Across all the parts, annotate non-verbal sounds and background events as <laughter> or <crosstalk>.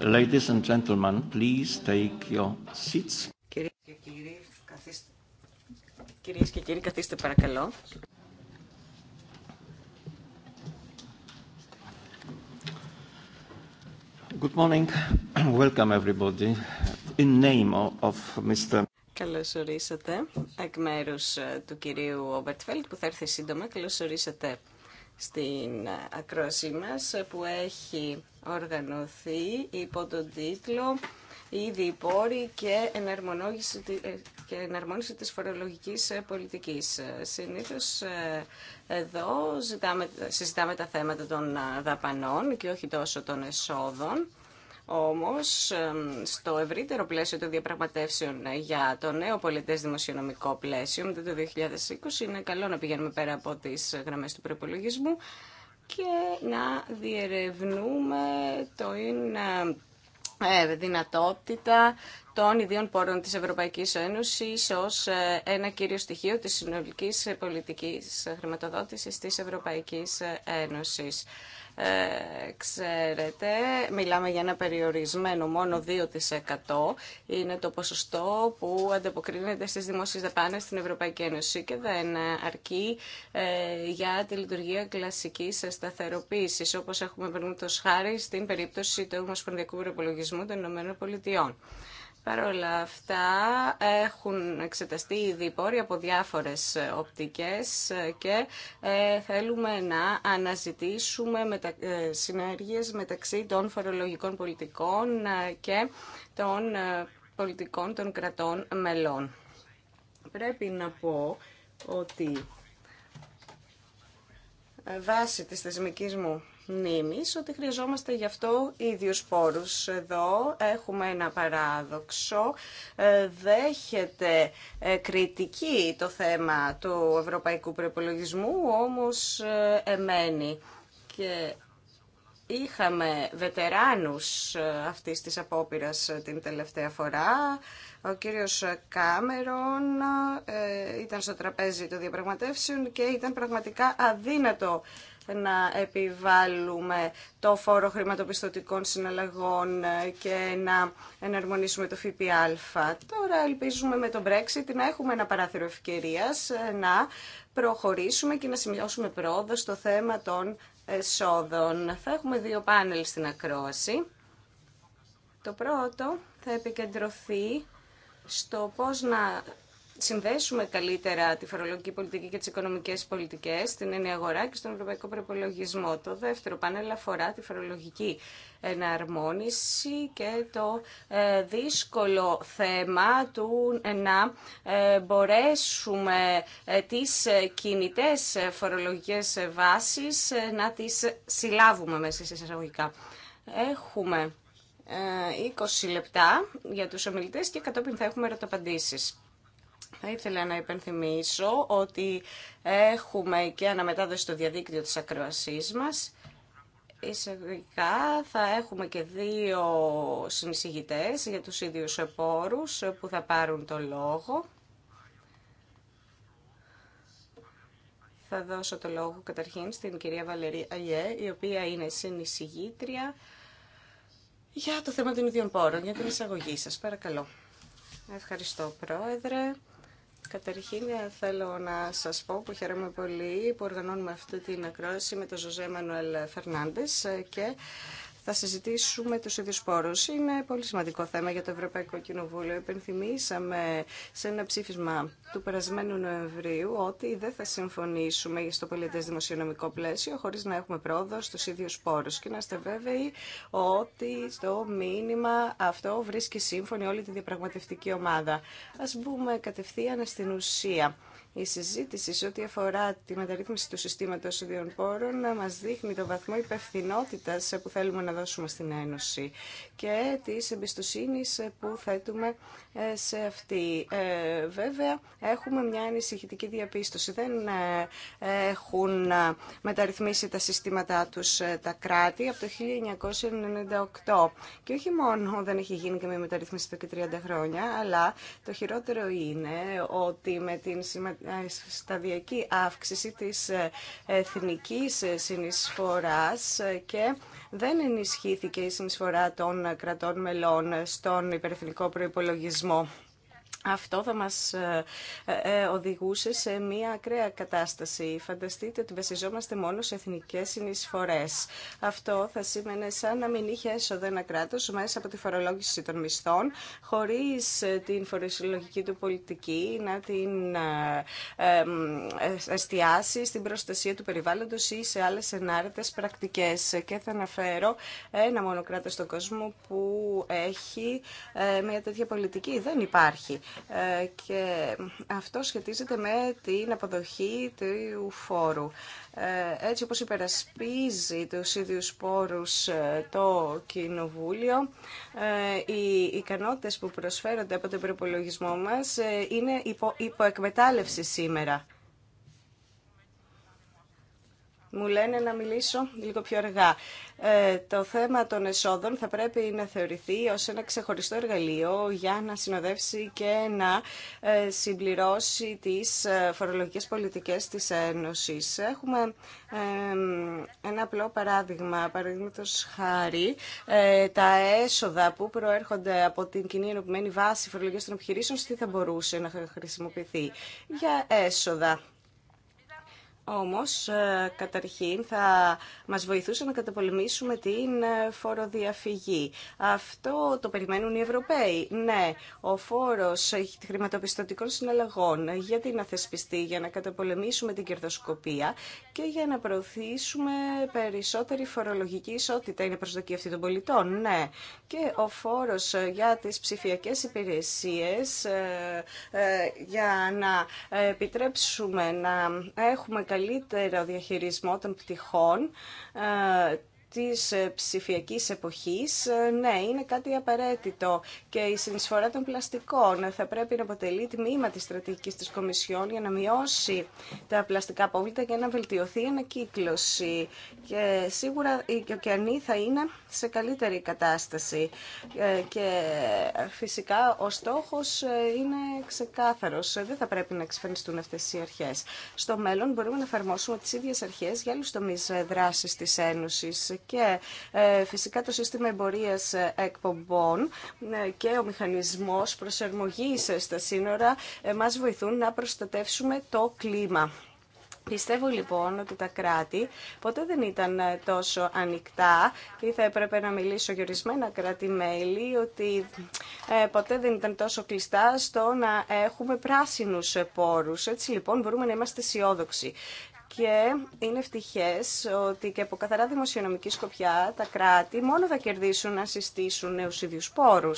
Ladies and gentlemen, please take your seats. Κυρίες και κύριοι, καθίστε. Κυρίες και κύριοι, καθίστε παρακαλώ. Good morning. Welcome everybody. In name of Mr. Καλώς ορίσατε εκ μέρους ε, του κυρίου Ομπερτφέλτ που θα έρθει σύντομα. Καλώς ορίσατε στην ακρόασή μας που έχει οργανωθεί υπό τον τίτλο «Ήδη πόρη και ε, και εναρμόνιση της φορολογικής ε, πολιτικής». Συνήθως ε, εδώ συζητάμε τα θέματα των δαπανών και όχι τόσο των εσόδων όμως, στο ευρύτερο πλαίσιο των διαπραγματεύσεων για το νέο πολιτές δημοσιονομικό πλαίσιο μετά το 2020 είναι καλό να πηγαίνουμε πέρα από τις γραμμές του προπολογισμού και να διερευνούμε το είναι ε, δυνατότητα των ιδίων πόρων της Ευρωπαϊκής Ένωσης ως ε, ένα κύριο στοιχείο της συνολικής πολιτικής χρηματοδότησης της Ευρωπαϊκής Ένωσης. Ε, ξέρετε, μιλάμε για ένα περιορισμένο μόνο 2% είναι το ποσοστό που ανταποκρίνεται στις δημόσιες δαπάνες στην Ευρωπαϊκή Ένωση και δεν αρκεί ε, για τη λειτουργία κλασικής σταθεροποίησης όπως έχουμε περνούν το στην περίπτωση του Ομοσπονδιακού Προπολογισμού των Ηνωμένων Πολιτειών. Παρ' όλα αυτά έχουν εξεταστεί ήδη διπόροι από διάφορες οπτικές και ε, θέλουμε να αναζητήσουμε μετα... Ε, συνέργειες μεταξύ των φορολογικών πολιτικών ε, και των πολιτικών των κρατών μελών. Πρέπει να πω ότι βάσει της θεσμικής μου μνήμης ότι χρειαζόμαστε γι' αυτό ίδιους πόρους. Εδώ έχουμε ένα παράδοξο. Ε, δέχεται ε, κριτική το θέμα του ευρωπαϊκού προπολογισμού, όμως ε, εμένει. Και είχαμε βετεράνους αυτής της απόπειρας την τελευταία φορά. Ο κύριος Κάμερον ήταν στο τραπέζι των διαπραγματεύσεων και ήταν πραγματικά αδύνατο να επιβάλλουμε το φόρο χρηματοπιστωτικών συναλλαγών ε, και να εναρμονίσουμε το ΦΠΑ. Τώρα ελπίζουμε με το Brexit να έχουμε ένα παράθυρο ευκαιρίας ε, να προχωρήσουμε και να σημειώσουμε πρόοδο στο θέμα των εσόδων. Θα έχουμε δύο πάνελ στην ακρόαση. Το πρώτο θα επικεντρωθεί στο πώς να συνδέσουμε καλύτερα τη φορολογική πολιτική και τις οικονομικές πολιτικές στην ενιαγορά αγορά και στον ευρωπαϊκό προπολογισμό. Το δεύτερο πάνελ αφορά τη φορολογική εναρμόνιση και το ε, δύσκολο θέμα του ε, να ε, μπορέσουμε τις κινητές φορολογικές βάσεις να τις συλλάβουμε μέσα σε εισαγωγικά. Έχουμε 20 λεπτά για τους ομιλητές και κατόπιν θα έχουμε ερωταπαντήσεις. Θα ήθελα να υπενθυμίσω ότι έχουμε και αναμετάδοση στο διαδίκτυο της ακροασής μας. Εισαγωγικά θα έχουμε και δύο συνεισηγητές για τους ίδιους επόρους που θα πάρουν το λόγο. Θα δώσω το λόγο καταρχήν στην κυρία Βαλερή Αλιέ, η οποία είναι συνεισηγήτρια για το θέμα των ιδιών πόρων, για την εισαγωγή σας. Παρακαλώ. Ευχαριστώ, Πρόεδρε. Καταρχήν θέλω να σας πω που χαίρομαι πολύ που οργανώνουμε αυτή την ακρόαση με τον Ζωζέ Μανουέλ Φερνάντες και θα συζητήσουμε του ίδιου πόρου. Είναι πολύ σημαντικό θέμα για το Ευρωπαϊκό Κοινοβούλιο. Επενθυμίσαμε σε ένα ψήφισμα του περασμένου Νοεμβρίου ότι δεν θα συμφωνήσουμε στο πολιτέ δημοσιονομικό πλαίσιο χωρίς να έχουμε πρόοδο στου ίδιου πόρου Και να είστε βέβαιοι ότι στο μήνυμα αυτό βρίσκει σύμφωνη όλη τη διαπραγματευτική ομάδα. Α μπούμε κατευθείαν στην ουσία. Η συζήτηση σε ό,τι αφορά τη μεταρρύθμιση του συστήματος ιδιών πόρων μας δείχνει το βαθμό υπευθυνότητας που θέλουμε να δώσουμε στην Ένωση και της εμπιστοσύνη που θέτουμε ε, σε αυτή. Ε, βέβαια, έχουμε μια ανησυχητική διαπίστωση. Δεν ε, έχουν μεταρρυθμίσει τα συστήματά τους τα κράτη από το 1998. Και όχι μόνο δεν έχει γίνει και μια μεταρρύθμιση εδώ και 30 χρόνια, αλλά το χειρότερο είναι ότι με την συμμετοχή σταδιακή αύξηση της ε, εθνικής ε, συνεισφοράς ε, και δεν ενισχύθηκε η συνεισφορά των κρατών μελών στον υπερεθνικό προϋπολογισμό. Αυτό θα μας ε, ε, ε, οδηγούσε σε μια ακραία κατάσταση. Φανταστείτε ότι βασιζόμαστε μόνο σε εθνικές συνεισφορές. Αυτό θα σήμαινε σαν να μην είχε έσοδο ένα κράτος μέσα από τη φορολόγηση των μισθών, χωρίς την φορολογική του πολιτική να την εστιάσει στην προστασία του περιβάλλοντος ή σε άλλες ενάρετες πρακτικές. Και θα αναφέρω ένα μόνο κράτος στον κόσμο που έχει μια τέτοια πολιτική. Δεν υπάρχει. Ε, και αυτό σχετίζεται με την αποδοχή του φόρου. Ε, έτσι όπως υπερασπίζει του ίδιους πόρους ε, το Κοινοβούλιο, οι ικανότητες που προσφέρονται από τον προπολογισμό μας είναι υπο, υποεκμετάλλευση σήμερα μου λένε να μιλήσω λίγο πιο αργά. Ε, το θέμα των εσόδων θα πρέπει να θεωρηθεί ως ένα ξεχωριστό εργαλείο για να συνοδεύσει και να ε, συμπληρώσει τις ε, φορολογικές πολιτικές της Ένωσης. Έχουμε ένα απλό παράδειγμα, παραδείγματο χάρη, ε, τα έσοδα που προέρχονται από την κοινή ενωπημένη βάση φορολογίας των επιχειρήσεων, τι θα μπορούσε να χρησιμοποιηθεί για έσοδα όμως, ε, καταρχήν, θα μας βοηθούσε να καταπολεμήσουμε την ε, φοροδιαφυγή. Αυτό το περιμένουν οι Ευρωπαίοι. Ναι, ο φόρος χρηματοπιστωτικών συναλλαγών γιατί να θεσπιστεί για να καταπολεμήσουμε την κερδοσκοπία και για να προωθήσουμε περισσότερη φορολογική ισότητα. Είναι προσδοκία αυτή των πολιτών, ναι. Και ο φόρος ε, για τις ψηφιακές υπηρεσίες για να επιτρέψουμε να έχουμε καλύτερο διαχειρισμό των πτυχών ε, της ε, ψηφιακής εποχής, ε, ναι, είναι κάτι απαραίτητο και η συνεισφορά των πλαστικών ε, θα πρέπει να αποτελεί τμήμα της στρατηγικής της Κομισιόν για να μειώσει τα πλαστικά απόβλητα και να βελτιωθεί η ανακύκλωση. Και σίγουρα οι ωκεανοί θα είναι σε καλύτερη κατάσταση. Και φυσικά ο στόχος είναι ξεκάθαρος. Δεν θα πρέπει να εξφανιστούν αυτές οι αρχές. Στο μέλλον μπορούμε να εφαρμόσουμε τις ίδιες αρχές για άλλους τομείς δράσης της Ένωσης και ε, φυσικά το σύστημα εμπορίας ε, εκπομπών ε, και ο μηχανισμός προσαρμογή στα σύνορα μας βοηθούν να προστατεύσουμε το κλίμα. Πιστεύω λοιπόν ότι τα κράτη ποτέ δεν ήταν τόσο ανοιχτά ή θα έπρεπε να μιλήσω για ορισμένα κράτη-μέλη ότι ποτέ δεν ήταν τόσο κλειστά στο να έχουμε πράσινους πόρους. Έτσι λοιπόν μπορούμε να είμαστε αισιόδοξοι και είναι ευτυχέ ότι και από καθαρά δημοσιονομική σκοπιά τα κράτη μόνο θα κερδίσουν να συστήσουν νέου ίδιου πόρου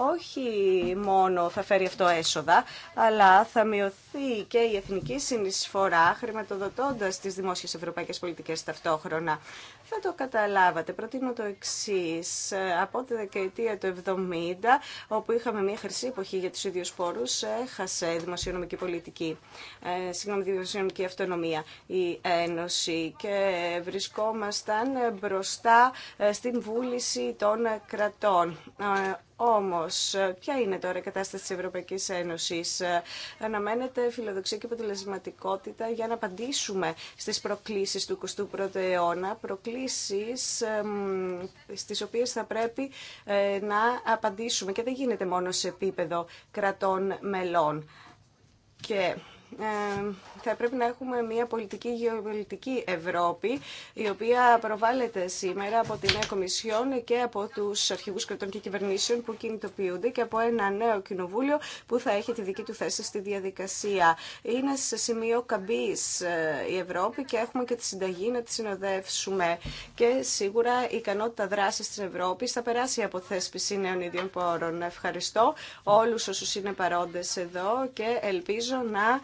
όχι μόνο θα φέρει αυτό έσοδα, αλλά θα μειωθεί και η εθνική συνεισφορά χρηματοδοτώντας τις δημόσιες ευρωπαϊκές πολιτικές ταυτόχρονα. Θα το καταλάβατε. Προτείνω το εξή. Από τη δεκαετία του 70, όπου είχαμε μια χρυσή εποχή για του ίδιου πόρους, έχασε δημοσιονομική πολιτική. Ε, συγγνώμη, δημοσιονομική αυτονομία η Ένωση. Και βρισκόμασταν μπροστά ε, στην βούληση των κρατών. Ε, όμως, ποια είναι τώρα η κατάσταση της Ευρωπαϊκής Ένωσης. Αναμένεται φιλοδοξία και αποτελεσματικότητα για να απαντήσουμε στις προκλήσεις του 21ου αιώνα, προκλήσεις στις οποίες θα πρέπει ε, να απαντήσουμε και δεν γίνεται μόνο σε επίπεδο κρατών μελών. Και ε, θα πρέπει να έχουμε μια πολιτική γεωπολιτική Ευρώπη, η οποία προβάλλεται σήμερα από τη νέα Κομισιόν και από του αρχηγού κρατών και κυβερνήσεων που κινητοποιούνται και από ένα νέο κοινοβούλιο που θα έχει τη δική του θέση στη διαδικασία. Είναι σε σημείο καμπή ε, η Ευρώπη και έχουμε και τη συνταγή να τη συνοδεύσουμε. Και σίγουρα η ικανότητα δράση τη Ευρώπη θα περάσει από θέσπιση νέων ίδιων πόρων. Ευχαριστώ όλου όσου είναι παρόντε εδώ και ελπίζω να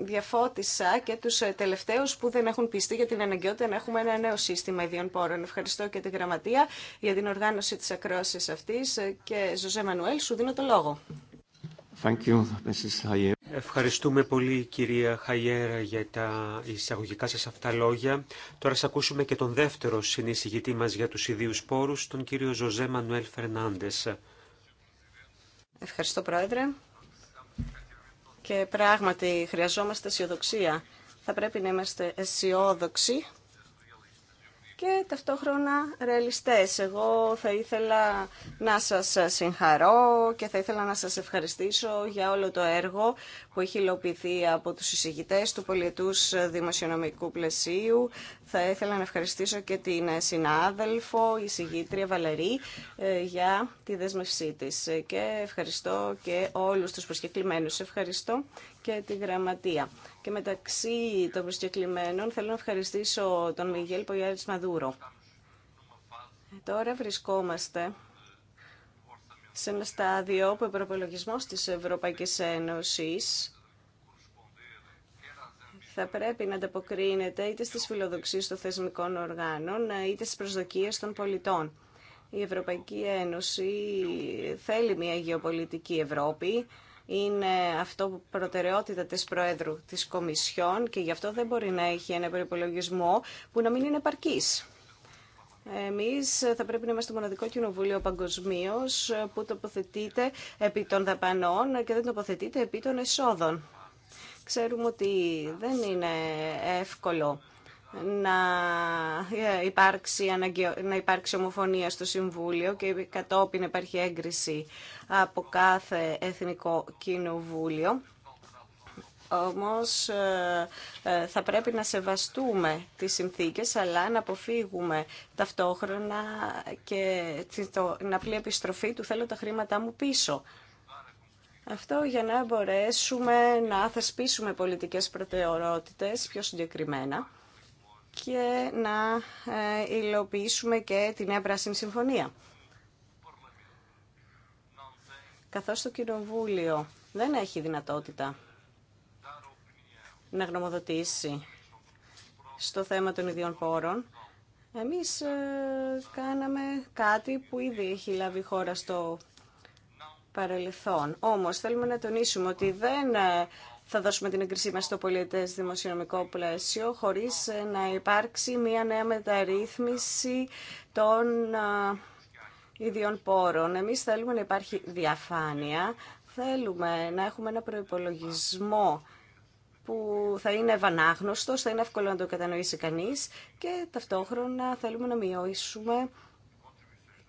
διαφώτισα και τους ε, τελευταίους που δεν έχουν πιστεί για την αναγκαιότητα να έχουμε ένα νέο σύστημα ιδίων πόρων. Ευχαριστώ και τη Γραμματεία για την οργάνωση της ακρόασης αυτής ε, και Ζωζέ Μανουέλ, σου δίνω το λόγο. Thank you, Mrs. Ευχαριστούμε πολύ κυρία Χαϊέρα για τα εισαγωγικά σας αυτά λόγια. Τώρα σας ακούσουμε και τον δεύτερο συνεισηγητή μας για τους ιδίους πόρους, τον κύριο Ζωζέ Μανουέλ Φερνάντες. Ευχαριστώ Πρόεδρε. Και πράγματι χρειαζόμαστε αισιοδοξία. Θα πρέπει να είμαστε αισιόδοξοι και ταυτόχρονα ρεαλιστές. Εγώ θα ήθελα να σας συγχαρώ και θα ήθελα να σας ευχαριστήσω για όλο το έργο που έχει υλοποιηθεί από τους εισηγητές του πολιετούς δημοσιονομικού πλαισίου. Θα ήθελα να ευχαριστήσω και την συνάδελφο, η εισηγήτρια Βαλερή, ε, για τη δέσμευσή της. Και ευχαριστώ και όλους τους προσκεκλημένους. Ευχαριστώ και τη Γραμματεία. Και μεταξύ των προσκεκλημένων θέλω να ευχαριστήσω τον Μιγέλ Πογιάρη Μαδούρο. Τώρα βρισκόμαστε σε ένα στάδιο που ο προπολογισμό της Ευρωπαϊκής Ένωσης θα πρέπει να ανταποκρίνεται είτε στις φιλοδοξίες των θεσμικών οργάνων, είτε στις προσδοκίες των πολιτών. Η Ευρωπαϊκή Ένωση θέλει μια γεωπολιτική Ευρώπη, είναι αυτό προτεραιότητα της Προέδρου της Κομισιόν και γι' αυτό δεν μπορεί να έχει ένα προπολογισμό που να μην είναι επαρκής. Εμείς θα πρέπει να είμαστε το μοναδικό κοινοβούλιο παγκοσμίω που τοποθετείται επί των δαπανών και δεν τοποθετείται επί των εσόδων. Ξέρουμε ότι δεν είναι εύκολο να ε, υπάρξει, αναγκαιο... να υπάρξει ομοφωνία στο Συμβούλιο και κατόπιν υπάρχει έγκριση από κάθε Εθνικό Κοινοβούλιο. Όμως ε, ε, θα πρέπει να σεβαστούμε τις συνθήκες αλλά να αποφύγουμε ταυτόχρονα και την απλή επιστροφή του θέλω τα χρήματά μου πίσω. Αυτό για να μπορέσουμε να θεσπίσουμε πολιτικές προτεραιότητες πιο συγκεκριμένα και να ε, υλοποιήσουμε και τη Νέα Πράσινη Συμφωνία. Καθώς το Κοινοβούλιο δεν έχει δυνατότητα να γνωμοδοτήσει στο θέμα των ιδιών πόρων, εμείς ε, κάναμε κάτι που ήδη έχει λάβει η χώρα στο παρελθόν. Όμως θέλουμε να τονίσουμε ότι δεν ε, θα δώσουμε την εγκρισή μας στο πολιτές δημοσιονομικό πλαίσιο χωρίς ε, να υπάρξει μια νέα μεταρρύθμιση των ε, ιδιών πόρων. Εμείς θέλουμε να υπάρχει διαφάνεια, θέλουμε να έχουμε ένα προϋπολογισμό που θα είναι ευανάγνωστος, θα είναι εύκολο να το κατανοήσει κανείς και ταυτόχρονα θέλουμε να μειώσουμε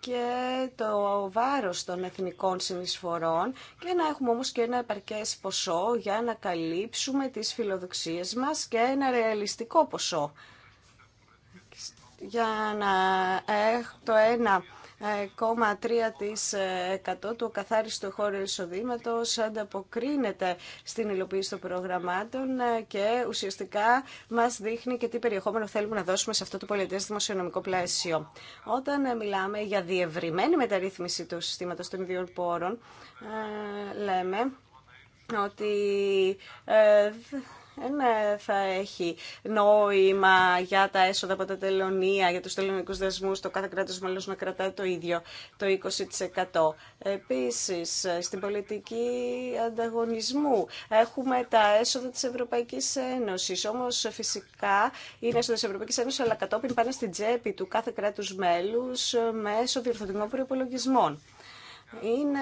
και το βάρος των εθνικών συνεισφορών και να έχουμε όμως και ένα επαρκές ποσό για να καλύψουμε τις φιλοδοξίες μας και ένα ρεαλιστικό ποσό για να το ένα 0,3% ε, ε, του καθάριστου χώρου εισοδήματο ανταποκρίνεται στην υλοποίηση των προγραμμάτων ε, και ουσιαστικά μα δείχνει και τι περιεχόμενο θέλουμε να δώσουμε σε αυτό το πολιτέ δημοσιονομικό πλαίσιο. Όταν μιλάμε για διευρυμένη μεταρρύθμιση του συστήματο των ιδιών πόρων, λέμε ότι ε, ναι, θα έχει νόημα για τα έσοδα από τα τελωνία, για τους τελωνικούς δεσμούς, το κάθε κράτος μέλος να κρατάει το ίδιο, το 20%. Επίσης, στην πολιτική ανταγωνισμού έχουμε τα έσοδα της Ευρωπαϊκής Ένωσης, όμως φυσικά είναι έσοδα της Ευρωπαϊκής Ένωσης, αλλά κατόπιν πάνε στην τσέπη του κάθε κράτους μέλους μέσω διορθωτικών προπολογισμών. Είναι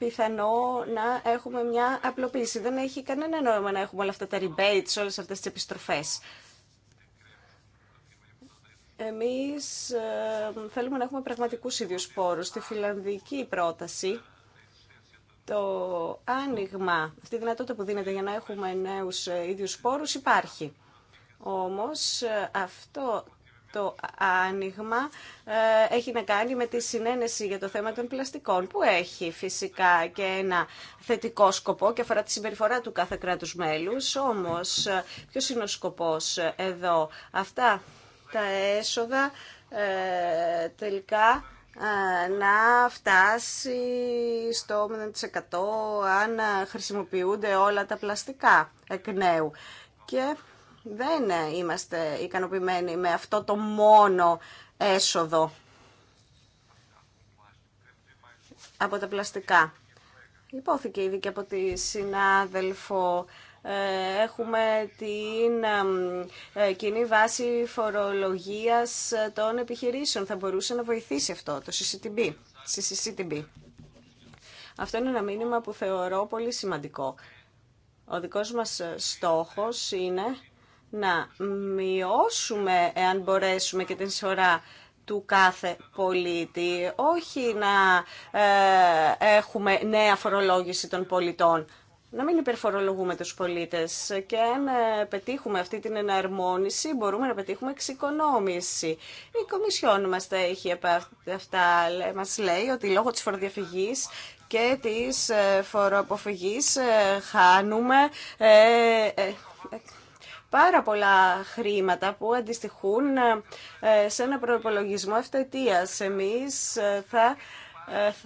πιθανό να έχουμε μια απλοποίηση. Δεν έχει κανένα νόημα να έχουμε όλα αυτά τα rebates, όλες αυτές τις επιστροφές. Εμείς ε, θέλουμε να έχουμε πραγματικούς ίδιους πόρους. Στη φιλανδική πρόταση, το άνοιγμα, αυτή η δυνατότητα που δίνεται για να έχουμε νέους ε, ίδιους πόρους υπάρχει. Όμως ε, αυτό το άνοιγμα ε, έχει να κάνει με τη συνένεση για το θέμα των πλαστικών που έχει φυσικά και ένα θετικό σκοπό και αφορά τη συμπεριφορά του κάθε κράτους μέλους. Όμως, ε, ποιος είναι ο σκοπός εδώ. Αυτά τα έσοδα ε, τελικά να φτάσει στο 100% αν χρησιμοποιούνται όλα τα πλαστικά εκ νέου. Και δεν είμαστε ικανοποιημένοι με αυτό το μόνο έσοδο από τα πλαστικά. Υπόθηκε ήδη και από τη συνάδελφο ε, έχουμε την ε, κοινή βάση φορολογίας των επιχειρήσεων. Θα μπορούσε να βοηθήσει αυτό το CCTB. CCCTB. Αυτό είναι ένα μήνυμα που θεωρώ πολύ σημαντικό. Ο δικός μας στόχος είναι να μειώσουμε, εάν μπορέσουμε, και την σωρά του κάθε πολίτη, όχι να ε, έχουμε νέα φορολόγηση των πολιτών. Να μην υπερφορολογούμε τους πολίτες και αν ε, πετύχουμε αυτή την εναρμόνιση μπορούμε να πετύχουμε εξοικονόμηση. Η Κομισιόν μας τα έχει αυτά, μας λέει ότι λόγω της φοροδιαφυγής και της ε, φοροαποφυγής χάνουμε πάρα πολλά χρήματα που αντιστοιχούν ε, ε, σε ένα προπολογισμό ευθετίας. Εμείς ε, θα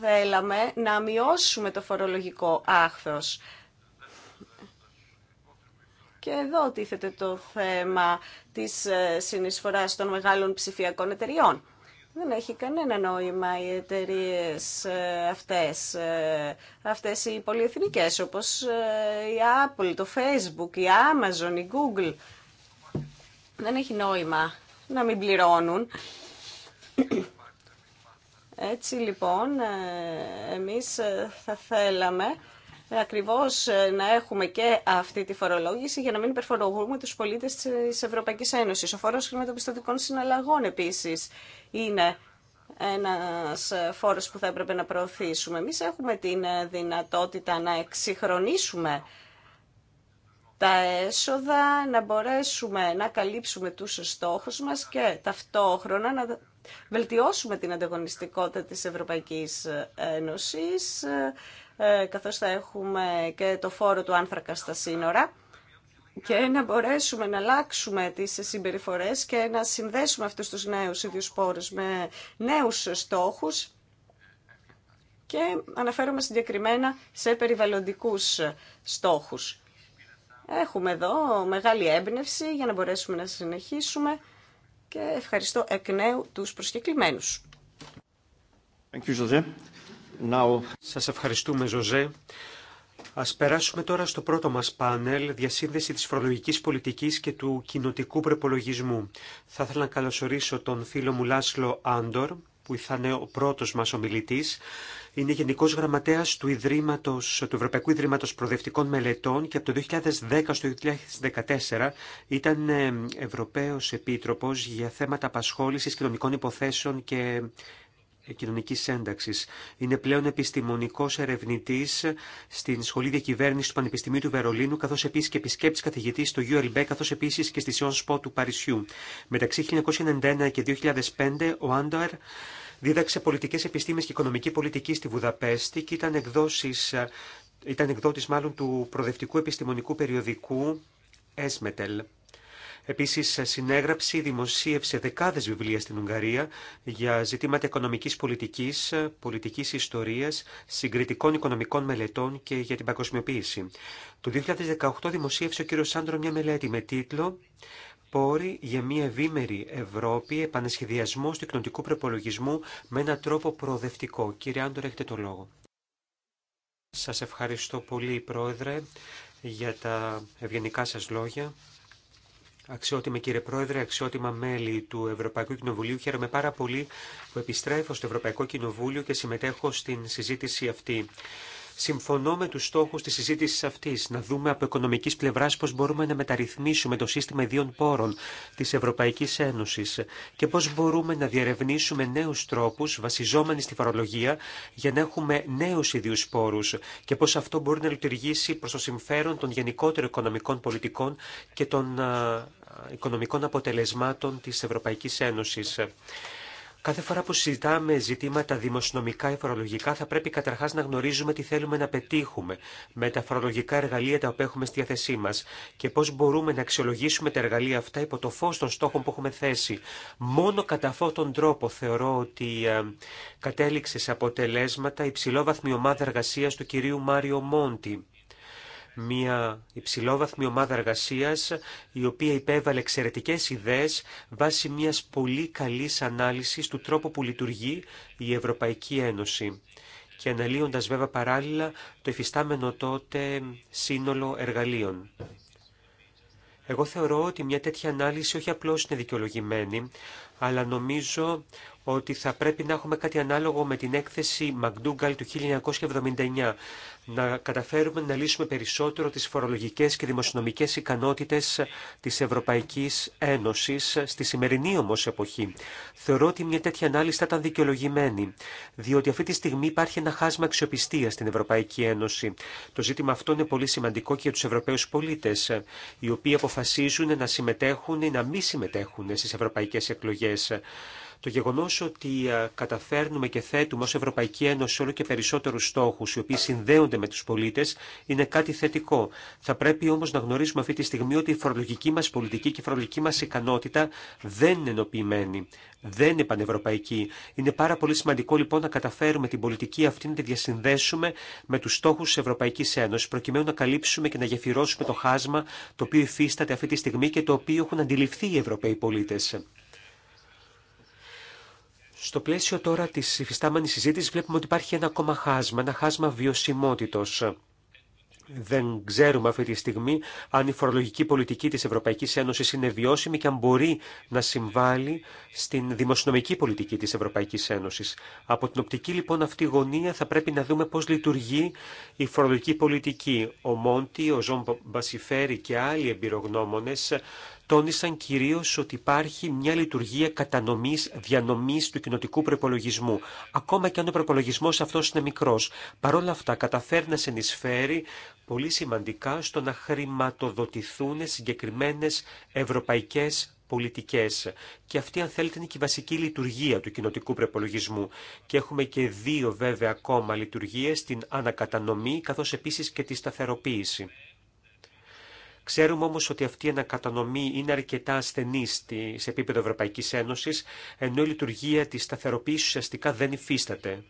θέλαμε να μειώσουμε το φορολογικό άχθος. Και εδώ τίθεται το θέμα της συνεισφοράς των μεγάλων ψηφιακών εταιριών δεν έχει κανένα νόημα οι εταιρείε ε, αυτές, ε, αυτές οι πολυεθνικές όπως ε, η Apple, το Facebook, η Amazon, η Google. Δεν έχει νόημα να μην πληρώνουν. Έτσι λοιπόν εμείς θα θέλαμε ακριβώς ε, να έχουμε και αυτή τη φορολόγηση για να μην υπερφορολογούμε τους πολίτες τη Ευρωπαϊκή Ένωσης. Ο φόρος χρηματοπιστωτικών συναλλαγών επίσης είναι ένα ε, φόρος που θα έπρεπε να προωθήσουμε. Εμεί έχουμε την ε, δυνατότητα να εξυγχρονίσουμε τα έσοδα, να μπορέσουμε να καλύψουμε τους στόχους μας και ταυτόχρονα να βελτιώσουμε την ανταγωνιστικότητα της Ευρωπαϊκής Ένωσης ε, καθώς θα έχουμε και το φόρο του άνθρακα στα σύνορα και να μπορέσουμε να αλλάξουμε τις συμπεριφορές και να συνδέσουμε αυτούς τους νέους ίδιους με νέους στόχους και αναφέρομαι συγκεκριμένα σε περιβαλλοντικούς στόχους. Έχουμε εδώ μεγάλη έμπνευση για να μπορέσουμε να συνεχίσουμε και ευχαριστώ εκ νέου τους προσκεκλημένους. Now... Σας ευχαριστούμε Ζωζέ. Ας περάσουμε τώρα στο πρώτο μας πάνελ, διασύνδεση της φορολογικής πολιτικής και του κοινοτικού προπολογισμού. Θα ήθελα να καλωσορίσω τον φίλο μου Λάσλο Άντορ, που θα είναι ο πρώτος μας ομιλητής. Είναι γενικός γραμματέας του, Ιδρύματος, του Ευρωπαϊκού Ιδρύματος Προδευτικών Μελετών και από το 2010 στο 2014 ήταν ε, Ευρωπαίος Επίτροπος για θέματα απασχόλησης κοινωνικών υποθέσεων και ε, κοινωνική ένταξη. Είναι πλέον επιστημονικός ερευνητής στην Σχολή Διακυβέρνηση του Πανεπιστημίου του Βερολίνου, καθώς επίσης και επισκέπτης καθηγητής στο ULB, καθώς επίσης και στη Σιόν Σπο του Παρισιού. Μεταξύ 1991 και 2005, ο Άντοερ δίδαξε πολιτικές επιστήμες και οικονομική πολιτική στη Βουδαπέστη και ήταν, εκδότη ε, ήταν εκδότης μάλλον του προοδευτικού επιστημονικού περιοδικού «Εσμετελ». Επίσης συνέγραψε, δημοσίευσε δεκάδες βιβλία στην Ουγγαρία για ζητήματα οικονομικής πολιτικής, πολιτικής ιστορίας, συγκριτικών οικονομικών μελετών και για την παγκοσμιοποίηση. Το 2018 δημοσίευσε ο κύριος Σάντρο μια μελέτη με τίτλο πόροι για μια ευήμερη Ευρώπη, επανεσχεδιασμό του κοινωνικού προπολογισμού με έναν τρόπο προοδευτικό. Κύριε Άντορ, έχετε το λόγο. Σας ευχαριστώ πολύ, Πρόεδρε, για τα ευγενικά σας λόγια. Αξιότιμε κύριε Πρόεδρε, αξιότιμα μέλη του Ευρωπαϊκού Κοινοβουλίου, χαίρομαι πάρα πολύ που επιστρέφω στο Ευρωπαϊκό Κοινοβούλιο και συμμετέχω στην συζήτηση αυτή. Συμφωνώ με του στόχου τη συζήτηση αυτή, να δούμε από οικονομική πλευρά πώ μπορούμε να μεταρρυθμίσουμε το σύστημα ιδίων πόρων τη Ευρωπαϊκή Ένωση και πώ μπορούμε να διερευνήσουμε νέου τρόπου βασιζόμενοι στη φορολογία για να έχουμε νέου ιδίου πόρου και πώ αυτό μπορεί να λειτουργήσει προ το συμφέρον των γενικότερων οικονομικών πολιτικών και των οικονομικών αποτελεσμάτων της Ευρωπαϊκής Ένωσης. Κάθε φορά που συζητάμε ζητήματα δημοσιονομικά ή φορολογικά θα πρέπει καταρχάς να γνωρίζουμε τι θέλουμε να πετύχουμε με τα φορολογικά εργαλεία τα οποία έχουμε στη διάθεσή μα και πώς μπορούμε να αξιολογήσουμε τα εργαλεία αυτά υπό το φω των στόχων που έχουμε θέσει. Μόνο κατά αυτόν τον τρόπο θεωρώ ότι ε, κατέληξε σε αποτελέσματα η ψηλόβαθμη ομάδα εργασία του κυρίου Μάριο Μόντι μια υψηλόβαθμη ομάδα εργασίας η οποία υπέβαλε εξαιρετικές ιδέες βάσει μιας πολύ καλής ανάλυσης του τρόπου που λειτουργεί η Ευρωπαϊκή Ένωση και αναλύοντας βέβαια παράλληλα το εφιστάμενο τότε σύνολο εργαλείων. Εγώ θεωρώ ότι μια τέτοια ανάλυση όχι απλώς είναι δικαιολογημένη, αλλά νομίζω ότι θα πρέπει να έχουμε κάτι ανάλογο με την έκθεση Μαγντούγκαλ του 1979 να καταφέρουμε να λύσουμε περισσότερο τις φορολογικές και δημοσιονομικές ικανότητες της Ευρωπαϊκής Ένωσης στη σημερινή όμως εποχή. Θεωρώ ότι μια τέτοια ανάλυση θα ήταν δικαιολογημένη, διότι αυτή τη στιγμή υπάρχει ένα χάσμα αξιοπιστία στην Ευρωπαϊκή Ένωση. Το ζήτημα αυτό είναι πολύ σημαντικό και για τους Ευρωπαίους πολίτες, οι οποίοι αποφασίζουν να συμμετέχουν ή να μη συμμετέχουν στις ευρωπαϊκές εκλογές. Το γεγονό ότι καταφέρνουμε και θέτουμε ω Ευρωπαϊκή Ένωση όλο και περισσότερου στόχου οι οποίοι συνδέονται με του πολίτε, είναι κάτι θετικό. Θα πρέπει όμω να γνωρίζουμε αυτή τη στιγμή ότι η φορολογική μα πολιτική και η φορολογική μα ικανότητα δεν είναι ενοποιημένη, δεν είναι πανευρωπαϊκή. Είναι πάρα πολύ σημαντικό λοιπόν να καταφέρουμε την πολιτική αυτή να τη διασυνδέσουμε με του στόχου τη Ευρωπαϊκή Ένωση, προκειμένου να καλύψουμε και να γεφυρώσουμε το χάσμα το οποίο υφίσταται αυτή τη στιγμή και το οποίο έχουν αντιληφθεί οι Ευρωπαίοι πολίτε. Στο πλαίσιο τώρα της υφιστάμενης συζήτησης βλέπουμε ότι υπάρχει ένα ακόμα χάσμα, ένα χάσμα βιωσιμότητος. Δεν ξέρουμε αυτή τη στιγμή αν η φορολογική πολιτική της Ευρωπαϊκής Ένωσης είναι βιώσιμη και αν μπορεί να συμβάλλει στην δημοσιονομική πολιτική της Ευρωπαϊκής Ένωσης. Από την οπτική λοιπόν αυτή γωνία θα πρέπει να δούμε πώς λειτουργεί η φορολογική πολιτική. Ο Μόντι, ο Ζων Μπασιφέρη και άλλοι εμπειρογνώμονες τόνισαν κυρίω ότι υπάρχει μια λειτουργία κατανομής, διανομή του κοινοτικού προπολογισμού. Ακόμα και αν ο προπολογισμό αυτό είναι μικρός. Παρόλα αυτά καταφέρνει να συνεισφέρει πολύ σημαντικά στο να χρηματοδοτηθούν συγκεκριμένε ευρωπαϊκέ πολιτικές. Και αυτή, αν θέλετε, είναι και η βασική λειτουργία του κοινοτικού προπολογισμού. Και έχουμε και δύο βέβαια ακόμα λειτουργίες, την ανακατανομή καθώς επίσης και τη σταθεροποίηση. Ξέρουμε όμως ότι αυτή η ανακατανομή είναι αρκετά ασθενή σε επίπεδο Ευρωπαϊκής Ένωσης, ενώ η λειτουργία της σταθεροποίηση ουσιαστικά δεν υφίσταται.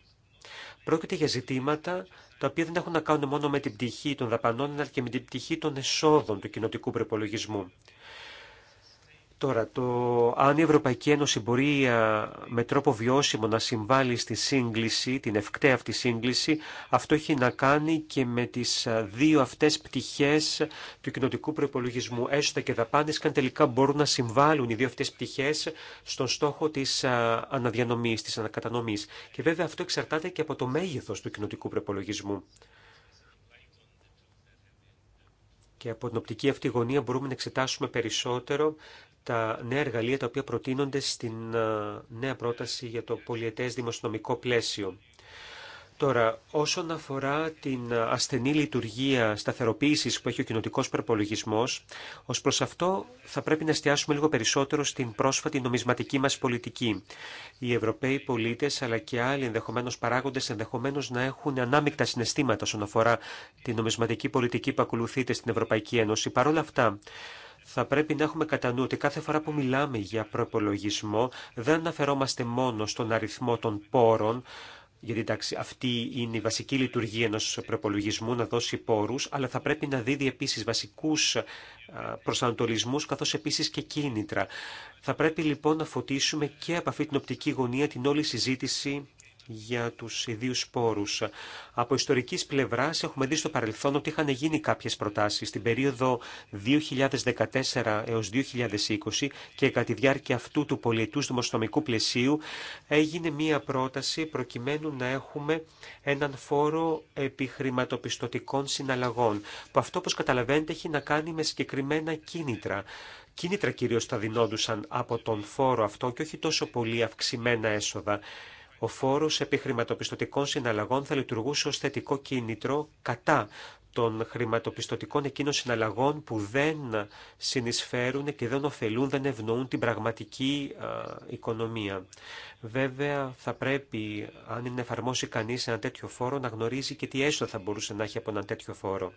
Πρόκειται για ζητήματα τα οποία δεν έχουν να κάνουν μόνο με την πτυχή των δαπανών, αλλά και με την πτυχή των εσόδων του κοινοτικού προπολογισμού. Τώρα, το αν η Ευρωπαϊκή Ένωση μπορεί με τρόπο βιώσιμο να συμβάλλει στη σύγκληση, την ευκταία αυτή σύγκληση, αυτό έχει να κάνει και με τις δύο αυτές πτυχές του κοινοτικού προπολογισμού. Έστω και δαπάνες, αν τελικά μπορούν να συμβάλλουν οι δύο αυτές πτυχές στον στόχο της αναδιανομής, της ανακατανομής. Και βέβαια αυτό εξαρτάται και από το μέγεθος του κοινοτικού προπολογισμού. Και από την οπτική αυτή γωνία μπορούμε να εξετάσουμε περισσότερο τα νέα εργαλεία τα οποία προτείνονται στην ε, νέα πρόταση για το πολιετές δημοσιονομικό πλαίσιο. Τώρα, όσον αφορά την ασθενή λειτουργία σταθεροποίηση που έχει ο κοινοτικό προπολογισμό, ω προ αυτό θα πρέπει να εστιάσουμε λίγο περισσότερο στην πρόσφατη νομισματική μα πολιτική. Οι Ευρωπαίοι πολίτε, αλλά και άλλοι ενδεχομένω παράγοντε, ενδεχομένω να έχουν ανάμεικτα συναισθήματα όσον αφορά την νομισματική πολιτική που ακολουθείται στην Ευρωπαϊκή Ένωση. Παρ' όλα αυτά, θα πρέπει να έχουμε κατά νου ότι κάθε φορά που μιλάμε για προπολογισμό δεν αναφερόμαστε μόνο στον αριθμό των πόρων, γιατί εντάξει, αυτή είναι η βασική λειτουργία ενό προπολογισμού, να δώσει πόρου, αλλά θα πρέπει να δίδει επίση βασικού προσανατολισμού, καθώ επίση και κίνητρα. Θα πρέπει λοιπόν να φωτίσουμε και από αυτή την οπτική γωνία την όλη συζήτηση για τους ιδίους πόρους. Από ιστορικής πλευράς έχουμε δει στο παρελθόν ότι είχαν γίνει κάποιες προτάσεις στην περίοδο 2014 έως 2020 και κατά τη διάρκεια αυτού του πολιτού δημοσιονομικού πλαισίου έγινε μία πρόταση προκειμένου να έχουμε έναν φόρο επιχρηματοπιστωτικών συναλλαγών που αυτό όπως καταλαβαίνετε έχει να κάνει με συγκεκριμένα κίνητρα κίνητρα κυρίως θα δινόντουσαν από τον φόρο αυτό και όχι τόσο πολύ αυξημένα έσοδα ο φόρος χρηματοπιστωτικών συναλλαγών θα λειτουργούσε ω θετικό κίνητρο κατά των χρηματοπιστωτικών εκείνων συναλλαγών που δεν συνεισφέρουν και δεν ωφελούν, δεν ευνοούν την πραγματική οικονομία. Βέβαια, θα πρέπει, αν είναι εφαρμόσει κανείς ένα τέτοιο φόρο, να γνωρίζει και τι έστω θα μπορούσε να έχει από ένα τέτοιο φόρο.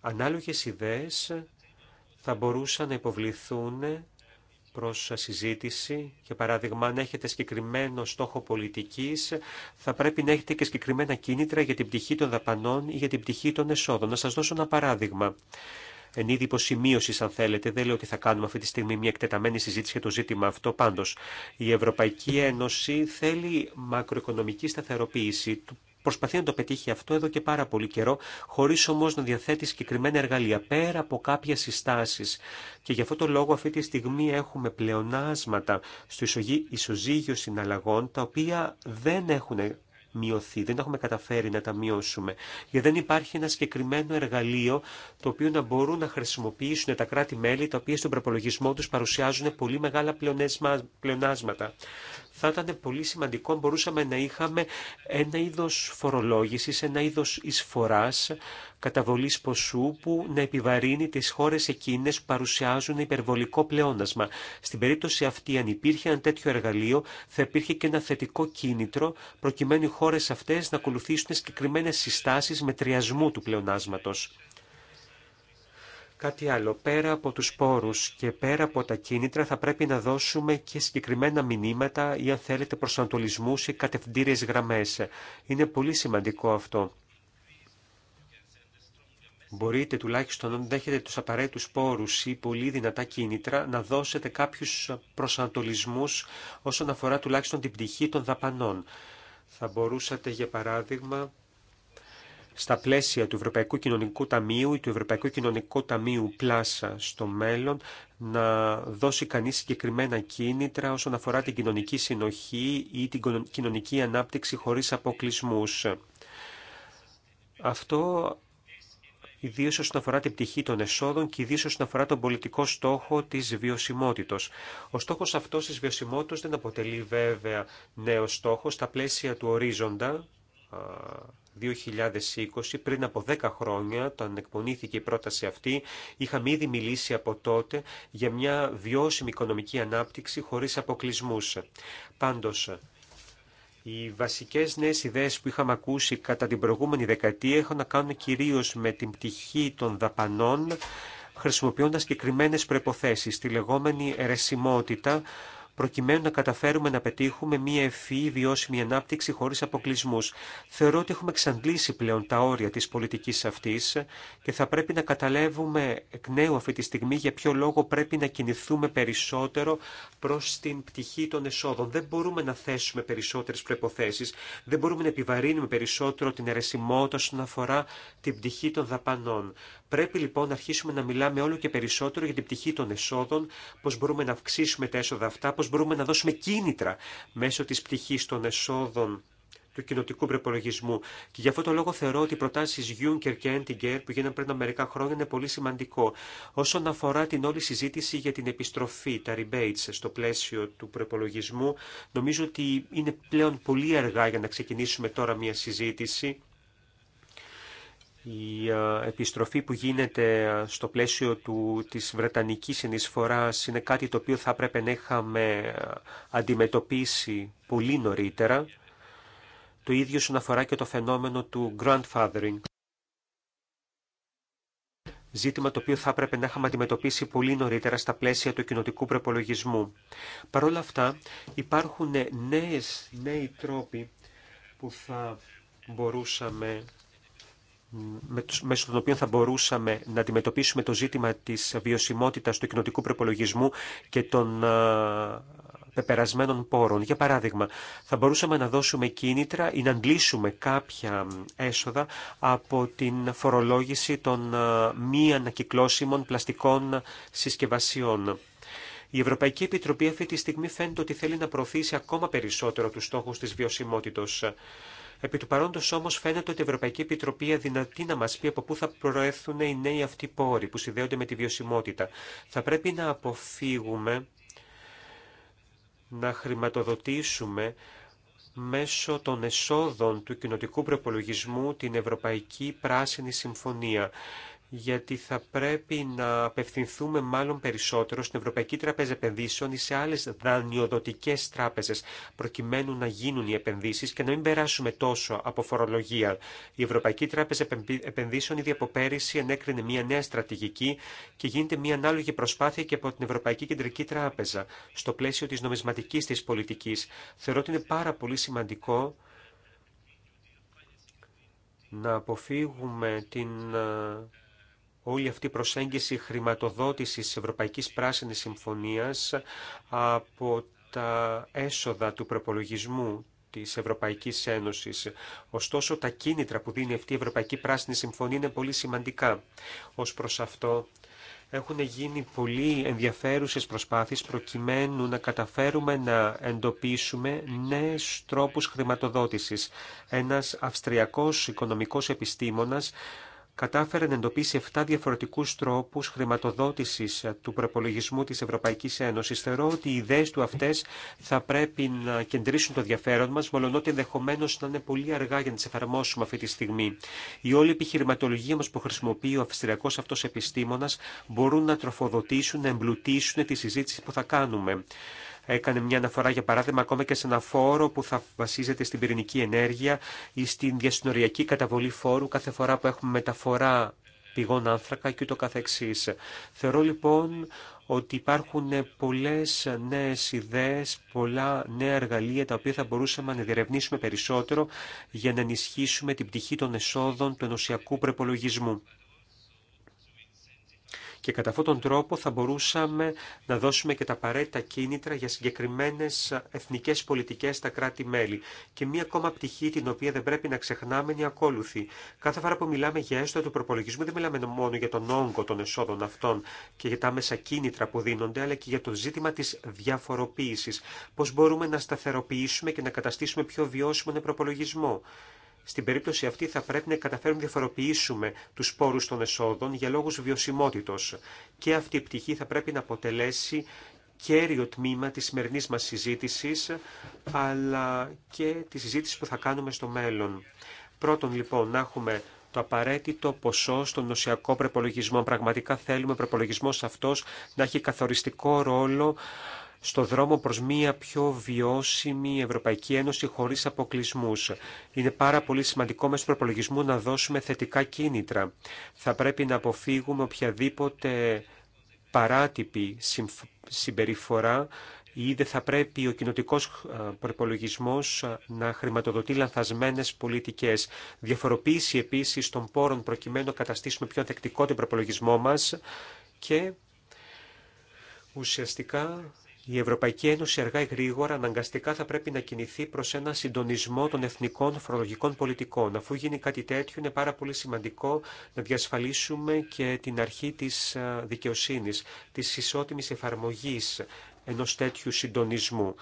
Ανάλογες ιδέες θα μπορούσαν να υποβληθούν προς συζήτηση. Για παράδειγμα, αν έχετε συγκεκριμένο στόχο πολιτικής, θα πρέπει να έχετε και συγκεκριμένα κίνητρα για την πτυχή των δαπανών ή για την πτυχή των εσόδων. Να σας δώσω ένα παράδειγμα. Εν είδη υποσημείωση, αν θέλετε, δεν λέω ότι θα κάνουμε αυτή τη στιγμή μια εκτεταμένη συζήτηση για το ζήτημα αυτό. Πάντω, η Ευρωπαϊκή Ένωση θέλει μακροοικονομική σταθεροποίηση προσπαθεί να το πετύχει αυτό εδώ και πάρα πολύ καιρό, χωρί όμω να διαθέτει συγκεκριμένα εργαλεία πέρα από κάποιε συστάσει. Και γι' αυτό το λόγο αυτή τη στιγμή έχουμε πλεονάσματα στο ισοζύγιο συναλλαγών, τα οποία δεν έχουν μειωθεί, δεν έχουμε καταφέρει να τα μειώσουμε. Γιατί δεν υπάρχει ένα συγκεκριμένο εργαλείο το οποίο να μπορούν να χρησιμοποιήσουν τα κράτη-μέλη τα οποία στον προπολογισμό του παρουσιάζουν πολύ μεγάλα πλεονάσματα θα ήταν πολύ σημαντικό αν μπορούσαμε να είχαμε ένα είδος φορολόγησης, ένα είδος εισφοράς, καταβολής ποσού που να επιβαρύνει τις χώρες εκείνες που παρουσιάζουν υπερβολικό πλεόνασμα. Στην περίπτωση αυτή, αν υπήρχε ένα τέτοιο εργαλείο, θα υπήρχε και ένα θετικό κίνητρο, προκειμένου οι χώρες αυτές να ακολουθήσουν συγκεκριμένε συστάσεις μετριασμού του πλεονάσματος. Κάτι άλλο, πέρα από τους πόρους και πέρα από τα κίνητρα θα πρέπει να δώσουμε και συγκεκριμένα μηνύματα ή αν θέλετε προσανατολισμούς ή κατευθυντήριες γραμμές. Είναι πολύ σημαντικό αυτό. Μπορείτε τουλάχιστον αν δέχετε τους απαραίτητους πόρους ή πολύ δυνατά κίνητρα να δώσετε κάποιους προσανατολισμούς όσον αφορά τουλάχιστον την πτυχή των δαπανών. Θα μπορούσατε για παράδειγμα στα πλαίσια του Ευρωπαϊκού Κοινωνικού Ταμείου ή του Ευρωπαϊκού Κοινωνικού Ταμείου Πλάσα στο μέλλον να δώσει κανείς συγκεκριμένα κίνητρα όσον αφορά την κοινωνική συνοχή ή την κοινωνική ανάπτυξη χωρίς αποκλεισμούς. Αυτό ιδίω όσον αφορά την πτυχή των εσόδων και ιδίω όσον αφορά τον πολιτικό στόχο τη βιωσιμότητα. Ο στόχο αυτό τη βιωσιμότητα δεν αποτελεί βέβαια νέο στόχο στα πλαίσια του ορίζοντα 2020, ε, πριν από 10 χρόνια, όταν εκπονήθηκε η πρόταση αυτή, είχαμε ήδη μιλήσει από τότε για μια βιώσιμη οικονομική ανάπτυξη χωρίς αποκλεισμούς. Πάντως, οι βασικές νέες ιδέες που είχαμε ακούσει κατά την προηγούμενη δεκαετία έχουν να κάνουν κυρίως με την πτυχή των δαπανών, χρησιμοποιώντας συγκεκριμένε προϋποθέσεις, τη λεγόμενη ερεσιμότητα, προκειμένου να καταφέρουμε να πετύχουμε μια ευφυή βιώσιμη ανάπτυξη χωρίς αποκλεισμού. Θεωρώ ότι έχουμε εξαντλήσει πλέον τα όρια της πολιτικής αυτής και θα πρέπει να καταλάβουμε εκ νέου αυτή τη στιγμή για ποιο λόγο πρέπει να κινηθούμε περισσότερο προς την πτυχή των εσόδων. Δεν μπορούμε να θέσουμε περισσότερες προποθέσει. δεν μπορούμε να επιβαρύνουμε περισσότερο την αιρεσιμότητα όσον αφορά την πτυχή των δαπανών. Πρέπει λοιπόν να αρχίσουμε να μιλάμε όλο και περισσότερο για την πτυχή των εσόδων, πώ μπορούμε να αυξήσουμε τα έσοδα αυτά, πώ μπορούμε να δώσουμε κίνητρα μέσω τη πτυχή των εσόδων του κοινοτικού προπολογισμού. Και γι' αυτό το λόγο θεωρώ ότι οι προτάσει Juncker και Entinger που γίνανε πριν από μερικά χρόνια είναι πολύ σημαντικό. Όσον αφορά την όλη συζήτηση για την επιστροφή, τα rebates στο πλαίσιο του προπολογισμού, νομίζω ότι είναι πλέον πολύ αργά για να ξεκινήσουμε τώρα μια συζήτηση η ε, επιστροφή που γίνεται ε, στο πλαίσιο του, της Βρετανικής συνεισφοράς είναι κάτι το οποίο θα έπρεπε να είχαμε ε, αντιμετωπίσει πολύ νωρίτερα. Το ίδιο σου αφορά και το φαινόμενο του grandfathering. Ζήτημα το οποίο θα έπρεπε να είχαμε αντιμετωπίσει πολύ νωρίτερα στα πλαίσια του κοινοτικού προπολογισμού. Παρ' όλα αυτά υπάρχουν νέες, νέοι τρόποι που θα μπορούσαμε μέσω των οποίων θα μπορούσαμε να αντιμετωπίσουμε το ζήτημα της βιωσιμότητας του κοινοτικού προπολογισμού και των πεπερασμένων πόρων. Για παράδειγμα, θα μπορούσαμε να δώσουμε κίνητρα ή να αντλήσουμε κάποια έσοδα από την φορολόγηση των μη ανακυκλώσιμων πλαστικών συσκευασιών. Η Ευρωπαϊκή Επιτροπή αυτή τη στιγμή φαίνεται ότι θέλει να προωθήσει ακόμα περισσότερο τους στόχους της βιωσιμότητας. Επί του παρόντο όμως φαίνεται ότι η Ευρωπαϊκή Επιτροπή αδυνατεί να μας πει από πού θα προέρθουν οι νέοι αυτοί πόροι που συνδέονται με τη βιωσιμότητα. Θα πρέπει να αποφύγουμε να χρηματοδοτήσουμε μέσω των εσόδων του κοινοτικού προπολογισμού την Ευρωπαϊκή Πράσινη Συμφωνία γιατί θα πρέπει να απευθυνθούμε μάλλον περισσότερο στην Ευρωπαϊκή Τραπέζα Επενδύσεων ή σε άλλες δανειοδοτικές τράπεζες, προκειμένου να γίνουν οι επενδύσεις και να μην περάσουμε τόσο από φορολογία. Η Ευρωπαϊκή Τράπεζα Επενδύσεων ήδη από πέρυσι ενέκρινε μια νέα στρατηγική και γίνεται μια ανάλογη προσπάθεια και από την Ευρωπαϊκή Κεντρική Τράπεζα στο πλαίσιο της νομισματικής της πολιτικής. Θεωρώ ότι είναι πάρα πολύ σημαντικό να αποφύγουμε την ε, όλη αυτή η προσέγγιση χρηματοδότησης Ευρωπαϊκής Πράσινης Συμφωνίας από τα έσοδα του προπολογισμού της Ευρωπαϊκής Ένωσης. Ωστόσο, τα κίνητρα που δίνει αυτή η Ευρωπαϊκή Πράσινη Συμφωνία είναι πολύ σημαντικά. Ως προς αυτό, έχουν γίνει πολύ ενδιαφέρουσες προσπάθειες προκειμένου να καταφέρουμε να εντοπίσουμε νέες τρόπους χρηματοδότησης. Ένας αυστριακός οικονομικός επιστήμονας κατάφερε να εντοπίσει 7 διαφορετικούς τρόπους χρηματοδότησης του προπολογισμού της Ευρωπαϊκής Ένωσης. Θεωρώ ότι οι ιδέες του αυτές θα πρέπει να κεντρήσουν το ενδιαφέρον μας, μολονότι ενδεχομένω να είναι πολύ αργά για να τις εφαρμόσουμε αυτή τη στιγμή. Η όλη επιχειρηματολογία μας που χρησιμοποιεί ο αυστηριακός αυτός επιστήμονας μπορούν να τροφοδοτήσουν, να εμπλουτίσουν τη συζήτηση που θα κάνουμε έκανε μια αναφορά, για παράδειγμα, ακόμα και σε ένα φόρο που θα βασίζεται στην πυρηνική ενέργεια ή στην διασυνοριακή καταβολή φόρου κάθε φορά που έχουμε μεταφορά πηγών άνθρακα και ούτω καθεξής. Θεωρώ λοιπόν ότι υπάρχουν πολλές νέες ιδέες, πολλά νέα εργαλεία τα οποία θα μπορούσαμε να διερευνήσουμε περισσότερο για να ενισχύσουμε την πτυχή των εσόδων του ενωσιακού προπολογισμού και κατά αυτόν τον τρόπο θα μπορούσαμε να δώσουμε και τα απαραίτητα κίνητρα για συγκεκριμένες εθνικές πολιτικές στα κράτη-μέλη. Και μία ακόμα πτυχή την οποία δεν πρέπει να ξεχνάμε είναι η ακόλουθη. Κάθε φορά που μιλάμε για έστω του προπολογισμού δεν μιλάμε μόνο για τον όγκο των εσόδων αυτών και για τα μέσα κίνητρα που δίνονται, αλλά και για το ζήτημα της διαφοροποίησης. Πώς μπορούμε να σταθεροποιήσουμε και να καταστήσουμε πιο βιώσιμο τον προπολογισμό. Στην περίπτωση αυτή θα πρέπει να καταφέρουμε να διαφοροποιήσουμε τους σπόρους των εσόδων για λόγους βιωσιμότητος και αυτή η πτυχή θα πρέπει να αποτελέσει κέριο τμήμα της σημερινή μας συζήτησης αλλά και τη συζήτηση που θα κάνουμε στο μέλλον. Πρώτον λοιπόν να έχουμε το απαραίτητο ποσό στον νοσιακό προπολογισμό. Πραγματικά θέλουμε ο προπολογισμό αυτός να έχει καθοριστικό ρόλο στο δρόμο προς μία πιο βιώσιμη Ευρωπαϊκή Ένωση χωρίς αποκλεισμούς. Είναι πάρα πολύ σημαντικό μέσω προπολογισμού να δώσουμε θετικά κίνητρα. Θα πρέπει να αποφύγουμε οποιαδήποτε παράτυπη συμπεριφορά ή δεν θα πρέπει ο κοινοτικό ε, προπολογισμό ε, να χρηματοδοτεί λανθασμένε πολιτικέ. Διαφοροποίηση επίση των πόρων προκειμένου να καταστήσουμε πιο ανθεκτικό τον προπολογισμό μα και ουσιαστικά η Ευρωπαϊκή Ένωση αργά ή γρήγορα αναγκαστικά θα πρέπει να κινηθεί προ ένα συντονισμό των εθνικών φορολογικών πολιτικών. Αφού γίνει κάτι τέτοιο, είναι πάρα πολύ σημαντικό να διασφαλίσουμε και την αρχή τη δικαιοσύνη, τη ισότιμη εφαρμογή ενό τέτοιου συντονισμού.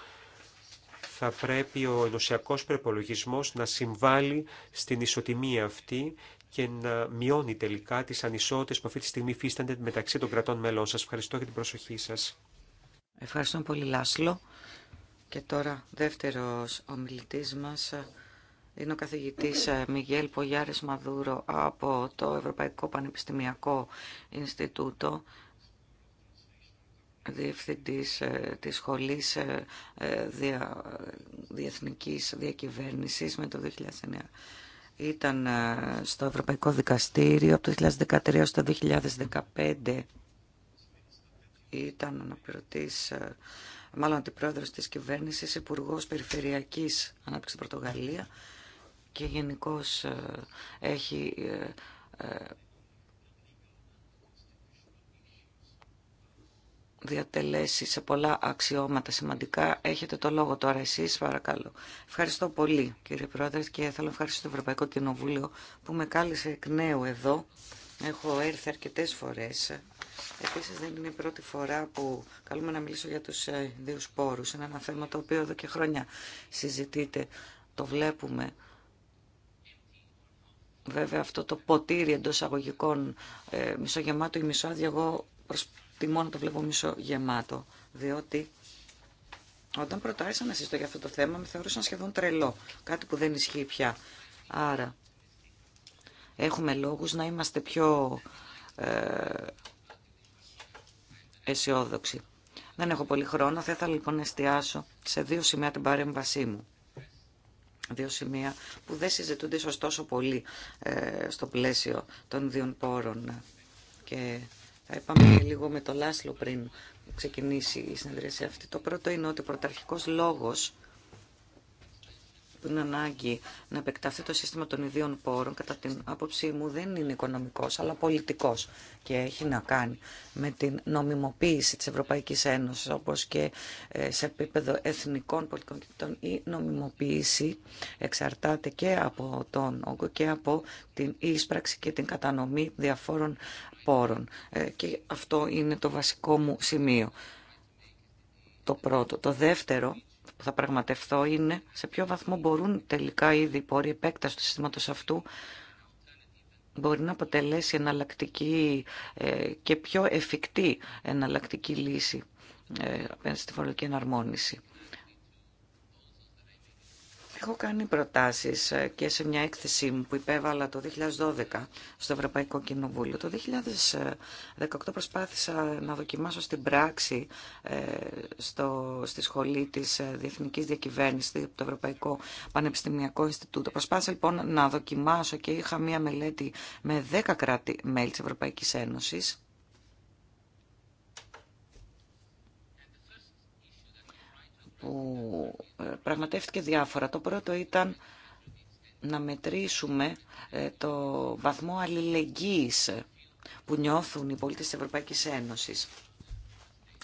Θα πρέπει ο ενωσιακό προπολογισμό να συμβάλλει στην ισοτιμία αυτή και να μειώνει τελικά τις ανισότητες που αυτή τη στιγμή φύστανται μεταξύ των κρατών μελών. Σας ευχαριστώ για την προσοχή σας. Ευχαριστώ πολύ Λάσλο. Και τώρα δεύτερος ομιλητής μας είναι ο καθηγητής ε, Μιγέλ Πογιάρης Μαδούρο από το Ευρωπαϊκό Πανεπιστημιακό Ινστιτούτο διευθυντής ε, της Σχολής ε, Διεθνικής Διακυβέρνησης με το 2009. Ήταν στο Ευρωπαϊκό Δικαστήριο από το 2013 το 2015 ήταν αναπληρωτής, ε, μάλλον αντιπρόεδρος της κυβέρνησης, υπουργό Περιφερειακής Ανάπτυξης Πρωτογαλία και γενικώ ε, έχει ε, διατελέσει σε πολλά αξιώματα σημαντικά. Έχετε το λόγο τώρα εσείς, παρακαλώ. Ευχαριστώ πολύ κύριε Πρόεδρε και θέλω να ευχαριστήσω το Ευρωπαϊκό Κοινοβούλιο που με κάλεσε εκ νέου εδώ. Έχω έρθει αρκετές φορές Επίσης δεν είναι η πρώτη φορά που καλούμε να μιλήσω για τους ε, δύο σπόρους. Είναι ένα θέμα το οποίο εδώ και χρόνια συζητείται, το βλέπουμε. Βέβαια αυτό το ποτήρι εντό αγωγικών ε, μισογεμάτο ή μισοάδιο, εγώ προτιμώ να το βλέπω μισογεμάτο, διότι όταν προτάρισα να συζητώ για αυτό το θέμα, με θεωρούσαν σχεδόν τρελό. Κάτι που δεν ισχύει πια. Άρα, έχουμε λόγους να είμαστε πιο ε, αισιόδοξη. Δεν έχω πολύ χρόνο, θα ήθελα λοιπόν να εστιάσω σε δύο σημεία την παρέμβασή μου. Δύο σημεία που δεν συζητούνται ίσως τόσο πολύ ε, στο πλαίσιο των δύο πόρων. Και θα είπαμε λίγο με το Λάσλο πριν ξεκινήσει η συνεδρίαση αυτή. Το πρώτο είναι ότι ο πρωταρχικός λόγος που είναι ανάγκη να επεκταθεί το σύστημα των ιδίων πόρων, κατά την άποψή μου δεν είναι οικονομικός, αλλά πολιτικός και έχει να κάνει με την νομιμοποίηση της Ευρωπαϊκής Ένωσης, όπως και ε, σε επίπεδο εθνικών πολιτικών κοινωνικών. Η νομιμοποίηση εξαρτάται και από τον όγκο και από την ίσπραξη και την κατανομή διαφόρων πόρων. Ε, και αυτό είναι το βασικό μου σημείο. Το πρώτο. Το δεύτερο θα πραγματευθώ είναι σε ποιο βαθμό μπορούν τελικά ήδη οι πόροι επέκταση του συστήματο αυτού μπορεί να αποτελέσει εναλλακτική ε, και πιο εφικτή εναλλακτική λύση ε, απέναντι στη φορολογική εναρμόνιση. Έχω κάνει προτάσεις ε, και σε μια έκθεσή μου που υπέβαλα το 2012 στο Ευρωπαϊκό Κοινοβούλιο. Το 2018 προσπάθησα να δοκιμάσω στην πράξη ε, στο, στη σχολή της ε, Διεθνικής Διακυβέρνησης, το Ευρωπαϊκό Πανεπιστημιακό Ινστιτούτο. Προσπάθησα λοιπόν να δοκιμάσω και είχα μια μελέτη με 10 κράτη μέλη της Ευρωπαϊκής Ένωσης που ε, πραγματεύτηκε διάφορα. Το πρώτο ήταν να μετρήσουμε ε, το βαθμό αλληλεγγύης που νιώθουν οι πολίτες της Ευρωπαϊκής Ένωσης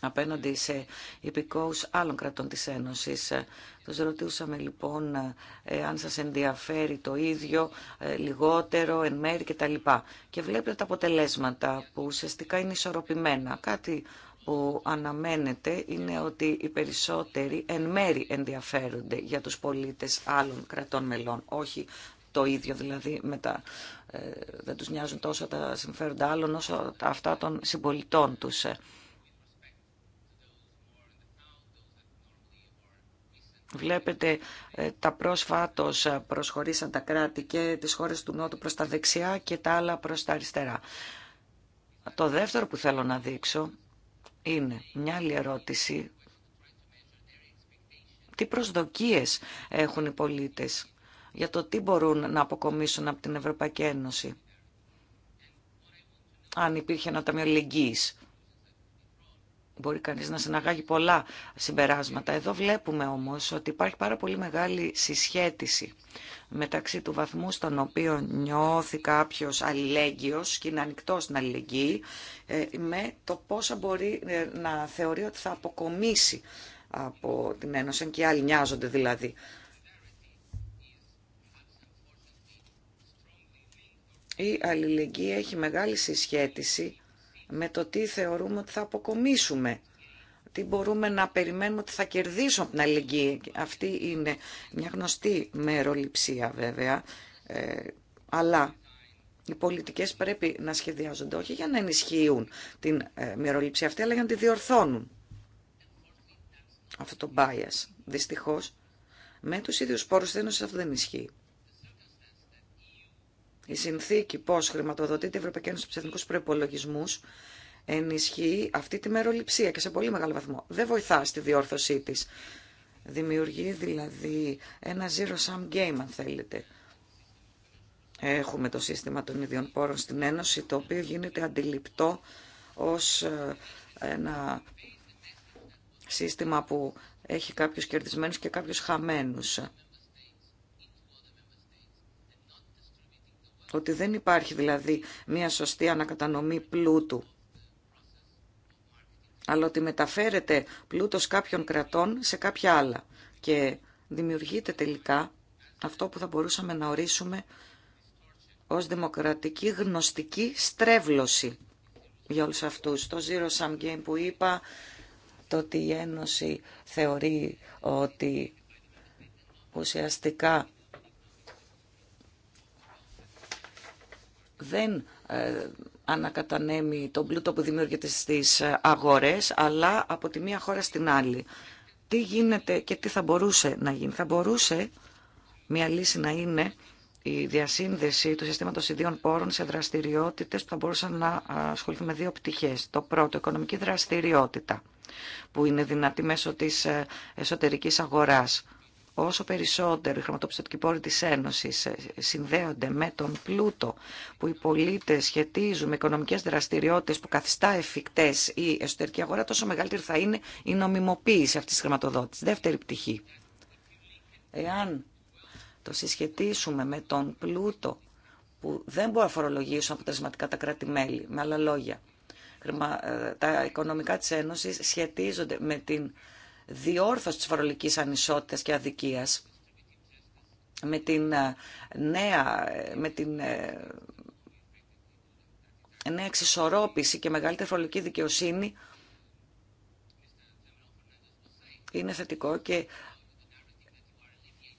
απέναντι σε υπηκόους άλλων κρατών της Ένωσης. Ε, τους ρωτήσαμε λοιπόν αν σας ενδιαφέρει το ίδιο, λιγότερο, εν μέρη κτλ. Και βλέπετε τα αποτελέσματα που ουσιαστικά είναι ισορροπημένα. Κάτι που αναμένεται είναι ότι οι περισσότεροι εν μέρη ενδιαφέρονται για τους πολίτες άλλων κρατών μελών, όχι το ίδιο δηλαδή με τα, ε, δεν τους νοιάζουν τόσο τα συμφέροντα άλλων όσο αυτά των συμπολιτών τους. Βλέπετε ε, τα πρόσφατος ε, προσχωρήσαν τα κράτη και τις χώρες του Νότου προς τα δεξιά και τα άλλα προς τα αριστερά. Το δεύτερο που θέλω να δείξω είναι μια άλλη ερώτηση. Τι προσδοκίες έχουν οι πολίτες για το τι μπορούν να αποκομίσουν από την Ευρωπαϊκή Ένωση. Αν υπήρχε ένα ταμείο λυγγύης μπορεί κανείς να συναγάγει πολλά συμπεράσματα. Εδώ βλέπουμε όμως ότι υπάρχει πάρα πολύ μεγάλη συσχέτιση μεταξύ του βαθμού στον οποίο νιώθει κάποιος αλληλέγγυος και είναι ανοιχτό στην αλληλεγγύη ε, με το πόσα μπορεί ε, να θεωρεί ότι θα αποκομίσει από την Ένωση και οι άλλοι νοιάζονται δηλαδή. Η αλληλεγγύη έχει μεγάλη συσχέτιση με το τι θεωρούμε ότι θα αποκομίσουμε. Τι μπορούμε να περιμένουμε ότι θα κερδίσουμε από την αλληλεγγύη. Αυτή είναι μια γνωστή μεροληψία βέβαια. Ε, αλλά οι πολιτικές πρέπει να σχεδιάζονται όχι για να ενισχύουν την ε, μεροληψία αυτή, αλλά για να τη διορθώνουν. Αυτό το bias. Δυστυχώς, με τους ίδιους πόρους αυτό δεν ισχύει. Η συνθήκη πώς χρηματοδοτείται η Ευρωπαϊκή Ένωση εθνικού προπολογισμού ενισχύει αυτή τη μεροληψία και σε πολύ μεγάλο βαθμό. Δεν βοηθά στη διόρθωσή τη. Δημιουργεί δηλαδή ένα zero-sum game αν θέλετε. Έχουμε το σύστημα των ιδιών πόρων στην Ένωση το οποίο γίνεται αντιληπτό ως ε, ένα σύστημα που έχει κάποιους κερδισμένους και κάποιους χαμένους. Ότι δεν υπάρχει δηλαδή μια σωστή ανακατανομή πλούτου αλλά ότι μεταφέρεται πλούτος κάποιων κρατών σε κάποια άλλα και δημιουργείται τελικά αυτό που θα μπορούσαμε να ορίσουμε ως δημοκρατική γνωστική στρέβλωση για όλους αυτούς. Το Zero Sum Game που είπα, το ότι η Ένωση θεωρεί ότι ουσιαστικά δεν ε, ανακατανέμει τον πλούτο που δημιουργείται στις ε, αγορές, αλλά από τη μία χώρα στην άλλη. Τι γίνεται και τι θα μπορούσε να γίνει. Θα μπορούσε μια λύση να είναι η διασύνδεση του συστήματος ιδίων πόρων σε δραστηριότητες που θα μπορούσαν να ασχοληθούν με δύο πτυχές. Το πρώτο, οικονομική δραστηριότητα, που είναι δυνατή μέσω της ε, εσωτερικής αγοράς Όσο περισσότερο οι χρηματοπιστωτικοί πόροι της Ένωσης ε, συνδέονται με τον πλούτο που οι πολίτες σχετίζουν με οικονομικές δραστηριότητες που καθιστά εφικτές η εσωτερική αγορά, τόσο μεγαλύτερη θα είναι η νομιμοποίηση αυτής της χρηματοδότησης. Δεύτερη πτυχή. Εάν το συσχετίσουμε με τον πλούτο που δεν μπορεί να φορολογήσουν αποτελεσματικά τα κράτη-μέλη, με άλλα λόγια, ε, τα οικονομικά της Ένωσης σχετίζονται με την διόρθωση της φορολογικής ανισότητας και αδικίας με την ε, νέα, ε, με την ε, νέα εξισορρόπηση και μεγαλύτερη φορολογική δικαιοσύνη είναι θετικό και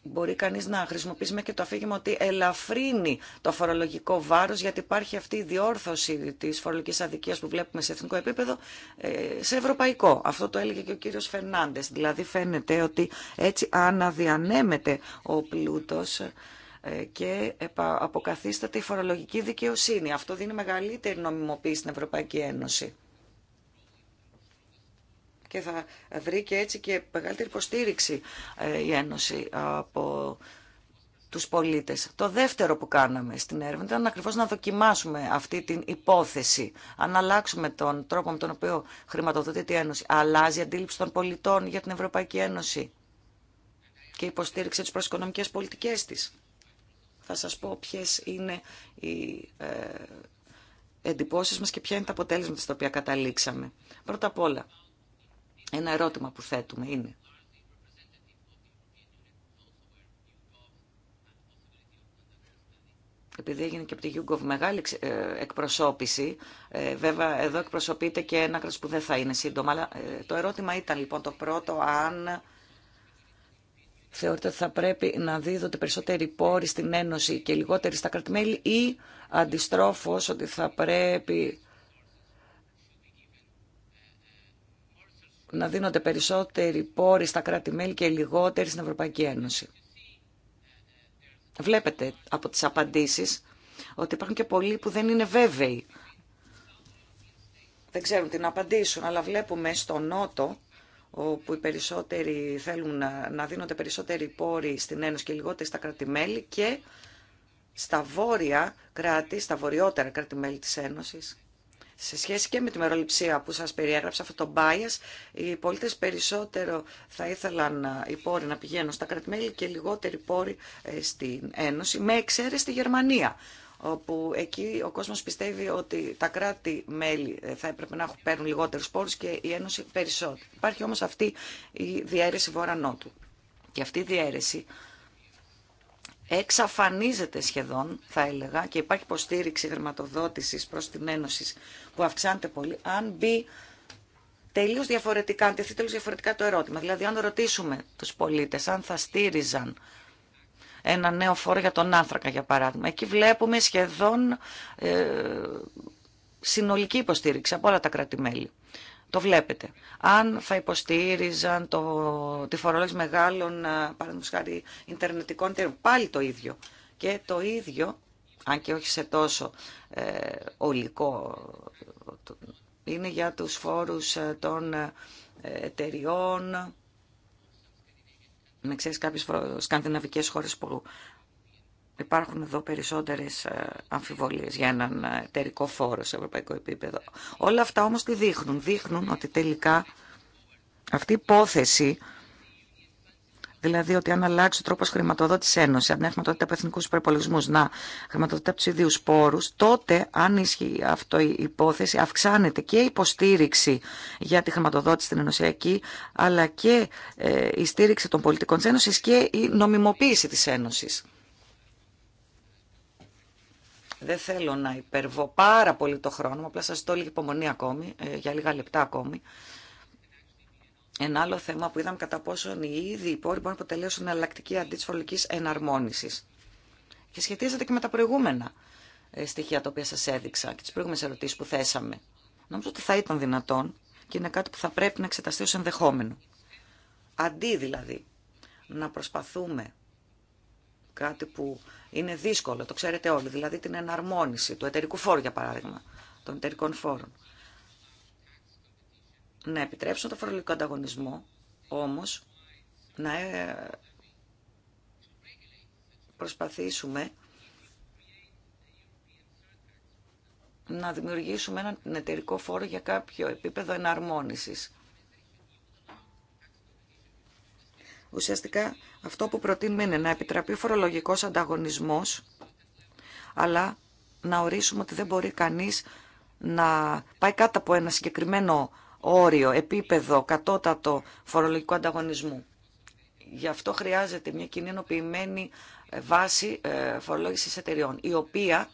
μπορεί κανείς να χρησιμοποιήσει και το αφήγημα ότι ελαφρύνει το φορολογικό βάρος γιατί υπάρχει αυτή η διόρθωση της φορολογικής αδικίας που βλέπουμε σε εθνικό επίπεδο ε, σε ευρωπαϊκό. Αυτό το έλεγε και ο κύριος Φερνάντες. Δηλαδή φαίνεται ότι έτσι αναδιανέμεται ο πλούτος ε, και αποκαθίσταται η φορολογική δικαιοσύνη. Αυτό δίνει μεγαλύτερη νομιμοποίηση στην Ευρωπαϊκή Ένωση και θα βρει και έτσι και μεγαλύτερη υποστήριξη ε, η Ένωση από τους πολίτες. Το δεύτερο που κάναμε στην έρευνα ήταν ακριβώς να δοκιμάσουμε αυτή την υπόθεση. Αν αλλάξουμε τον τρόπο με τον οποίο χρηματοδοτείται η Ένωση, αλλάζει η αντίληψη των πολιτών για την Ευρωπαϊκή Ένωση και υποστήριξε τις προσοικονομικές πολιτικές της. Θα σας πω ποιες είναι οι ε, εντυπώσεις μας και ποια είναι τα αποτέλεσματα στα οποία καταλήξαμε. Πρώτα απ' όλα, ένα ερώτημα που θέτουμε είναι επειδή έγινε και από τη Γιούγκοβ μεγάλη ε, εκπροσώπηση, ε, βέβαια εδώ εκπροσωπείται και ένα κράτος που δεν θα είναι σύντομα, αλλά ε, το ερώτημα ήταν λοιπόν το πρώτο, αν θεωρείτε ότι θα πρέπει να δίδονται περισσότεροι πόροι στην Ένωση και λιγότεροι στα κρατημέλη ή αντιστρόφως ότι θα πρέπει να δίνονται περισσότεροι πόροι στα κράτη-μέλη και λιγότεροι στην Ευρωπαϊκή Ένωση. Βλέπετε από τις απαντήσεις ότι υπάρχουν και πολλοί που δεν είναι βέβαιοι. Δεν ξέρουν τι να απαντήσουν, αλλά βλέπουμε στο Νότο, όπου οι περισσότεροι θέλουν να, δίνονται περισσότεροι πόροι στην Ένωση και λιγότεροι στα κράτη-μέλη και στα βόρεια κράτη, στα βορειότερα κράτη-μέλη της Ένωσης, σε σχέση και με τη μεροληψία που σας περιέγραψα, αυτό το bias, οι πολίτες περισσότερο θα ήθελαν ε, οι πόροι να πηγαίνουν στα κρατημέλη και λιγότεροι πόροι ε, στην Ένωση, με εξαίρεση στη Γερμανία όπου εκεί ο κόσμος πιστεύει ότι τα κράτη-μέλη ε, θα έπρεπε να έχουν παίρνουν λιγότερους πόρους και η Ένωση περισσότερο. Υπάρχει όμως αυτή η διαίρεση βορρανότου. Και αυτή η διαίρεση εξαφανίζεται σχεδόν, θα έλεγα, και υπάρχει υποστήριξη χρηματοδότησης προς την Ένωση που αυξάνεται πολύ, αν μπει τελείως διαφορετικά, αν τεθεί τελείως διαφορετικά το ερώτημα. Δηλαδή, αν ρωτήσουμε τους πολίτες αν θα στήριζαν ένα νέο φόρο για τον άνθρακα, για παράδειγμα, εκεί βλέπουμε σχεδόν ε, συνολική υποστήριξη από όλα τα κρατη Το βλέπετε. Αν θα υποστήριζαν το, τη φορολόγηση μεγάλων, ε, παραδείγματος χάρη, Ιντερνετικών πάλι το ίδιο. Και το ίδιο αν και όχι σε τόσο ε, ολικό. Είναι για τους φόρους ε, των ε, εταιριών, Να ξέρεις κάποιες σκανδιναβικές χώρες που υπάρχουν εδώ περισσότερες αμφιβολίες για έναν εταιρικό φόρο σε ευρωπαϊκό επίπεδο. Όλα αυτά όμως τι δείχνουν. Δείχνουν ότι τελικά αυτή η υπόθεση Δηλαδή ότι αν αλλάξει ο τρόπο χρηματοδότηση Ένωση, αν έχουμε τότε από εθνικού προπολογισμού να χρηματοδοτείται από του ιδίου πόρου, τότε αν ισχύει αυτό η υπόθεση, αυξάνεται και η υποστήριξη για τη χρηματοδότηση στην Ενωσιακή, αλλά και ε, η στήριξη των πολιτικών τη Ένωση και η νομιμοποίηση τη Ένωση. Δεν θέλω να υπερβώ πάρα πολύ το χρόνο, απλά σα το λίγη υπομονή ακόμη, ε, για λίγα λεπτά ακόμη. Ένα άλλο θέμα που είδαμε κατά πόσον οι ίδιοι πόροι μπορούν να αποτελέσουν εναλλακτική αντί τη φορολογική εναρμόνιση. Και σχετίζεται και με τα προηγούμενα ε, στοιχεία τα οποία σα έδειξα και τι προηγούμενε ερωτήσει που θέσαμε. Νομίζω ότι θα ήταν δυνατόν και είναι κάτι που θα πρέπει να εξεταστεί ω ενδεχόμενο. Αντί δηλαδή να προσπαθούμε κάτι που είναι δύσκολο, το ξέρετε όλοι, δηλαδή την εναρμόνιση του εταιρικού φόρου για παράδειγμα, των εταιρικών φόρων να επιτρέψουν το φορολογικό ανταγωνισμό, όμως να ε, προσπαθήσουμε να δημιουργήσουμε έναν εταιρικό φόρο για κάποιο επίπεδο εναρμόνισης. Ουσιαστικά αυτό που προτείνουμε είναι να επιτραπεί ο φορολογικός ανταγωνισμός, αλλά να ορίσουμε ότι δεν μπορεί κανείς να πάει κάτω από ένα συγκεκριμένο όριο, επίπεδο, κατώτατο φορολογικού ανταγωνισμού. Γι' αυτό χρειάζεται μια κοινή ε, βάση ε, φορολόγησης εταιριών, η οποία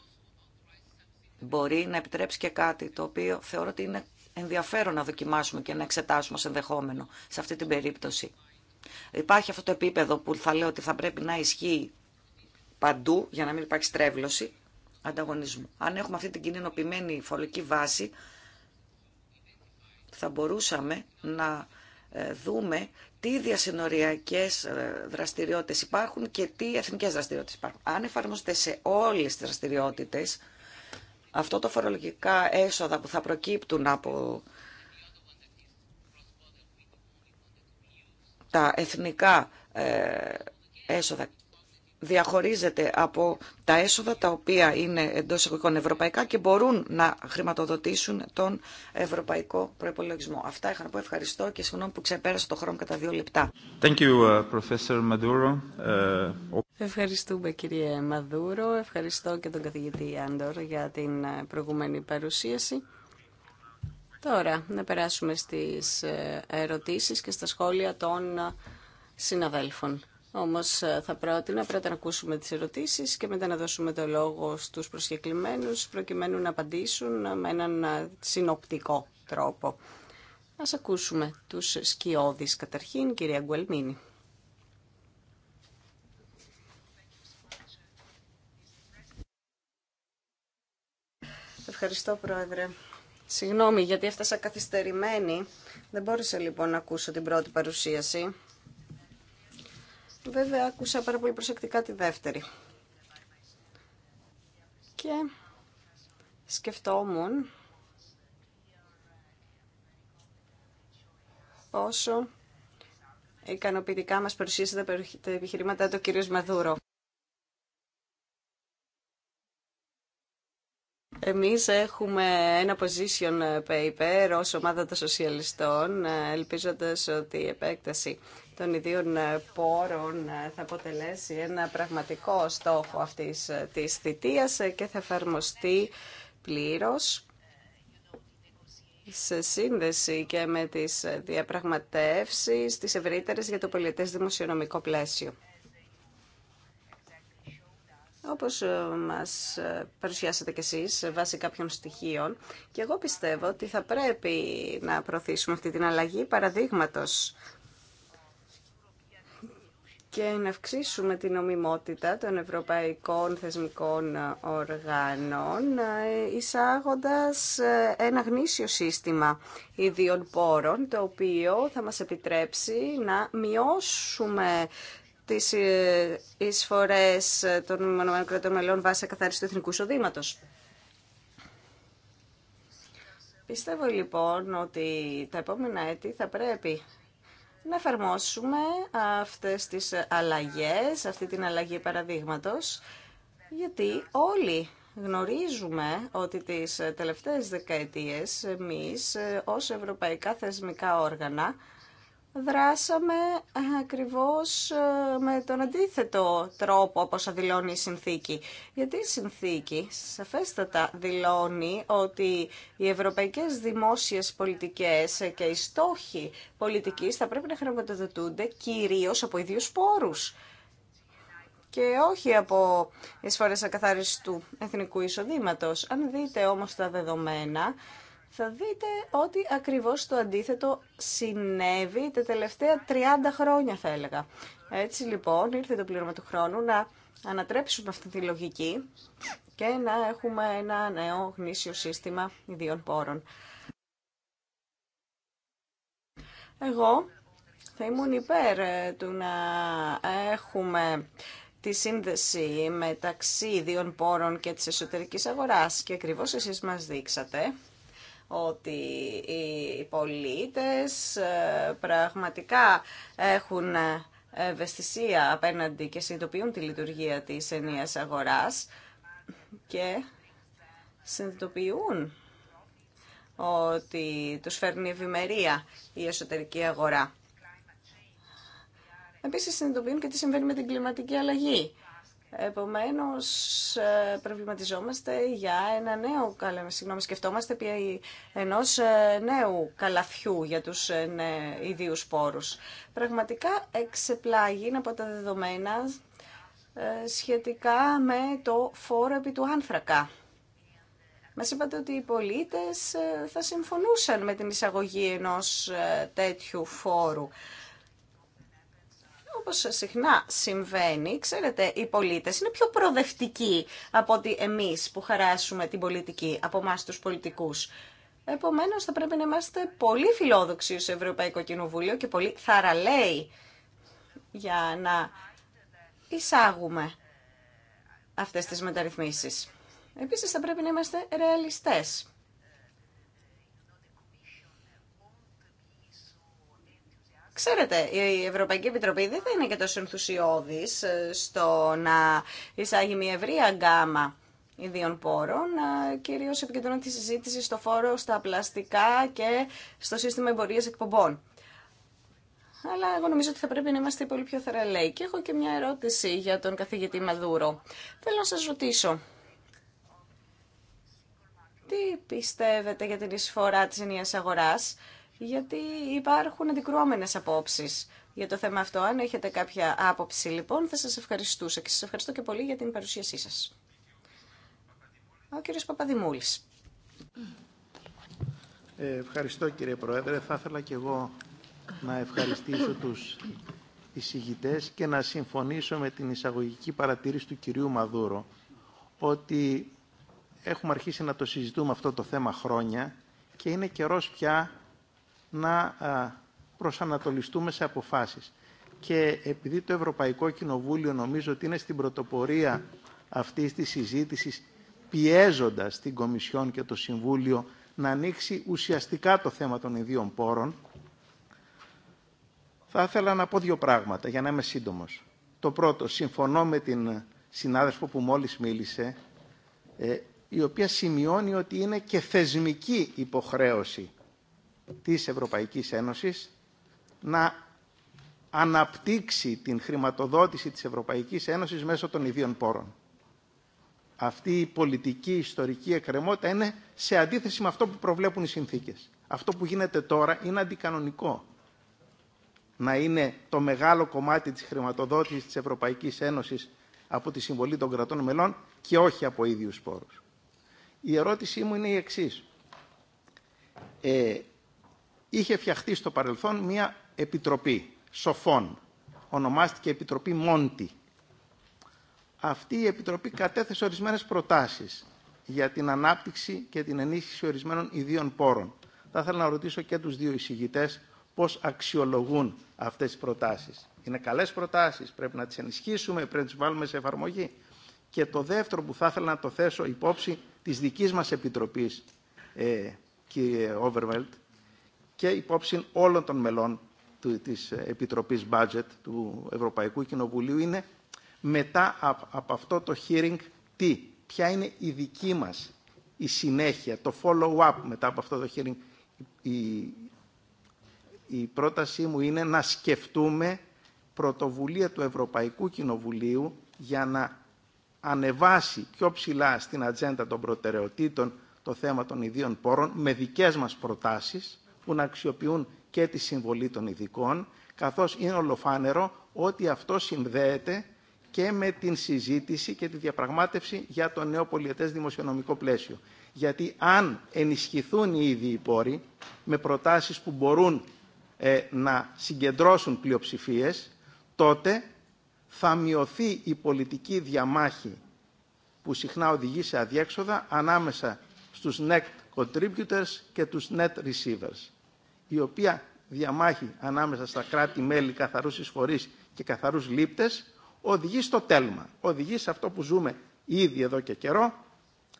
μπορεί να επιτρέψει και κάτι το οποίο θεωρώ ότι είναι ενδιαφέρον να δοκιμάσουμε και να εξετάσουμε ως ενδεχόμενο σε αυτή την περίπτωση. Υπάρχει αυτό το επίπεδο που θα λέω ότι θα πρέπει να ισχύει παντού για να μην υπάρχει στρέβλωση ανταγωνισμού. Αν έχουμε αυτή την κοινωνιοποιημένη φορολογική βάση, θα μπορούσαμε να ε, δούμε τι διασυνοριακές ε, δραστηριότητες υπάρχουν και τι εθνικές δραστηριότητες υπάρχουν. Αν εφαρμοστεί σε όλες τις δραστηριότητες, αυτό το φορολογικά έσοδα που θα προκύπτουν από τα εθνικά ε, έσοδα διαχωρίζεται από τα έσοδα τα οποία είναι εντός εγωικών ευρωπαϊκά και μπορούν να χρηματοδοτήσουν τον ευρωπαϊκό προϋπολογισμό. Αυτά είχα να πω ευχαριστώ και συγγνώμη που ξεπέρασα το χρόνο κατά δύο λεπτά. Thank you, uh, Professor Maduro. Uh, Ευχαριστούμε κύριε Μαδούρο, ευχαριστώ και τον καθηγητή Άντορ για την ε, προηγούμενη παρουσίαση. Τώρα να περάσουμε στις ε, ερωτήσεις και στα σχόλια των ε, συναδέλφων. Όμως ε, θα πρότεινα πρώτα να ακούσουμε τις ερωτήσεις και μετά να δώσουμε το λόγο στους προσκεκλημένους προκειμένου να απαντήσουν ε, με έναν ε, συνοπτικό τρόπο. Ας ακούσουμε τους σκιόδης καταρχήν, κυρία Γκουελμίνη. Ευχαριστώ, Πρόεδρε. Συγγνώμη γιατί έφτασα καθυστερημένη. Δεν μπόρεσα λοιπόν να ακούσω την πρώτη παρουσίαση. Βέβαια, άκουσα πάρα πολύ προσεκτικά τη δεύτερη. Και σκεφτόμουν πόσο ικανοποιητικά μας παρουσίασε τα επιχειρήματα του κ. Μαδούρο. Εμείς έχουμε ένα position paper ως ομάδα των σοσιαλιστών, ε, ελπίζοντας ότι η επέκταση των ιδίων ε, πόρων ε, θα αποτελέσει ένα πραγματικό στόχο αυτής ε, της θητείας και θα εφαρμοστεί πλήρως σε σύνδεση και με τις διαπραγματεύσεις της ευρύτερες για το πολιτές δημοσιονομικό πλαίσιο. Όπως μας παρουσιάσατε κι εσείς βάσει κάποιων στοιχείων και εγώ πιστεύω ότι θα πρέπει να προωθήσουμε αυτή την αλλαγή παραδείγματος και να αυξήσουμε την νομιμότητα των ευρωπαϊκών θεσμικών οργάνων εισάγοντας ε, ένα γνήσιο σύστημα ιδίων πόρων το οποίο θα μας επιτρέψει να μειώσουμε τις ε, εισφορές των μονομένων κρατών μελών βάσει καθάριση του εθνικού εισοδήματος. Πιστεύω λοιπόν ότι τα επόμενα έτη θα πρέπει να εφαρμόσουμε αυτές τις αλλαγές, αυτή την αλλαγή παραδείγματος, γιατί όλοι γνωρίζουμε ότι τις τελευταίες δεκαετίες εμείς ε, ως ευρωπαϊκά θεσμικά όργανα δράσαμε ε, ακριβώς ε, με τον αντίθετο τρόπο όπως δηλώνει η συνθήκη. Γιατί η συνθήκη σαφέστατα δηλώνει ότι οι ευρωπαϊκές δημόσιες πολιτικές και οι στόχοι πολιτικής θα πρέπει να χρηματοδοτούνται κυρίως από ιδίους πόρους και όχι από εισφορές ακαθάριστου εθνικού εισοδήματος. Αν δείτε όμως τα δεδομένα, θα δείτε ότι ακριβώς το αντίθετο συνέβη τα τελευταία 30 χρόνια θα έλεγα. Έτσι λοιπόν ήρθε το πλήρωμα του χρόνου να ανατρέψουμε αυτή τη λογική και να έχουμε ένα νέο γνήσιο σύστημα ιδίων πόρων. Εγώ θα ήμουν υπέρ ε, του να έχουμε τη σύνδεση μεταξύ ιδίων πόρων και της εσωτερικής αγοράς και ακριβώς εσείς μας δείξατε ότι οι πολίτες ε, πραγματικά έχουν ε, ευαισθησία απέναντι και συνειδητοποιούν τη λειτουργία της ενίας αγοράς και συνειδητοποιούν ότι τους φέρνει ευημερία η εσωτερική αγορά. Επίσης συνειδητοποιούν και τι συμβαίνει με την κλιματική αλλαγή. Επομένως, ε, προβληματιζόμαστε για ένα νέο, καλά, συγγνώμη, σκεφτόμαστε πια ενός ε, νέου καλαθιού για τους ε, ιδίους πόρους. Πραγματικά εξεπλάγει από τα δεδομένα σχετικά με το φόρο επί του άνθρακα. Μας είπατε ότι οι πολίτες θα συμφωνούσαν με την εισαγωγή ενός τέτοιου φόρου όπως συχνά συμβαίνει, ξέρετε, οι πολίτες είναι πιο προοδευτικοί από ότι εμείς που χαράσουμε την πολιτική, από εμά τους πολιτικούς. Επομένως, θα πρέπει να είμαστε πολύ φιλόδοξοι στο Ευρωπαϊκό Κοινοβούλιο και πολύ θαραλέοι για να εισάγουμε αυτές τις μεταρρυθμίσεις. Επίσης, θα πρέπει να είμαστε ρεαλιστές. Ξέρετε, η Ευρωπαϊκή Επιτροπή δεν θα είναι και τόσο ενθουσιώδη ε, στο να εισάγει μια ευρία γκάμα ιδίων πόρων, ε, κυρίως επικεντρώνει τη συζήτηση στο φόρο στα πλαστικά και στο σύστημα εμπορία εκπομπών. Αλλά εγώ νομίζω ότι θα πρέπει να είμαστε πολύ πιο θεραλέοι. Και έχω και μια ερώτηση για τον καθηγητή Μαδούρο. Θέλω να σας ρωτήσω, τι πιστεύετε για την εισφορά της ενιαίας αγοράς γιατί υπάρχουν αντικρουόμενες απόψεις για το θέμα αυτό. Αν έχετε κάποια άποψη λοιπόν θα σας ευχαριστούσα και σας ευχαριστώ και πολύ για την παρουσίασή σας. Ο κύριος Παπαδημούλης. Ε, ευχαριστώ κύριε Πρόεδρε. Θα ήθελα και εγώ να ευχαριστήσω τους εισηγητές και να συμφωνήσω με την εισαγωγική παρατήρηση του κυρίου Μαδούρο ότι έχουμε αρχίσει να το συζητούμε αυτό το θέμα χρόνια και είναι καιρός πια να προσανατολιστούμε σε αποφάσεις. Και επειδή το Ευρωπαϊκό Κοινοβούλιο νομίζω ότι είναι στην πρωτοπορία αυτής της συζήτησης πιέζοντας την Κομισιόν και το Συμβούλιο να ανοίξει ουσιαστικά το θέμα των ιδίων πόρων, θα ήθελα να πω δύο πράγματα για να είμαι σύντομος. Το πρώτο, συμφωνώ με την συνάδελφο που μόλις μίλησε, ε, η οποία σημειώνει ότι είναι και θεσμική υποχρέωση της Ευρωπαϊκής Ένωσης να αναπτύξει την χρηματοδότηση της Ευρωπαϊκής Ένωσης μέσω των ιδίων πόρων. Αυτή η πολιτική ιστορική εκκρεμότητα είναι σε αντίθεση με αυτό που προβλέπουν οι συνθήκες. Αυτό που γίνεται τώρα είναι αντικανονικό. Να είναι το μεγάλο κομμάτι της χρηματοδότησης της Ευρωπαϊκής Ένωσης από τη συμβολή των κρατών μελών και όχι από ίδιους πόρους. Η ερώτησή μου είναι η εξής. Ε, είχε φτιαχτεί στο παρελθόν μια επιτροπή σοφών. Ονομάστηκε Επιτροπή Μόντι. Αυτή η επιτροπή κατέθεσε ορισμένες προτάσεις για την ανάπτυξη και την ενίσχυση ορισμένων ιδίων πόρων. Θα ήθελα να ρωτήσω και τους δύο εισηγητές πώς αξιολογούν αυτές τις προτάσεις. Είναι καλές προτάσεις, πρέπει να τις ενισχύσουμε, πρέπει να τις βάλουμε σε εφαρμογή. Και το δεύτερο που θα ήθελα να το θέσω υπόψη της δικής μας Επιτροπής, ε, κύριε Όβερβελτ, και υπόψη όλων των μελών της ε, Επιτροπής Budget του Ευρωπαϊκού Κοινοβουλίου είναι μετά από αυτό το hearing τι, ποια είναι η δική μας η συνέχεια, το follow-up μετά από αυτό το hearing. Η, η πρότασή μου είναι να σκεφτούμε πρωτοβουλία του Ευρωπαϊκού Κοινοβουλίου για να ανεβάσει πιο ψηλά στην ατζέντα των προτεραιοτήτων το θέμα των ιδίων πόρων με δικές μας προτάσεις που να αξιοποιούν και τη συμβολή των ειδικών, καθώς είναι ολοφάνερο ότι αυτό συνδέεται και με την συζήτηση και τη διαπραγμάτευση για το νέο πολιετές δημοσιονομικό πλαίσιο. Γιατί αν ενισχυθούν οι ίδιοι με προτάσεις που μπορούν ε, να συγκεντρώσουν πλειοψηφίες, τότε θα μειωθεί η πολιτική διαμάχη που συχνά οδηγεί σε αδιέξοδα ανάμεσα στους net contributors και τους net receivers η οποία διαμάχη ανάμεσα στα κράτη-μέλη καθαρούς εισφορείς και καθαρούς λήπτες οδηγεί στο τέλμα. Οδηγεί σε αυτό που ζούμε ήδη εδώ και καιρό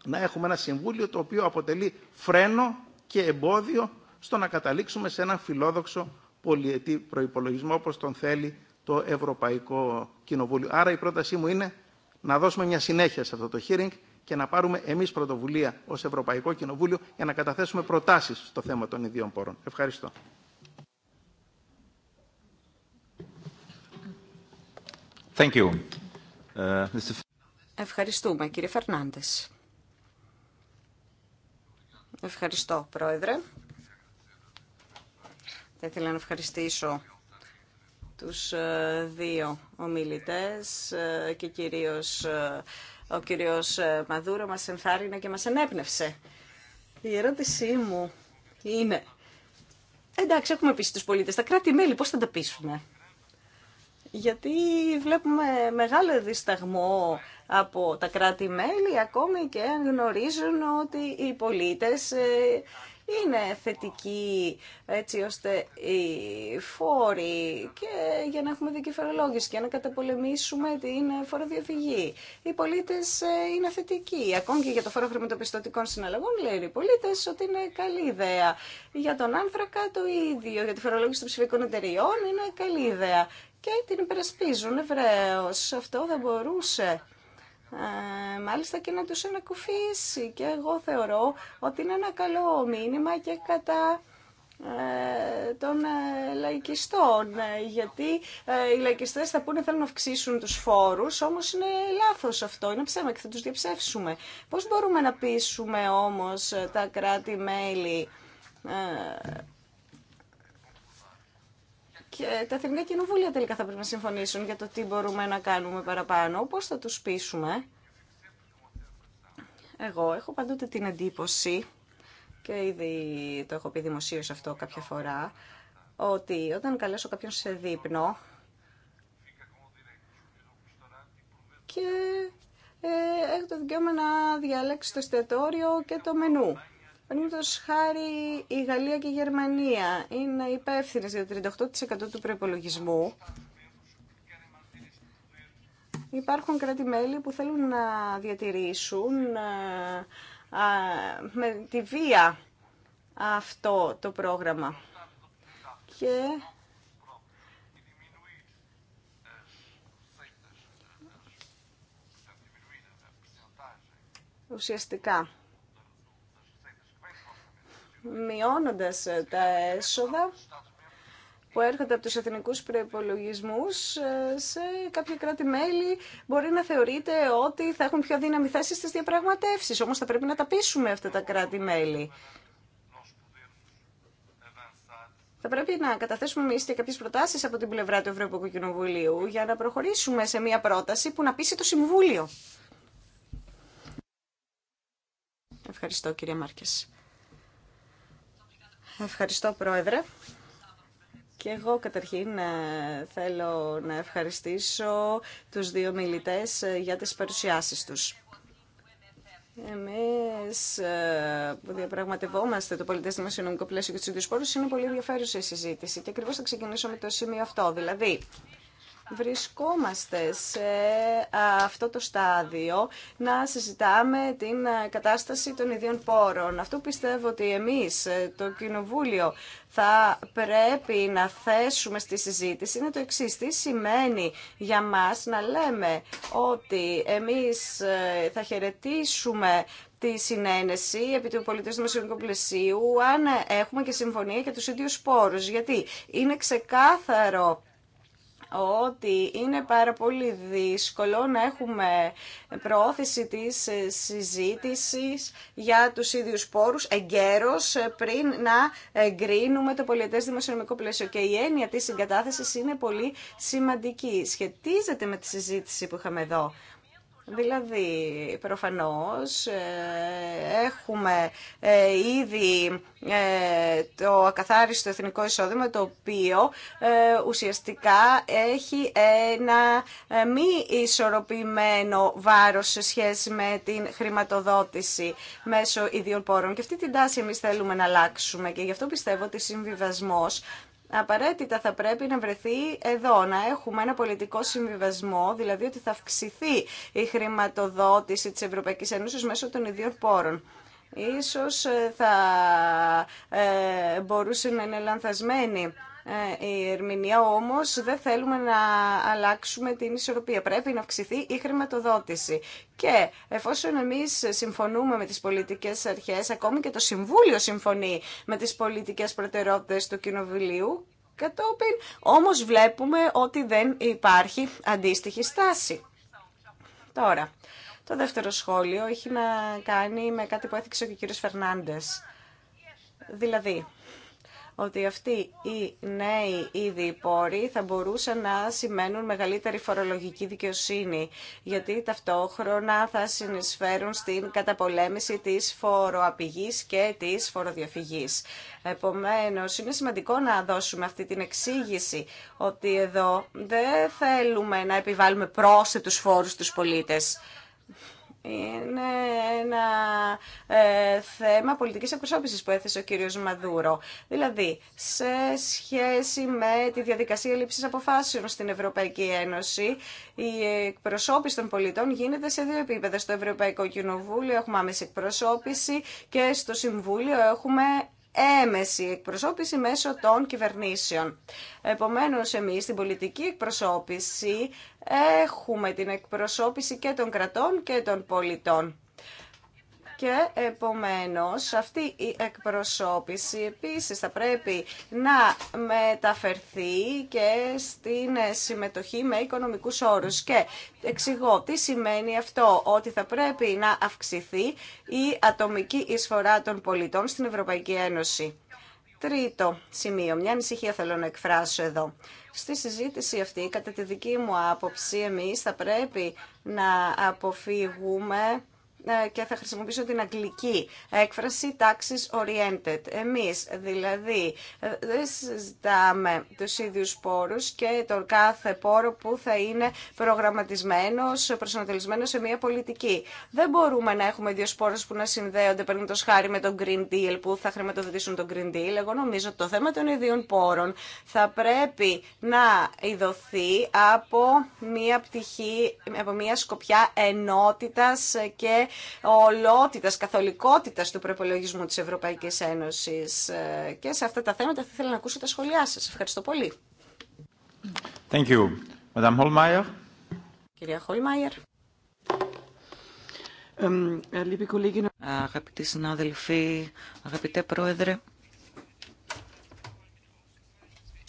να έχουμε ένα συμβούλιο το οποίο αποτελεί φρένο και εμπόδιο στο να καταλήξουμε σε ένα φιλόδοξο πολιετή προϋπολογισμό όπως τον θέλει το Ευρωπαϊκό Κοινοβούλιο. Άρα η πρότασή μου είναι να δώσουμε μια συνέχεια σε αυτό το hearing και να πάρουμε εμείς πρωτοβουλία ως Ευρωπαϊκό Κοινοβούλιο για να καταθέσουμε προτάσεις στο θέμα των ιδίων πόρων. Ευχαριστώ. Thank you. Uh, Mr. Ευχαριστούμε, κύριε Φερνάντες. Ευχαριστώ, Πρόεδρε. Θα ήθελα να ευχαριστήσω τους ε, δύο ομιλητές ε, και κυρίως ε, ο κύριος ε, Μαδούρο μας ενθάρρυνε και μας ενέπνευσε. Η ερώτησή μου είναι, εντάξει έχουμε πείσει τους πολίτες, τα κράτη-μέλη πώς θα τα πείσουμε. Γιατί βλέπουμε μεγάλο δισταγμό από τα κράτη-μέλη, ακόμη και αν γνωρίζουν ότι οι πολίτες ε, είναι θετική έτσι ώστε οι φόροι και για να έχουμε φορολόγηση και να καταπολεμήσουμε την φοροδιαφυγή. Οι πολίτες ε, είναι θετικοί. Ακόμη και για το φόρο χρηματοπιστωτικών συναλλαγών λέει οι πολίτες ότι είναι καλή ιδέα. Για τον άνθρακα το ίδιο, για τη φορολόγηση των ψηφικών εταιριών είναι καλή ιδέα. Και την υπερασπίζουν ευρέως. Αυτό δεν μπορούσε ε, μάλιστα και να τους ανακουφίσει. Και εγώ θεωρώ ότι είναι ένα καλό μήνυμα και κατά ε, των ε, λαϊκιστών γιατί οι λαϊκιστές θα πούνε θέλουν να αυξήσουν τους φόρους όμως είναι λάθος αυτό, είναι ψέμα και θα τους διαψεύσουμε πώς μπορούμε να πείσουμε όμως τα κράτη-μέλη και τα εθνικά κοινοβούλια τελικά θα πρέπει να συμφωνήσουν για το τι μπορούμε να κάνουμε παραπάνω. Πώς θα τους πείσουμε. Εγώ έχω παντότε την εντύπωση και ήδη το έχω πει δημοσίως αυτό κάποια φορά, ότι όταν καλέσω κάποιον σε δείπνο και ε, έχω το δικαίωμα να διαλέξει το εστιατόριο και το μενού. Παραδείγματο χάρη η Γαλλία και η Γερμανία είναι υπεύθυνε για το 38% του προπολογισμού. Υπάρχουν κράτη-μέλη που θέλουν να διατηρήσουν ε, με τη βία αυτό το πρόγραμμα. Και ουσιαστικά μειώνοντας ε, τα έσοδα που έρχονται από τους εθνικούς προϋπολογισμούς ε, σε κάποια κράτη-μέλη μπορεί να θεωρείται ότι θα έχουν πιο δύναμη θέση στις διαπραγματεύσεις. Όμως θα πρέπει να τα πείσουμε αυτά τα κράτη-μέλη. Θα πρέπει να καταθέσουμε εμεί και κάποιε προτάσει από την πλευρά του Ευρωπαϊκού Κοινοβουλίου για να προχωρήσουμε σε μια πρόταση που να πείσει το Συμβούλιο. Ευχαριστώ, κύριε Μάρκες. Ευχαριστώ, Πρόεδρε. Και εγώ καταρχήν ε, θέλω να ευχαριστήσω τους δύο μιλητές ε, για τις παρουσιάσεις τους. Εμείς ε, που διαπραγματευόμαστε το πολιτές δημοσιονομικό πλαίσιο και τους ίδιους πόρους είναι πολύ ενδιαφέρουσα η συζήτηση και ακριβώς θα ξεκινήσω με το σημείο αυτό. Δηλαδή, βρισκόμαστε σε αυτό το στάδιο να συζητάμε την κατάσταση των ιδίων πόρων. Αυτό πιστεύω ότι εμείς, ε, το Κοινοβούλιο, θα πρέπει να θέσουμε στη συζήτηση είναι το εξής. Τι σημαίνει για μας να λέμε ότι εμείς ε, θα χαιρετήσουμε τη συνένεση επί του πολιτισμού δημοσιονομικού πλαισίου αν έχουμε και συμφωνία για τους ίδιους πόρους. Γιατί είναι ξεκάθαρο ότι είναι πάρα πολύ δύσκολο να έχουμε προώθηση της ε, συζήτησης για τους ίδιους πόρους εγκαίρως ε, πριν να εγκρίνουμε το πολιτές δημοσιονομικό πλαίσιο. Και η έννοια της συγκατάθεσης είναι πολύ σημαντική. Σχετίζεται με τη συζήτηση που είχαμε εδώ. Δηλαδή, προφανώς, ε, έχουμε ε, ήδη ε, το ακαθάριστο εθνικό εισόδημα, το οποίο ουσιαστικά έχει ένα μη ισορροπημένο βάρος σε σχέση με την χρηματοδότηση μέσω ιδιών Και αυτή την τάση εμείς θέλουμε να αλλάξουμε και γι' αυτό πιστεύω ότι συμβιβασμός απαραίτητα θα πρέπει να βρεθεί εδώ, να έχουμε ένα πολιτικό συμβιβασμό, δηλαδή ότι θα αυξηθεί η χρηματοδότηση της Ευρωπαϊκής Ένωσης μέσω των ιδίων πόρων. Ίσως ε, θα ε, μπορούσε να είναι λανθασμένη ε, η ερμηνεία, όμως δεν θέλουμε να αλλάξουμε την ισορροπία. Πρέπει να αυξηθεί η χρηματοδότηση. Και εφόσον εμείς συμφωνούμε με τις πολιτικές αρχές, ακόμη και το Συμβούλιο συμφωνεί με τις πολιτικές προτεραιότητες του Κοινοβουλίου, κατόπιν όμως βλέπουμε ότι δεν υπάρχει αντίστοιχη στάση. Τώρα, το δεύτερο σχόλιο έχει να κάνει με κάτι που έθιξε και ο κύριος Φερνάντες. Δηλαδή, ότι αυτοί οι νέοι ήδη πόροι θα μπορούσαν να σημαίνουν μεγαλύτερη φορολογική δικαιοσύνη, γιατί ταυτόχρονα θα συνεισφέρουν στην καταπολέμηση της φοροαπηγής και της φοροδιαφυγής. Επομένως, είναι σημαντικό να δώσουμε αυτή την εξήγηση ότι εδώ δεν θέλουμε να επιβάλλουμε πρόσθετους φόρους στους πολίτες είναι ένα ε, θέμα πολιτικής εκπροσώπησης που έθεσε ο κύριος Μαδούρο. Δηλαδή, σε σχέση με τη διαδικασία λήψης αποφάσεων στην Ευρωπαϊκή Ένωση, η εκπροσώπηση των πολιτών γίνεται σε δύο επίπεδα. Στο Ευρωπαϊκό Κοινοβούλιο έχουμε άμεση εκπροσώπηση και στο Συμβούλιο έχουμε έμεση εκπροσώπηση μέσω των κυβερνήσεων. Επομένως, εμείς στην πολιτική εκπροσώπηση έχουμε την εκπροσώπηση και των κρατών και των πολιτών και επομένως αυτή η εκπροσώπηση επίσης θα πρέπει να μεταφερθεί και στην συμμετοχή με οικονομικούς όρους. Και εξηγώ τι σημαίνει αυτό, ότι θα πρέπει να αυξηθεί η ατομική εισφορά των πολιτών στην Ευρωπαϊκή Ένωση. Τρίτο σημείο, μια ανησυχία θέλω να εκφράσω εδώ. Στη συζήτηση αυτή, κατά τη δική μου άποψη, εμείς θα πρέπει να αποφύγουμε ε, και θα χρησιμοποιήσω την αγγλική έκφραση taxes oriented. Εμείς δηλαδή ε, δεν συζητάμε τους ίδιους πόρους και τον κάθε πόρο που θα είναι προγραμματισμένος, προσανατολισμένος σε μια πολιτική. Δεν μπορούμε να έχουμε δύο σπόρους που να συνδέονται το χάρη με τον Green Deal που θα χρηματοδοτήσουν τον Green Deal. Εγώ νομίζω ότι το θέμα των ιδίων πόρων θα πρέπει να ειδωθεί από μια πτυχή, από μια σκοπιά ενότητας και ολότητας, καθολικότητα του προπολογισμού της Ευρωπαϊκής Ένωσης. Ε, και σε αυτά τα θέματα θα ήθελα να ακούσω τα σχόλιά σα. Ευχαριστώ πολύ. Thank you. Madame Holmeier. Κυρία Χολμάιερ. Ε, Αγαπητοί συνάδελφοι, αγαπητέ Πρόεδρε,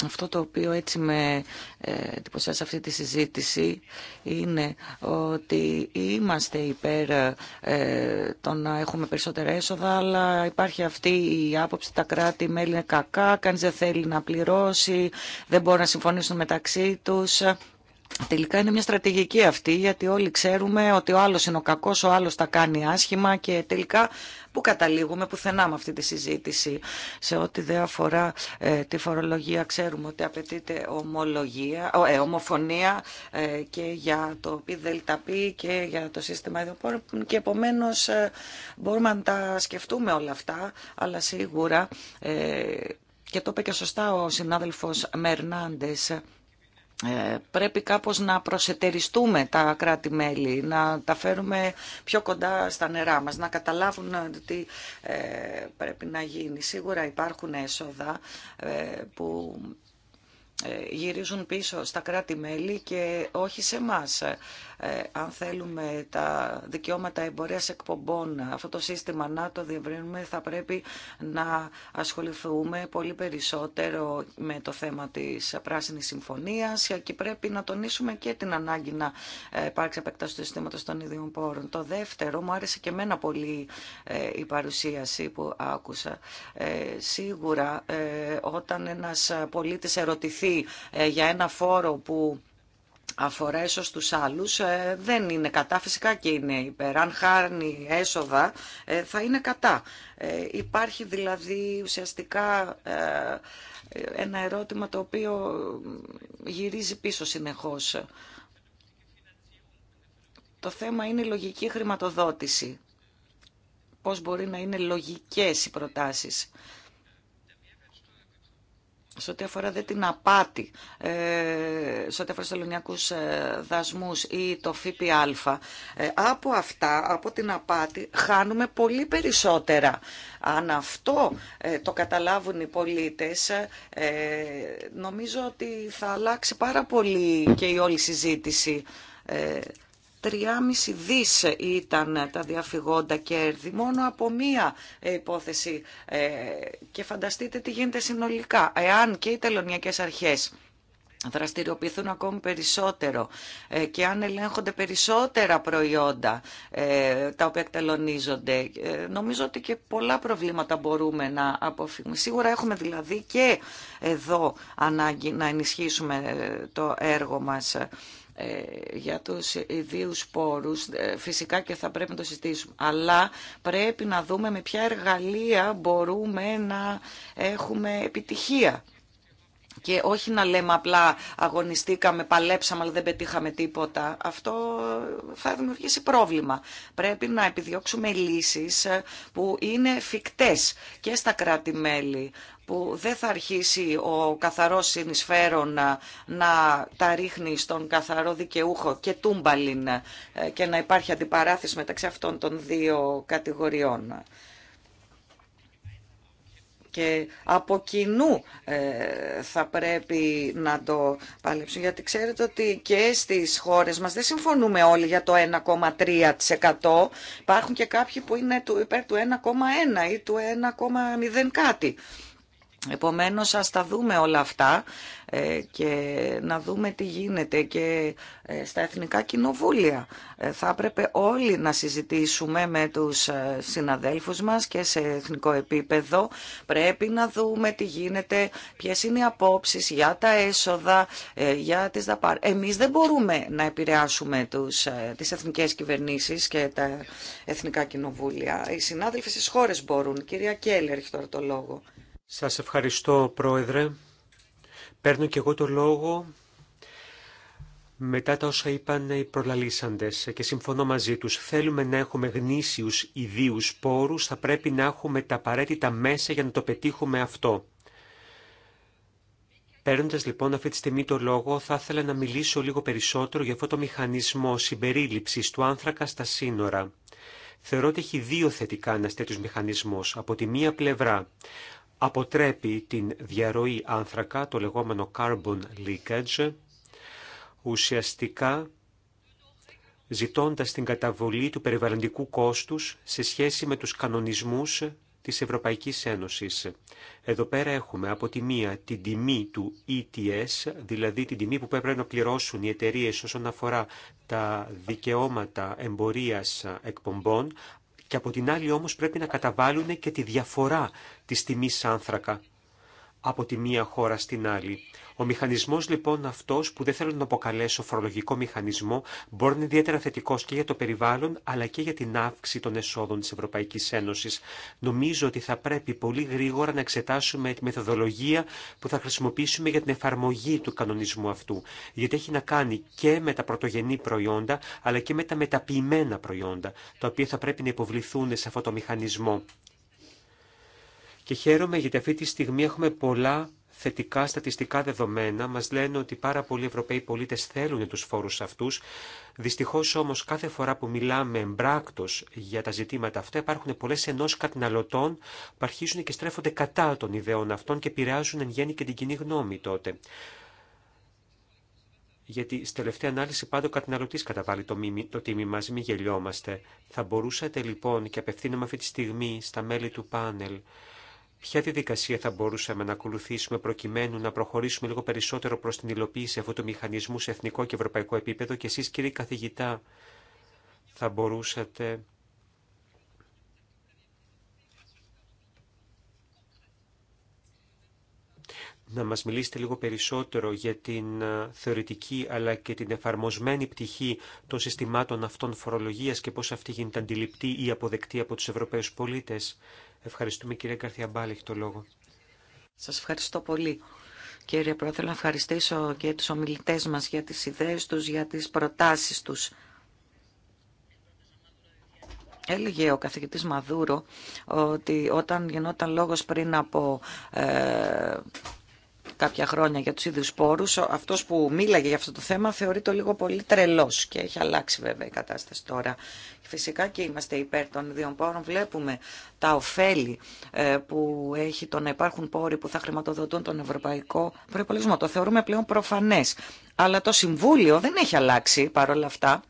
αυτό το οποίο έτσι με ε, εντυπωσιάζει σε αυτή τη συζήτηση είναι ότι είμαστε υπέρ ε, το να έχουμε περισσότερα έσοδα, αλλά υπάρχει αυτή η άποψη τα κράτη-μέλη είναι κακά, κανείς δεν θέλει να πληρώσει, δεν μπορεί να συμφωνήσουν μεταξύ τους. Τελικά είναι μια στρατηγική αυτή, γιατί όλοι ξέρουμε ότι ο άλλος είναι ο κακός, ο άλλος τα κάνει άσχημα και τελικά Πού καταλήγουμε πουθενά με αυτή τη συζήτηση σε ό,τι δεν αφορά ε, τη φορολογία. Ξέρουμε ότι απαιτείται ε, ομοφωνία ε, και για το ΠΔΠ και για το σύστημα ιδιοπόρων και επομένως μπορούμε να τα σκεφτούμε όλα αυτά, αλλά σίγουρα και το είπε και σωστά ο συνάδελφος Μερνάντες ε, πρέπει κάπως να προσετεριστούμε τα κράτη-μέλη, να τα φέρουμε πιο κοντά στα νερά μας, να καταλάβουν ε, τι ε, πρέπει να γίνει. Σίγουρα υπάρχουν έσοδα που ε, γυρίζουν πίσω στα κράτη-μέλη και όχι σε εμά. Ε, αν θέλουμε τα δικαιώματα εμπορίας εκπομπών, αυτό το σύστημα να το διευρύνουμε, θα πρέπει να ασχοληθούμε πολύ περισσότερο με το θέμα της πράσινη Συμφωνίας και πρέπει να τονίσουμε και την ανάγκη να υπάρξει επέκταση του συστήματο των ιδιών πόρων. Το δεύτερο, μου άρεσε και εμένα πολύ ε, η παρουσίαση που άκουσα. σίγουρα, όταν ένας πολίτη ερωτηθεί ε, για ένα φόρο που αφορά έσω τους άλλους, ε, δεν είναι κατά, φυσικά και είναι υπέρ. Αν χάνει έσοδα, ε, θα είναι κατά. Υπάρχει δηλαδή ουσιαστικά ένα ερώτημα το οποίο γυρίζει πίσω συνεχώς. Το θέμα είναι η λογική χρηματοδότηση. Πώς μπορεί να είναι λογικές οι προτάσεις σε ό,τι αφορά την απάτη, ε, σε ό,τι αφορά ε, δασμούς ή το ΦΠΑ, ε, από αυτά, από την απάτη, χάνουμε πολύ περισσότερα. Αν αυτό ε, το καταλάβουν οι πολίτες, νομίζω ότι θα αλλάξει πάρα πολύ και η όλη συζήτηση 3,5 δις ήταν τα διαφυγόντα κέρδη μόνο από μία υπόθεση ε, και φανταστείτε τι γίνεται συνολικά εάν και οι τελωνιακές αρχές δραστηριοποιηθούν ακόμη περισσότερο ε, και αν ελέγχονται περισσότερα προϊόντα ε, τα οποία εκτελονίζονται. Νομίζω ότι και πολλά προβλήματα μπορούμε να αποφύγουμε. Σίγουρα έχουμε δηλαδή και εδώ ανάγκη να ενισχύσουμε το έργο μας ε, για τους ιδίους πόρους, ε, φυσικά και θα πρέπει να το συζητήσουμε. Αλλά πρέπει να δούμε με ποια εργαλεία μπορούμε να έχουμε επιτυχία. Και όχι να λέμε απλά αγωνιστήκαμε, παλέψαμε, αλλά δεν πετύχαμε τίποτα. Αυτό θα δημιουργήσει πρόβλημα. Πρέπει να επιδιώξουμε λύσεις που είναι φυκτές και στα κράτη-μέλη που δεν θα αρχίσει ο καθαρός συνεισφέρον να, τα ρίχνει στον καθαρό δικαιούχο και τούμπαλιν ε, και να υπάρχει αντιπαράθεση μεταξύ αυτών των δύο κατηγοριών. Και από κοινού ε, θα πρέπει να το παλέψουν, γιατί ξέρετε ότι και στις χώρες μας δεν συμφωνούμε όλοι για το 1,3%. Υπάρχουν και κάποιοι που είναι υπέρ του 1,1 ή του 1,0 κάτι. Επομένως, ας τα δούμε όλα αυτά ε, και να δούμε τι γίνεται και ε, στα Εθνικά Κοινοβούλια. Ε, θα έπρεπε όλοι να συζητήσουμε με τους συναδέλφους μας και σε εθνικό επίπεδο. Πρέπει να δούμε τι γίνεται, ποιες είναι οι απόψεις για τα έσοδα, για τις δαπάρες. Εμείς δεν μπορούμε να επηρεάσουμε τους, τις εθνικές κυβερνήσεις και τα Εθνικά Κοινοβούλια. Οι συνάδελφοι στις χώρες μπορούν. Κυρία Κέλλερ έχει τώρα το λόγο. Σας ευχαριστώ, Πρόεδρε. Παίρνω και εγώ το λόγο μετά τα όσα είπαν οι προλαλήσαντες και συμφωνώ μαζί τους. Θέλουμε να έχουμε γνήσιους ιδίους πόρους, θα πρέπει να έχουμε τα απαραίτητα μέσα για να το πετύχουμε αυτό. Παίρνοντα λοιπόν αυτή τη στιγμή το λόγο, θα ήθελα να μιλήσω λίγο περισσότερο για αυτό το μηχανισμό συμπερίληψη του άνθρακα στα σύνορα. Θεωρώ ότι έχει δύο θετικά ένα τέτοιο μηχανισμό. Από τη μία πλευρά, αποτρέπει την διαρροή άνθρακα, το λεγόμενο carbon leakage, ουσιαστικά ζητώντας την καταβολή του περιβαλλοντικού κόστους σε σχέση με τους κανονισμούς της Ευρωπαϊκής Ένωσης. Εδώ πέρα έχουμε από τη μία την τιμή του ETS, δηλαδή την τιμή που πρέπει να πληρώσουν οι εταιρείες όσον αφορά τα δικαιώματα εμπορίας εκπομπών και από την άλλη όμως πρέπει να καταβάλουν και τη διαφορά της τιμής άνθρακα από τη μία χώρα στην άλλη. Ο μηχανισμό λοιπόν αυτό που δεν θέλω να αποκαλέσω φορολογικό μηχανισμό μπορεί να είναι ιδιαίτερα θετικό και για το περιβάλλον αλλά και για την αύξηση των εσόδων τη Ευρωπαϊκή Ένωση. Νομίζω ότι θα πρέπει πολύ γρήγορα να εξετάσουμε τη μεθοδολογία που θα χρησιμοποιήσουμε για την εφαρμογή του κανονισμού αυτού. Γιατί έχει να κάνει και με τα πρωτογενή προϊόντα αλλά και με τα μεταποιημένα προϊόντα τα οποία θα πρέπει να υποβληθούν σε αυτό το μηχανισμό. Και χαίρομαι γιατί αυτή τη στιγμή έχουμε πολλά θετικά στατιστικά δεδομένα μας λένε ότι πάρα πολλοί Ευρωπαίοι πολίτες θέλουν τους φόρους αυτούς. Δυστυχώς όμως κάθε φορά που μιλάμε εμπράκτος για τα ζητήματα αυτά υπάρχουν πολλές ενός καταναλωτών που αρχίζουν και στρέφονται κατά των ιδεών αυτών και επηρεάζουν εν γέννη και την κοινή γνώμη τότε. Γιατί στη τελευταία ανάλυση πάντα ο καταναλωτή καταβάλει το, το τίμη μα, μην γελιόμαστε. Θα μπορούσατε λοιπόν και απευθύνομαι αυτή τη στιγμή στα μέλη του πάνελ Ποια διαδικασία θα μπορούσαμε να ακολουθήσουμε προκειμένου να προχωρήσουμε λίγο περισσότερο προς την υλοποίηση αυτού του μηχανισμού σε εθνικό και ευρωπαϊκό επίπεδο και εσείς κύριε καθηγητά θα μπορούσατε να μας μιλήσετε λίγο περισσότερο για την ε, θεωρητική αλλά και την εφαρμοσμένη πτυχή των συστημάτων αυτών φορολογίας και πώς αυτή γίνεται αντιληπτή ή αποδεκτή από τους Ευρωπαίους πολίτες. Ευχαριστούμε κύριε Καρθιαμπάλη, έχει το λόγο. Σας ευχαριστώ πολύ. Κύριε Πρόεδρε, να ευχαριστήσω και τους ομιλητές μας για τις ιδέες τους, για τις προτάσεις τους. Έλεγε ο καθηγητής Μαδούρο ότι όταν γινόταν λόγος πριν από ε, κάποια χρόνια για του ίδιου πόρου. Αυτό που μίλαγε για αυτό το θέμα θεωρεί το λίγο πολύ τρελό και έχει αλλάξει βέβαια η κατάσταση τώρα. Φυσικά και είμαστε υπέρ των ίδιων πόρων, βλέπουμε τα ωφέλη ε, που έχει το να υπάρχουν πόροι που θα χρηματοδοτούν τον ευρωπαϊκό προπολογισμό. Το θεωρούμε πλέον προφανέ. Αλλά το Συμβούλιο δεν έχει αλλάξει παρόλα αυτά.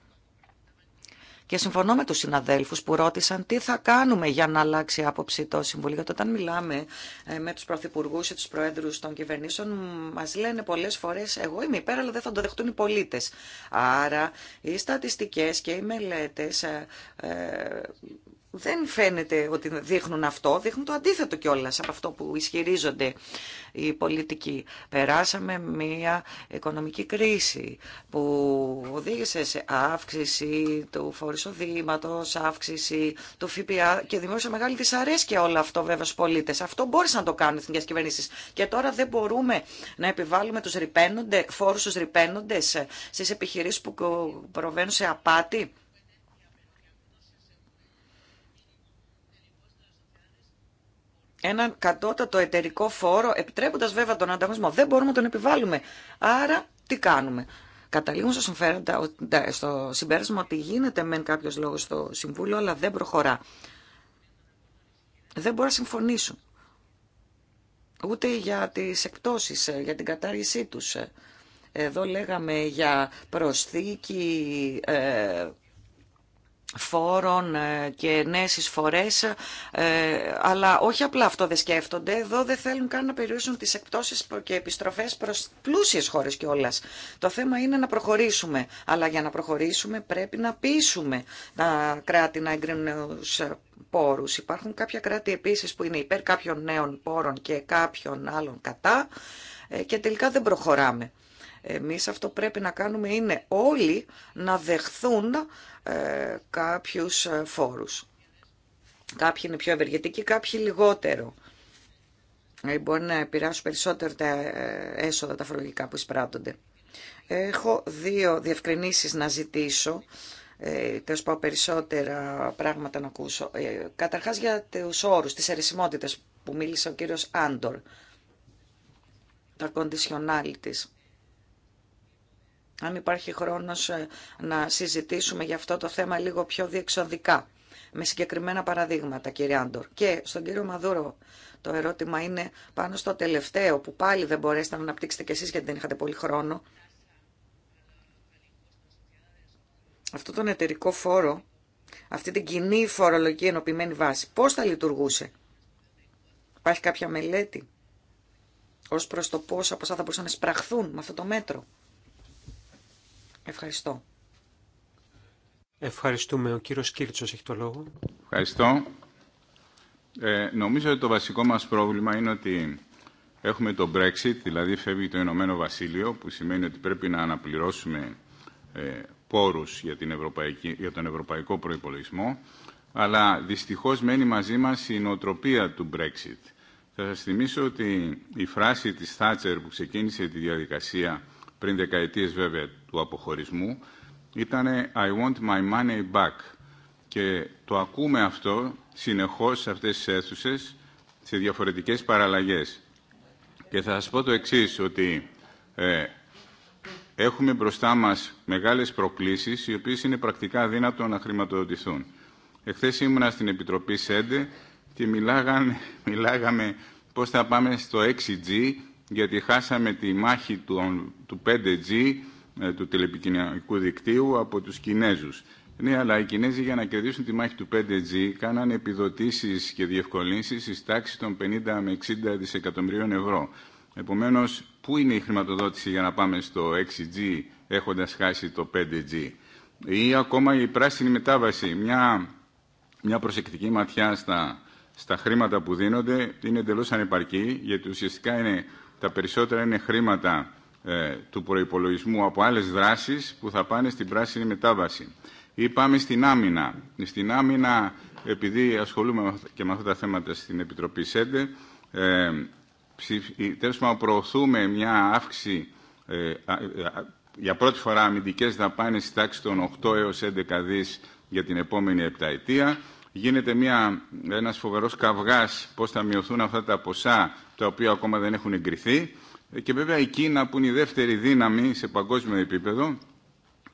Και συμφωνώ με τους συναδέλφους που ρώτησαν τι θα κάνουμε για να αλλάξει άποψη το Συμβουλίο. Γιατί όταν μιλάμε ε, με τους πρωθυπουργού ή τους προέδρους των κυβερνήσεων μας λένε πολλές φορές εγώ είμαι υπέρ αλλά δεν θα το δεχτούν οι πολίτες. Άρα οι στατιστικές και οι μελέτες ε, ε, δεν φαίνεται ότι δείχνουν αυτό, δείχνουν το αντίθετο κιόλα από αυτό που ισχυρίζονται οι πολιτικοί. Περάσαμε μια οικονομική κρίση που οδήγησε σε αύξηση του φοροεισοδήματο, αύξηση του ΦΠΑ και δημιούργησε μεγάλη δυσαρέσκεια όλο αυτό βέβαια στου πολίτε. Αυτό μπόρεσαν να το κάνουν οι εθνικέ κυβερνήσει. Και τώρα δεν μπορούμε να επιβάλλουμε του φόρου στου ρηπαίνοντε στι επιχειρήσει που προβαίνουν σε απάτη. έναν κατώτατο εταιρικό φόρο, επιτρέποντας βέβαια τον ανταγωνισμό. Δεν μπορούμε να τον επιβάλλουμε. Άρα τι κάνουμε. Καταλήγουμε στο, στο συμπέρασμα ότι γίνεται μεν κάποιος λόγος στο Συμβούλιο, αλλά δεν προχωρά. Δεν μπορώ να συμφωνήσουν. Ούτε για τις εκπτώσεις, ε, για την κατάργησή τους. Ε, εδώ λέγαμε για προσθήκη ε, φόρων ε, και νέες εισφορές, ε, αλλά όχι απλά αυτό δεν σκέφτονται. Εδώ δεν θέλουν καν να περιορίσουν τις εκπτώσεις και επιστροφές προς πλούσιες χώρες κιόλα. Το θέμα είναι να προχωρήσουμε, αλλά για να προχωρήσουμε πρέπει να πείσουμε τα κράτη να εγκρίνουν ε, πόρους. Υπάρχουν κάποια κράτη επίσης που είναι υπέρ κάποιων νέων πόρων και κάποιων άλλων κατά και τελικά δεν προχωράμε. Εμείς αυτό πρέπει να κάνουμε είναι όλοι να δεχθούν ε, κάποιους ε, φόρους. Κάποιοι είναι πιο ευεργετικοί, κάποιοι λιγότερο. Ε, μπορεί να επηρεάσουν περισσότερο τα ε, έσοδα τα φορολογικά που εισπράττονται. Έχω δύο διευκρινήσεις να ζητήσω ε, πάω περισσότερα πράγματα να ακούσω. Ε, καταρχάς για τους όρους, τις αιρεσιμότητες που μίλησε ο κύριος Άντορ, τα conditionalities αν υπάρχει χρόνος ε, να συζητήσουμε για αυτό το θέμα λίγο πιο διεξοδικά, με συγκεκριμένα παραδείγματα, κύριε Άντορ. Και στον κύριο Μαδούρο το ερώτημα είναι πάνω στο τελευταίο, που πάλι δεν μπορέσετε να αναπτύξετε κι εσείς γιατί δεν είχατε πολύ χρόνο. Αυτό τον εταιρικό φόρο, αυτή την κοινή φορολογική ενωπημένη βάση, πώς θα λειτουργούσε. Υπάρχει κάποια μελέτη ως προς το πόσα θα μπορούσαν να σπραχθούν με αυτό το μέτρο. Ευχαριστώ. Ευχαριστούμε. Ο κύριος Κίρτσος έχει το λόγο. Ευχαριστώ. Ε, νομίζω ότι το βασικό μας πρόβλημα είναι ότι έχουμε το Brexit, δηλαδή φεύγει το Ηνωμένο Βασίλειο, που σημαίνει ότι πρέπει να αναπληρώσουμε ε, πόρους για, την ευρωπαϊκή, για τον ευρωπαϊκό προϋπολογισμό, αλλά δυστυχώς μένει μαζί μας η νοοτροπία του Brexit. Θα σας θυμίσω ότι η φράση της Θάτσερ που ξεκίνησε τη διαδικασία πριν δεκαετίες βέβαια του αποχωρισμού, ήταν «I want my money back». Και το ακούμε αυτό συνεχώς σε αυτές τις αίθουσε σε διαφορετικές παραλλαγές. Και θα σας πω το εξής, ότι ε, έχουμε μπροστά μας μεγάλες προκλήσεις, οι οποίες είναι πρακτικά δύνατο να χρηματοδοτηθούν. Εχθές ήμουνα στην Επιτροπή ΣΕΝΤΕ και μιλάγαν, <laughs> μιλάγαμε πώς θα πάμε στο 6G γιατί χάσαμε τη μάχη του, 5G, ε, του τηλεπικοινωνικού δικτύου, από τους Κινέζους. Ναι, αλλά οι Κινέζοι για να κερδίσουν τη μάχη του 5G κάνανε επιδοτήσεις και διευκολύνσεις στις τάξεις των 50 με 60 δισεκατομμυρίων ευρώ. Επομένως, πού είναι η χρηματοδότηση για να πάμε στο 6G έχοντας χάσει το 5G. Ή ακόμα η πράσινη μετάβαση, μια, μια προσεκτική ματιά στα, στα χρήματα που δίνονται είναι εντελώς ανεπαρκή, γιατί ουσιαστικά είναι τα περισσότερα είναι χρήματα ε, του προϋπολογισμού από άλλες δράσεις που θα πάνε στην πράσινη μετάβαση. Ή πάμε στην άμυνα. Στην άμυνα, επειδή ασχολούμαι και με αυτά τα θέματα στην Επιτροπή ΣΕΝΤΕ, ε, τέλος πάντων προωθούμε μια αύξηση ε, για πρώτη φορά αμυντικές δαπάνες στη τάξη των 8 έως 11 δις για την επόμενη επταετία. Γίνεται μια, ένας φοβερός καυγάς πώς θα μειωθούν αυτά τα ποσά τα οποία ακόμα δεν έχουν εγκριθεί. Ε, και βέβαια η Κίνα, που είναι η δεύτερη δύναμη σε παγκόσμιο επίπεδο,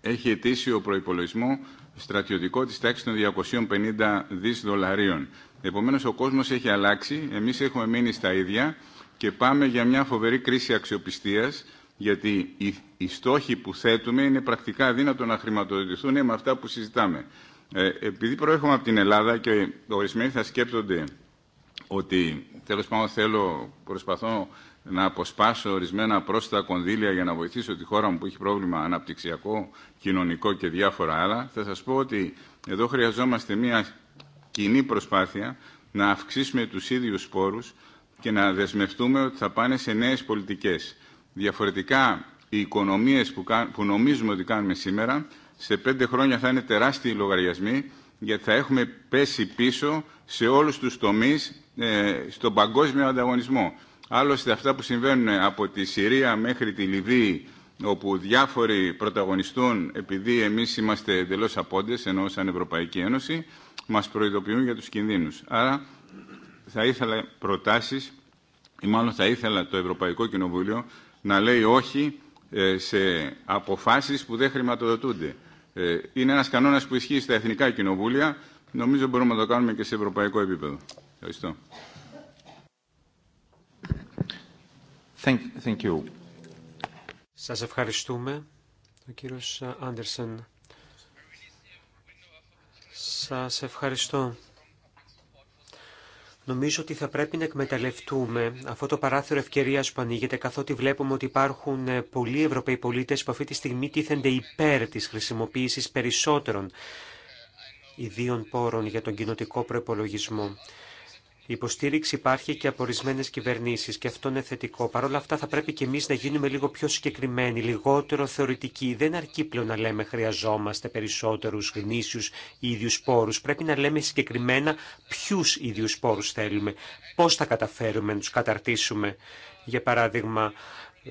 έχει αιτήσει ο προπολογισμό στρατιωτικό τη τάξη των 250 δις δολαρίων. Επομένω ο κόσμο έχει αλλάξει, εμεί έχουμε μείνει στα ίδια και πάμε για μια φοβερή κρίση αξιοπιστία, γιατί οι στόχοι που θέτουμε είναι πρακτικά αδύνατο να χρηματοδοτηθούν με αυτά που συζητάμε. Ε, επειδή προέρχομαι από την Ελλάδα και ορισμένοι θα σκέπτονται ότι τέλος πάντων θέλω, προσπαθώ να αποσπάσω ορισμένα πρόσθετα κονδύλια για να βοηθήσω τη χώρα μου που έχει πρόβλημα αναπτυξιακό, κοινωνικό και διάφορα άλλα, θα σας πω ότι εδώ χρειαζόμαστε μια κοινή προσπάθεια να αυξήσουμε τους ίδιους σπόρους και να δεσμευτούμε ότι θα πάνε σε νέες πολιτικές. Διαφορετικά, οι οικονομίες που, νομίζουμε ότι κάνουμε σήμερα, σε πέντε χρόνια θα είναι τεράστιοι λογαριασμοί, γιατί θα έχουμε πέσει πίσω σε όλους τους τομείς ε, στον παγκόσμιο ανταγωνισμό. Άλλωστε αυτά που συμβαίνουν από τη Συρία μέχρι τη Λιβύη όπου διάφοροι πρωταγωνιστούν επειδή εμείς είμαστε εντελώ απόντες ενώ σαν Ευρωπαϊκή Ένωση μας προειδοποιούν για τους κινδύνους. Άρα θα ήθελα προτάσεις ή μάλλον θα ήθελα το Ευρωπαϊκό Κοινοβούλιο να λέει όχι ε, σε αποφάσεις που δεν χρηματοδοτούνται. Ε, είναι ένας κανόνας που ισχύει στα εθνικά κοινοβούλια. Νομίζω μπορούμε να το κάνουμε και σε ευρωπαϊκό επίπεδο. Ευχαριστώ. thank you. Σας ευχαριστούμε. Ο κύριος Άντερσεν. Σας ευχαριστώ. Νομίζω ότι θα πρέπει να εκμεταλλευτούμε αυτό το παράθυρο ευκαιρία που ανοίγεται, καθότι βλέπουμε ότι υπάρχουν ε, πολλοί Ευρωπαίοι πολίτε που αυτή τη στιγμή τίθενται υπέρ τη χρησιμοποίηση περισσότερων ιδίων πόρων για τον κοινοτικό προπολογισμό. Η υποστήριξη υπάρχει και από ορισμένε κυβερνήσει και αυτό είναι θετικό. Παρ' όλα αυτά θα πρέπει και εμεί να γίνουμε λίγο πιο συγκεκριμένοι, λιγότερο θεωρητικοί. Δεν αρκεί πλέον να λέμε χρειαζόμαστε περισσότερου γνήσιου ή ίδιου πόρου. Πρέπει να λέμε συγκεκριμένα ποιου ίδιου πόρου θέλουμε, πώ θα καταφέρουμε να του καταρτήσουμε. Για παράδειγμα,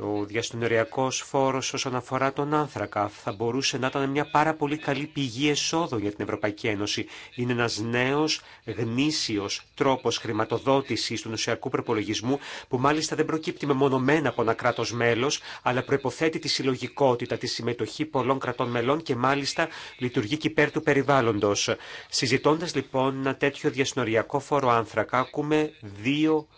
ο διαστονοριακός φόρος όσον αφορά τον άνθρακα θα μπορούσε να ήταν μια πάρα πολύ καλή πηγή εσόδου για την Ευρωπαϊκή Ένωση. Είναι ένας νέος γνήσιος τρόπος χρηματοδότησης του νοσιακού προπολογισμού που μάλιστα δεν προκύπτει μεμονωμένα από ένα κράτος μέλος αλλά προϋποθέτει τη συλλογικότητα, τη συμμετοχή πολλών κρατών μελών και μάλιστα λειτουργεί και υπέρ του περιβάλλοντος. Συζητώντας λοιπόν ένα τέτοιο διασυνωριακό φόρο άνθρακα ακούμε δύο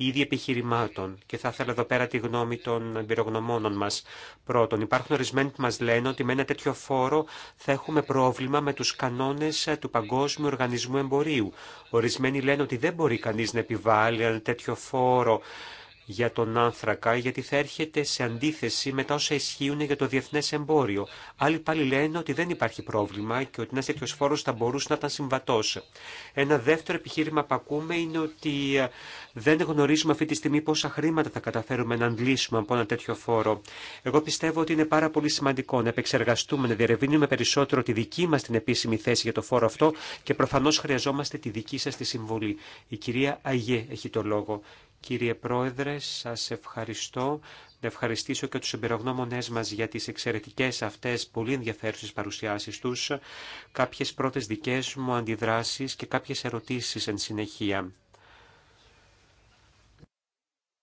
ήδη επιχειρημάτων και θα ήθελα εδώ πέρα τη γνώμη των εμπειρογνωμόνων μας. Πρώτον, υπάρχουν ορισμένοι που μας λένε ότι με ένα τέτοιο φόρο θα έχουμε πρόβλημα με τους κανόνες του Παγκόσμιου Οργανισμού Εμπορίου. Ορισμένοι λένε ότι δεν μπορεί κανείς να επιβάλλει ένα τέτοιο φόρο για τον άνθρακα, γιατί θα έρχεται σε αντίθεση με τα όσα ισχύουν για το διεθνέ εμπόριο. Άλλοι πάλι λένε ότι δεν υπάρχει πρόβλημα και ότι ένα τέτοιο φόρο θα μπορούσε να ήταν συμβατό. Ένα δεύτερο επιχείρημα που ακούμε είναι ότι ε, δεν γνωρίζουμε αυτή τη στιγμή πόσα χρήματα θα καταφέρουμε να αντλήσουμε από ένα τέτοιο φόρο. Εγώ πιστεύω ότι είναι πάρα πολύ σημαντικό να επεξεργαστούμε, να διερευνούμε περισσότερο τη δική μα την επίσημη θέση για το φόρο αυτό και προφανώ χρειαζόμαστε τη δική σα τη συμβολή. Η κυρία Αγιέ έχει το λόγο. Κύριε Πρόεδρε, σας ευχαριστώ. Να ευχαριστήσω και τους εμπειρογνώμονές μας για τις εξαιρετικές αυτές πολύ ενδιαφέρουσες παρουσιάσεις τους, κάποιες πρώτες δικές μου αντιδράσεις και κάποιες ερωτήσεις εν συνεχεία.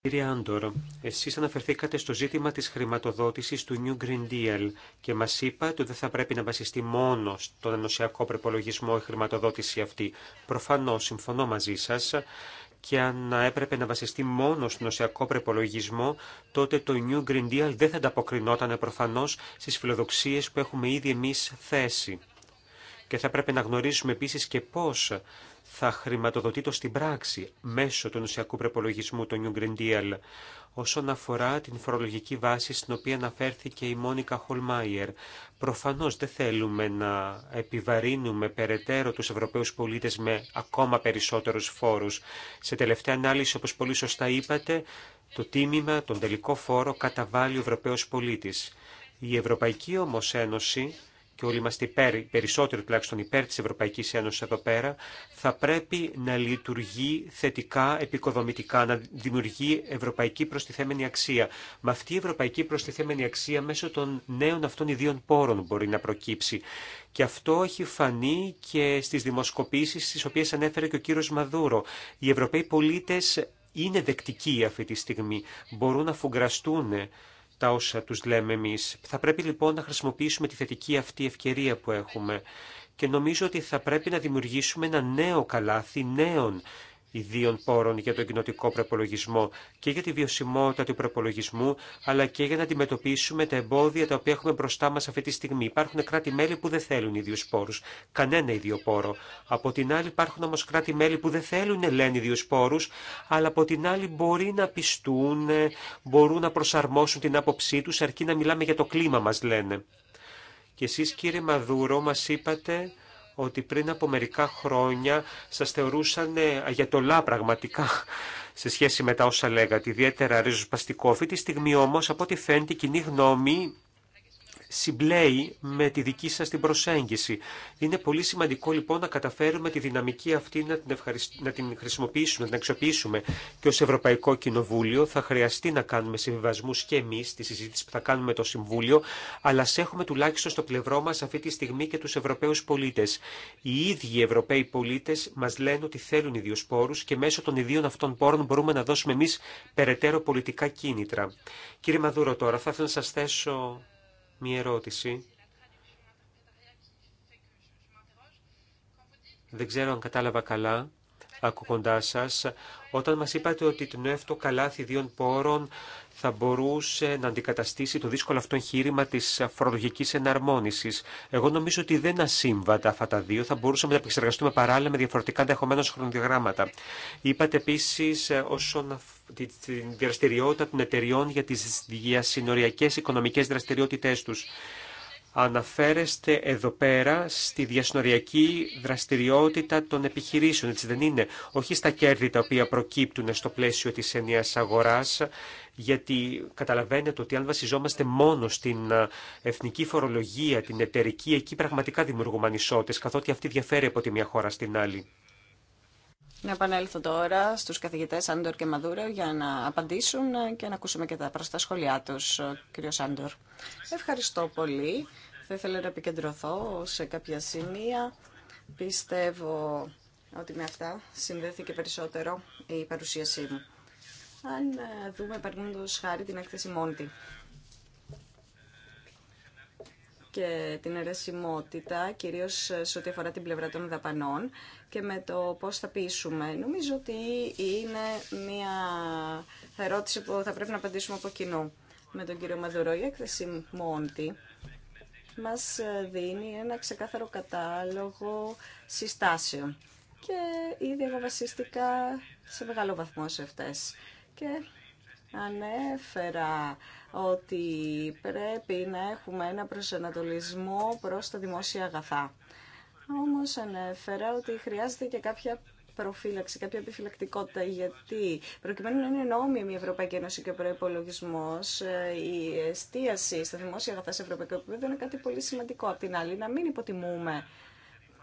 Κύριε Άντορ, εσείς αναφερθήκατε στο ζήτημα της χρηματοδότησης του New Green Deal και μας είπατε ότι δεν θα πρέπει να βασιστεί μόνο στον ενωσιακό προπολογισμό η χρηματοδότηση αυτή. Προφανώς συμφωνώ μαζί σας και αν έπρεπε να βασιστεί μόνο στον οσιακό προπολογισμό, τότε το New Green Deal δεν θα ανταποκρινόταν προφανώ στι φιλοδοξίε που έχουμε ήδη εμεί θέσει. Και θα πρέπει να γνωρίσουμε επίση και πώ θα χρηματοδοτεί το στην πράξη μέσω του νοσιακού προπολογισμού του New Green Deal. Όσον αφορά την φορολογική βάση στην οποία αναφέρθηκε η Μόνικα Χολμάιερ, προφανώς δεν θέλουμε να επιβαρύνουμε περαιτέρω τους Ευρωπαίους πολίτες με ακόμα περισσότερους φόρους. Σε τελευταία ανάλυση, όπως πολύ σωστά είπατε, το τίμημα, τον τελικό φόρο καταβάλει ο Ευρωπαίος πολίτης. Η Ευρωπαϊκή όμως Ένωση και όλοι είμαστε υπέρ, περισσότερο τουλάχιστον υπέρ της Ευρωπαϊκής Ένωσης εδώ πέρα, θα πρέπει να λειτουργεί θετικά, επικοδομητικά, να δημιουργεί ευρωπαϊκή προστιθέμενη αξία. Με αυτή η ευρωπαϊκή προστιθέμενη αξία μέσω των νέων αυτών ιδίων πόρων μπορεί να προκύψει. Και αυτό έχει φανεί και στις δημοσκοπήσεις στις οποίες ανέφερε και ο κύριος Μαδούρο. Οι Ευρωπαίοι πολίτες είναι δεκτικοί αυτή τη στιγμή, μπορούν να φουγκραστούν τα όσα τους λέμε εμείς. Θα πρέπει λοιπόν να χρησιμοποιήσουμε τη θετική αυτή ευκαιρία που έχουμε και νομίζω ότι θα πρέπει να δημιουργήσουμε ένα νέο καλάθι νέων ιδίων πόρων για τον κοινοτικό προπολογισμό και για τη βιωσιμότητα του προπολογισμού, αλλά και για να αντιμετωπίσουμε τα εμπόδια τα οποία έχουμε μπροστά μα αυτή τη στιγμή. Υπάρχουν κράτη-μέλη που δεν θέλουν ιδίου πόρου, κανένα ίδιο πόρο. Από την άλλη, υπάρχουν όμω κράτη-μέλη που δεν θέλουν, λένε ιδίου πόρου, αλλά από την άλλη μπορεί να πιστούν, μπορούν να προσαρμόσουν την άποψή του, αρκεί να μιλάμε για το κλίμα, μα λένε. Και εσεί, κύριε Μαδούρο, μα είπατε ότι πριν από μερικά χρόνια σας θεωρούσαν ε, αγιατολά πραγματικά σε σχέση με τα όσα λέγατε, ιδιαίτερα ριζοσπαστικό. Αυτή τη στιγμή όμως, από ό,τι φαίνεται, η κοινή γνώμη συμπλέει με τη δική σας την προσέγγιση. Είναι πολύ σημαντικό λοιπόν να καταφέρουμε τη δυναμική αυτή να την, να την χρησιμοποιήσουμε, να την αξιοποιήσουμε. Και ως Ευρωπαϊκό Κοινοβούλιο θα χρειαστεί να κάνουμε συμβιβασμούς και εμείς στη συζήτηση που θα κάνουμε το Συμβούλιο, αλλά σε έχουμε τουλάχιστον στο πλευρό μας αυτή τη στιγμή και τους Ευρωπαίους πολίτες. Οι ίδιοι Ευρωπαίοι πολίτες μας λένε ότι θέλουν ιδίους πόρους και μέσω των ιδίων αυτών πόρων μπορούμε να δώσουμε εμείς περαιτέρω πολιτικά κίνητρα. Κύριε Μαδούρο τώρα, θα ήθελα να σας θέσω μία ερώτηση. Δεν ξέρω αν κατάλαβα καλά, ακούγοντά σα, όταν μα είπατε ότι το νεύτο καλάθι δύο πόρων θα μπορούσε να αντικαταστήσει το δύσκολο αυτό εγχείρημα τη φορολογική εναρμόνιση. Εγώ νομίζω ότι δεν ασύμβατα αυτά τα δύο. Θα μπορούσαμε να επεξεργαστούμε παράλληλα με διαφορετικά ενδεχομένω χρονοδιαγράμματα. Είπατε επίση ε, όσον αφορά την δραστηριότητα των εταιριών για τις διασυνοριακές οικονομικές δραστηριότητές τους. Αναφέρεστε εδώ πέρα στη διασυνοριακή δραστηριότητα των επιχειρήσεων, έτσι δεν είναι, όχι στα κέρδη τα οποία προκύπτουν στο πλαίσιο της ενιαίας αγοράς, γιατί καταλαβαίνετε ότι αν βασιζόμαστε μόνο στην εθνική φορολογία, την εταιρική, εκεί πραγματικά δημιουργούμε ανισότητες, καθότι αυτή διαφέρει από τη μια χώρα στην άλλη. Να επανέλθω τώρα στου καθηγητές Άντορ και Μαδούρα για να απαντήσουν και να ακούσουμε και τα προστά σχόλιά τους, κύριο Άντορ. Ευχαριστώ πολύ. Θα ήθελα να επικεντρωθώ σε κάποια σημεία. Πιστεύω ότι με αυτά συνδέθηκε περισσότερο η παρουσίασή μου. Αν δούμε, παραδείγματο χάρη, την έκθεση Μόντι και την αιρεσιμότητα, κυρίως σε ό,τι αφορά την πλευρά των δαπανών και με το πώς θα πείσουμε. Νομίζω ότι είναι μια ερώτηση που θα πρέπει να απαντήσουμε από κοινού με τον κύριο Μαδουρό. Η έκθεση Μόντι μας δίνει ένα ξεκάθαρο κατάλογο συστάσεων και ήδη εγώ βασίστηκα σε μεγάλο βαθμό σε αυτές. Και ανέφερα ότι πρέπει να έχουμε ένα προσανατολισμό προς τα δημόσια αγαθά. Όμως ανέφερα ότι χρειάζεται και κάποια προφύλαξη, κάποια επιφυλακτικότητα, γιατί προκειμένου να είναι νόμιμη η Ευρωπαϊκή Ένωση και ο προπολογισμό, ε, η εστίαση στα δημόσια αγαθά σε ευρωπαϊκό επίπεδο είναι κάτι πολύ σημαντικό. Απ' την άλλη, να μην υποτιμούμε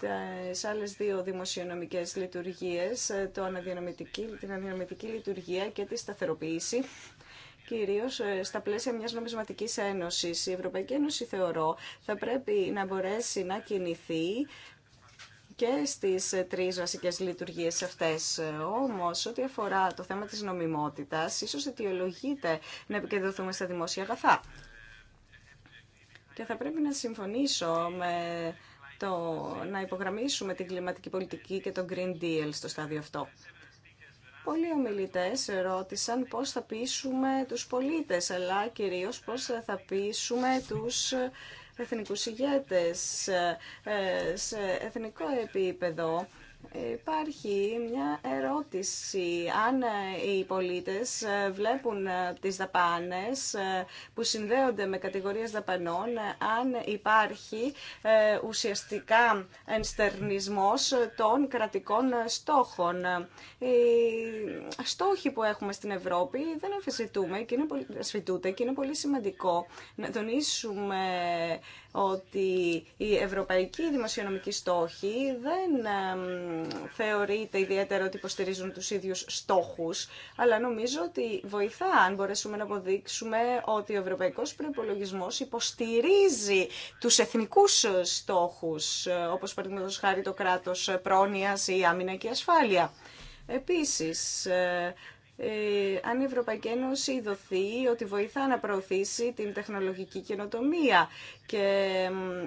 τις άλλες δύο δημοσιονομικές λειτουργίες, ε, το την αναδιανομητική λειτουργία και τη σταθεροποίηση κυρίως ε, στα πλαίσια μιας νομισματικής ένωσης. Η Ευρωπαϊκή Ένωση, θεωρώ, θα πρέπει να μπορέσει να κινηθεί και στις ε, τρεις βασικές λειτουργίες αυτές. Όμως, ό,τι αφορά το θέμα της νομιμότητας, ίσως αιτιολογείται να επικεντρωθούμε στα δημόσια αγαθά. Και θα πρέπει να συμφωνήσω με το να υπογραμμίσουμε την κλιματική πολιτική και το Green Deal στο στάδιο αυτό. Πολλοί ομιλητές ρώτησαν πώς θα πείσουμε τους πολίτες, αλλά κυρίως πώς θα πείσουμε τους εθνικούς ηγέτες ε, σε εθνικό επίπεδο. Υπάρχει μια ερώτηση. Αν ε, οι πολίτες ε, βλέπουν ε, τις δαπάνες που συνδέονται με κατηγορίες δαπανών, αν υπάρχει ουσιαστικά ενστερνισμός των κρατικών στόχων. Οι στόχοι που έχουμε στην Ευρώπη δεν αμφισβητούμε και είναι πολύ σημαντικό να τονίσουμε ότι η ευρωπαϊκή δημοσιονομική στόχη δεν θεωρείται ιδιαίτερα ότι υποστηρίζουν τους ίδιους στόχους, αλλά νομίζω ότι βοηθά αν μπορέσουμε να αποδείξουμε ότι ο ευρωπαϊκός προπολογισμό υποστηρίζει τους εθνικούς στόχους, όπως παραδείγματο χάρη το κράτος πρόνοιας ή άμυνα και ασφάλεια. Επίσης, ε, ε, αν η Ευρωπαϊκή Ένωση δοθεί ότι βοηθά να προωθήσει την τεχνολογική καινοτομία και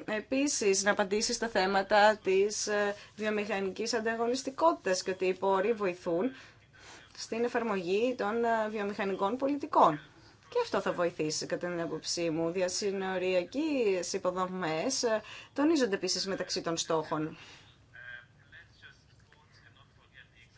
επίσης να απαντήσει στα θέματα της ε, βιομηχανικής ανταγωνιστικότητας και ότι οι πόροι βοηθούν στην εφαρμογή των ε, βιομηχανικών πολιτικών. Και αυτό θα βοηθήσει κατά την άποψή μου. Διασυνοριακοί υποδομές τονίζονται επίσης μεταξύ των στόχων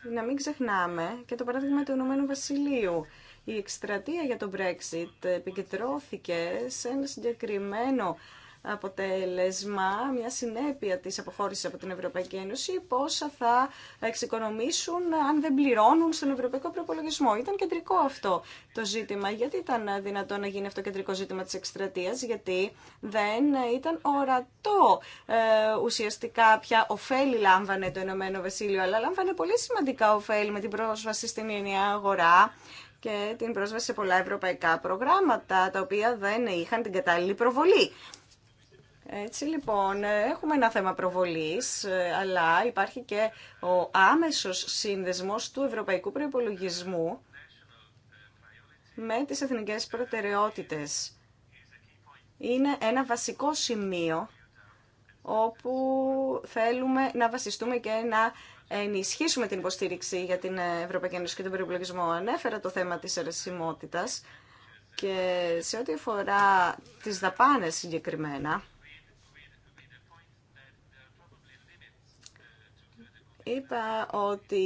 να μην ξεχνάμε και το παράδειγμα του Ηνωμένου Βασιλείου. Η εκστρατεία για το Brexit επικεντρώθηκε σε ένα συγκεκριμένο αποτέλεσμα, μια συνέπεια της αποχώρησης από την Ευρωπαϊκή Ένωση, πόσα θα εξοικονομήσουν αν δεν πληρώνουν στον Ευρωπαϊκό Προπολογισμό. Ήταν κεντρικό αυτό το ζήτημα. Γιατί ήταν δυνατό να γίνει αυτό κεντρικό ζήτημα της εκστρατεία, γιατί δεν ήταν ορατό ε, ουσιαστικά ποια ωφέλη λάμβανε το Ηνωμένο Βασίλειο, αλλά λάμβανε πολύ σημαντικά ωφέλη με την πρόσβαση στην ενιαία αγορά και την πρόσβαση σε πολλά ευρωπαϊκά προγράμματα, τα οποία δεν είχαν την κατάλληλη προβολή. Έτσι λοιπόν, έχουμε ένα θέμα προβολής, ε, αλλά υπάρχει και ο άμεσος σύνδεσμος του ευρωπαϊκού προϋπολογισμού με τις εθνικές προτεραιότητες. Είναι ένα βασικό σημείο όπου θέλουμε να βασιστούμε και να ενισχύσουμε την υποστήριξη για την Ευρωπαϊκή Ένωση και τον περιπλογισμό. Ανέφερα το θέμα της ερεσιμότητας και σε ό,τι αφορά τις δαπάνες συγκεκριμένα, Είπα ότι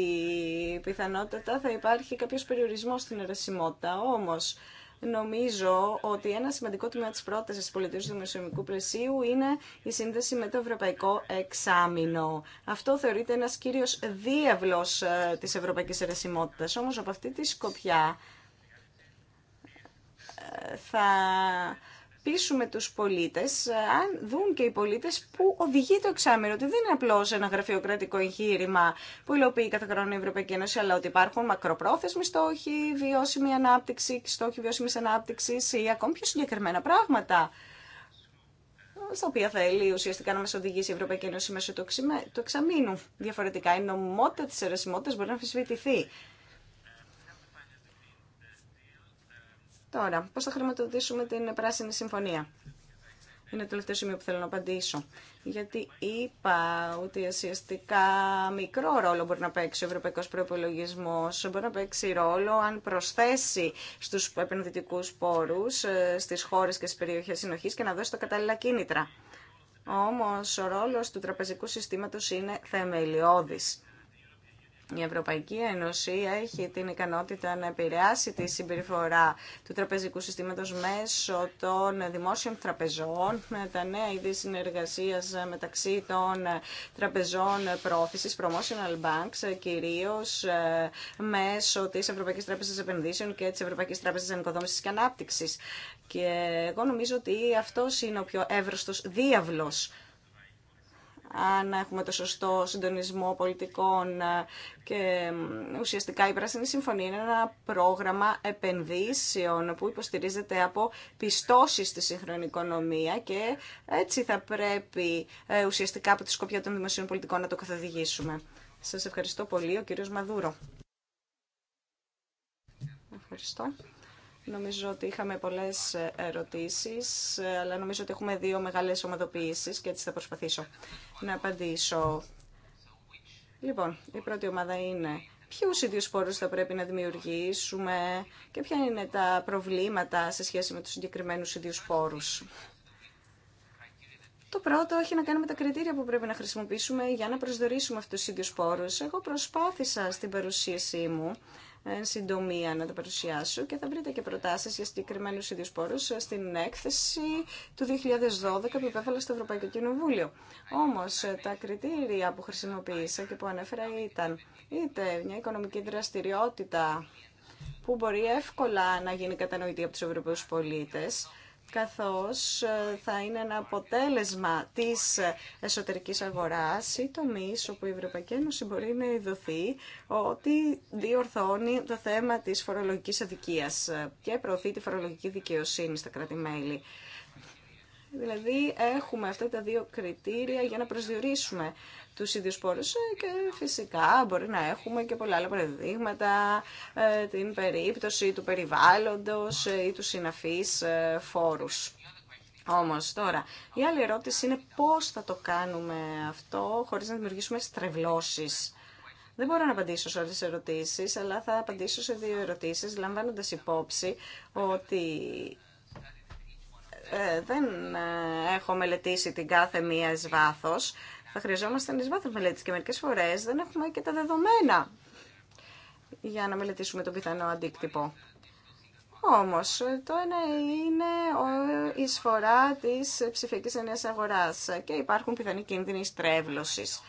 πιθανότατα θα υπάρχει κάποιος περιορισμός στην ερεσιμότητα, όμως νομίζω ότι ένα σημαντικό τμήμα της πρότασης του πολιτικού δημοσιονομικού πλαισίου είναι η σύνδεση με το ευρωπαϊκό εξάμεινο. Αυτό θεωρείται ένας κύριος διάβλος ε, της ευρωπαϊκής ερεσιμότητας, όμως από αυτή τη σκοπιά ε, θα πείσουμε τους πολίτες, ε, αν δουν και οι πολίτες που οδηγεί το εξάμεινο, ότι δεν είναι απλώς ένα γραφειοκρατικό εγχείρημα που υλοποιεί κάθε χρόνο η Ευρωπαϊκή Ένωση, αλλά ότι υπάρχουν μακροπρόθεσμοι στόχοι, βιώσιμη ανάπτυξη, στόχοι βιώσιμης ανάπτυξης ή ακόμη πιο συγκεκριμένα πράγματα στα οποία θέλει ουσιαστικά να μα οδηγήσει η Ευρωπαϊκή Ένωση μέσω του εξαμήνου. Διαφορετικά, η νομιμότητα τη αιρεσιμότητα μπορεί να αμφισβητηθεί. Τώρα, πώς θα χρηματοδοτήσουμε την Πράσινη Συμφωνία. Είναι το τελευταίο σημείο που θέλω να απαντήσω. Γιατί είπα ότι ουσιαστικά μικρό ρόλο μπορεί να παίξει ο ευρωπαϊκό προπολογισμό. Μπορεί να παίξει ρόλο αν προσθέσει στου επενδυτικού πόρου ε, στι χώρε και στι περιοχέ συνοχή και να δώσει τα κατάλληλα κίνητρα. Όμω ο ρόλο του τραπεζικού συστήματο είναι θεμελιώδη. Η Ευρωπαϊκή Ένωση έχει την ικανότητα να επηρεάσει τη συμπεριφορά του τραπεζικού συστήματος μέσω των δημόσιων τραπεζών, με τα νέα είδη συνεργασίας μεταξύ των τραπεζών πρόθεσης, promotional banks, κυρίως ε, μέσω της Ευρωπαϊκής Τράπεζας Επενδύσεων και της Ευρωπαϊκής Τράπεζας Ενοικοδόμησης και Ανάπτυξης. Και εγώ νομίζω ότι αυτός είναι ο πιο εύρωστος διάβλος αν έχουμε το σωστό συντονισμό πολιτικών ε, και ουσιαστικά η Πράσινη Συμφωνία είναι ένα πρόγραμμα επενδύσεων που υποστηρίζεται από πιστώσεις στη σύγχρονη οικονομία και έτσι θα πρέπει ε, ουσιαστικά από τη σκοπιά των δημοσίων πολιτικών να το καθοδηγήσουμε. Σας ευχαριστώ πολύ, ο κύριος Μαδούρο. Ευχαριστώ. Νομίζω ότι είχαμε πολλές ερωτήσεις, αλλά νομίζω ότι έχουμε δύο μεγάλες ομαδοποιήσεις και έτσι θα προσπαθήσω να απαντήσω. Λοιπόν, η πρώτη ομάδα είναι ποιους ίδιους πόρου θα πρέπει να δημιουργήσουμε και ποια είναι τα προβλήματα σε σχέση με τους συγκεκριμένους ίδιους πόρου. Το πρώτο έχει να κάνει με τα κριτήρια που πρέπει να χρησιμοποιήσουμε για να προσδιορίσουμε αυτούς τους ίδιους πόρους. Εγώ προσπάθησα στην παρουσίασή μου εν συντομία να τα παρουσιάσω και θα βρείτε και προτάσει για συγκεκριμένου ίδιου πόρου στην έκθεση του 2012 που υπέβαλα στο Ευρωπαϊκό Κοινοβούλιο. Όμω, τα κριτήρια που χρησιμοποίησα και που ανέφερα ήταν είτε μια οικονομική δραστηριότητα που μπορεί εύκολα να γίνει κατανοητή από τους Ευρωπαίους πολίτες, καθώς ε, θα είναι ένα αποτέλεσμα της εσωτερικής αγοράς ή τομείς όπου η Ευρωπαϊκή Ένωση μπορεί να ειδωθεί ότι διορθώνει το θέμα της φορολογικής αδικίας και προωθεί τη φορολογική δικαιοσύνη στα κράτη-μέλη. Δηλαδή έχουμε αυτά τα δύο κριτήρια για να προσδιορίσουμε τους ίδιους πόρου ε, και φυσικά μπορεί να έχουμε και πολλά άλλα παραδείγματα, ε, την περίπτωση του περιβάλλοντος ε, ή του συναφείς φόρους. Όμως τώρα, η του συναφης φορους ερώτηση είναι πώς θα το κάνουμε αυτό χωρίς να δημιουργήσουμε στρεβλώσεις. Δεν μπορώ να απαντήσω σε όλες τις ερωτήσεις, αλλά θα απαντήσω σε δύο ερωτήσεις, λαμβάνοντας υπόψη ότι ε, δεν έχω μελετήσει την κάθε μία εις βάθος θα χρειαζόμαστε ενές βάθο μελέτη και μερικέ φορέ. δεν έχουμε και τα δεδομένα για να μελετήσουμε τον πιθανό αντίκτυπο. Όμω, το ένα είναι η σφορά της ψηφιακή ενέργεια αγοράς και υπάρχουν πιθανοί κίνδυνοι στρέβλωσης.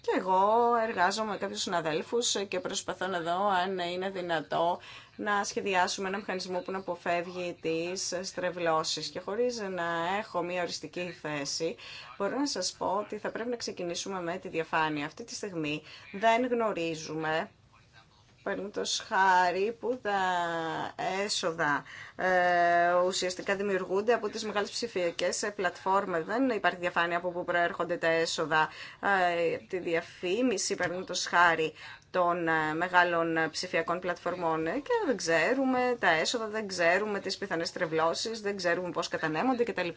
Και εγώ εργάζομαι με κάποιους συναδέλφους και προσπαθώ να δω αν είναι δυνατό να σχεδιάσουμε ένα μηχανισμό που να αποφεύγει τις στρεβλώσεις. Και χωρίς να έχω μία οριστική θέση, μπορώ να σας πω ότι θα πρέπει να ξεκινήσουμε με τη διαφάνεια. Αυτή τη στιγμή δεν γνωρίζουμε το χάρη που τα έσοδα ε, ουσιαστικά δημιουργούνται από τις μεγάλες ψηφιακές πλατφόρμες. Δεν υπάρχει διαφάνεια από πού προέρχονται τα έσοδα, ε, τη διαφήμιση το χάρη των ε, μεγάλων ψηφιακών πλατφορμών ε, και δεν ξέρουμε τα έσοδα, δεν ξέρουμε τις πιθανές τρευλώσεις, δεν ξέρουμε πώς κατανέμονται κτλ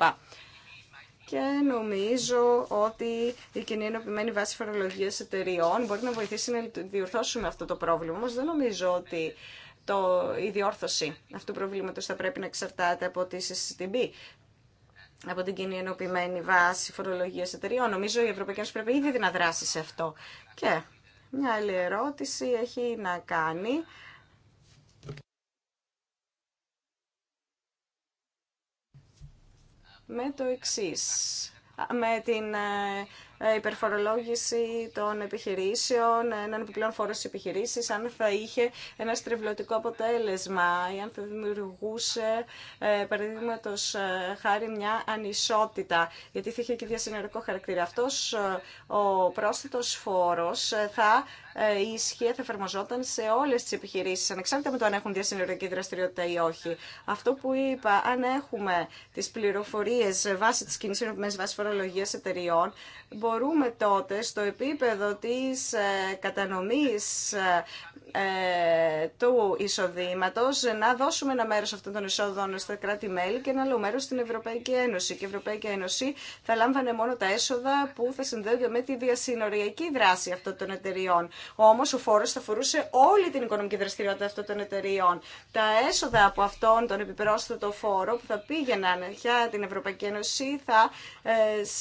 και νομίζω ότι η κοινή ενωπημένη βάση φορολογίας εταιριών μπορεί να βοηθήσει να διορθώσουμε αυτό το πρόβλημα. Όμως δεν νομίζω ότι το, η διόρθωση αυτού του προβλήματος θα πρέπει να εξαρτάται από τη CCTB από την κοινή ενωπημένη βάση φορολογία εταιριών. Νομίζω η Ευρωπαϊκή Ένωση πρέπει ήδη να δράσει σε αυτό. Και μια άλλη ερώτηση έχει να κάνει με το εξής. Με την ε, ε, υπερφορολόγηση των επιχειρήσεων, ε, έναν επιπλέον φόρο στι επιχειρήσει, αν θα είχε ένα στρεβλωτικό αποτέλεσμα ή αν θα δημιουργούσε, ε, παραδείγματο χάρη, μια ανισότητα, γιατί θα είχε και διασυνορικό χαρακτήρα. Αυτός ο πρόσθετος φόρος θα ισχύει, θα εφαρμοζόταν σε όλε τι επιχειρήσει, ανεξάρτητα με το αν έχουν διασυνορική δραστηριότητα ή όχι. Αυτό που είπα, αν έχουμε τι πληροφορίε βάσει τη κοινή βάση φορολογία εταιριών, μπορούμε τότε στο επίπεδο της ε, κατανομής ε, ε, του εισοδήματος να δώσουμε ένα μέρος αυτών των εισόδων στα κράτη-μέλη και ένα άλλο μέρος στην Ευρωπαϊκή Ένωση. Και η Ευρωπαϊκή Ένωση θα λάμβανε μόνο τα έσοδα που θα συνδέονται με τη διασυνοριακή δράση αυτών των εταιριών. Όμως ο φόρος θα φορούσε όλη την οικονομική δραστηριότητα αυτών των εταιριών. Τα έσοδα από αυτόν τον επιπρόσθετο φόρο που θα πήγαιναν για την Ευρωπαϊκή Ένωση θα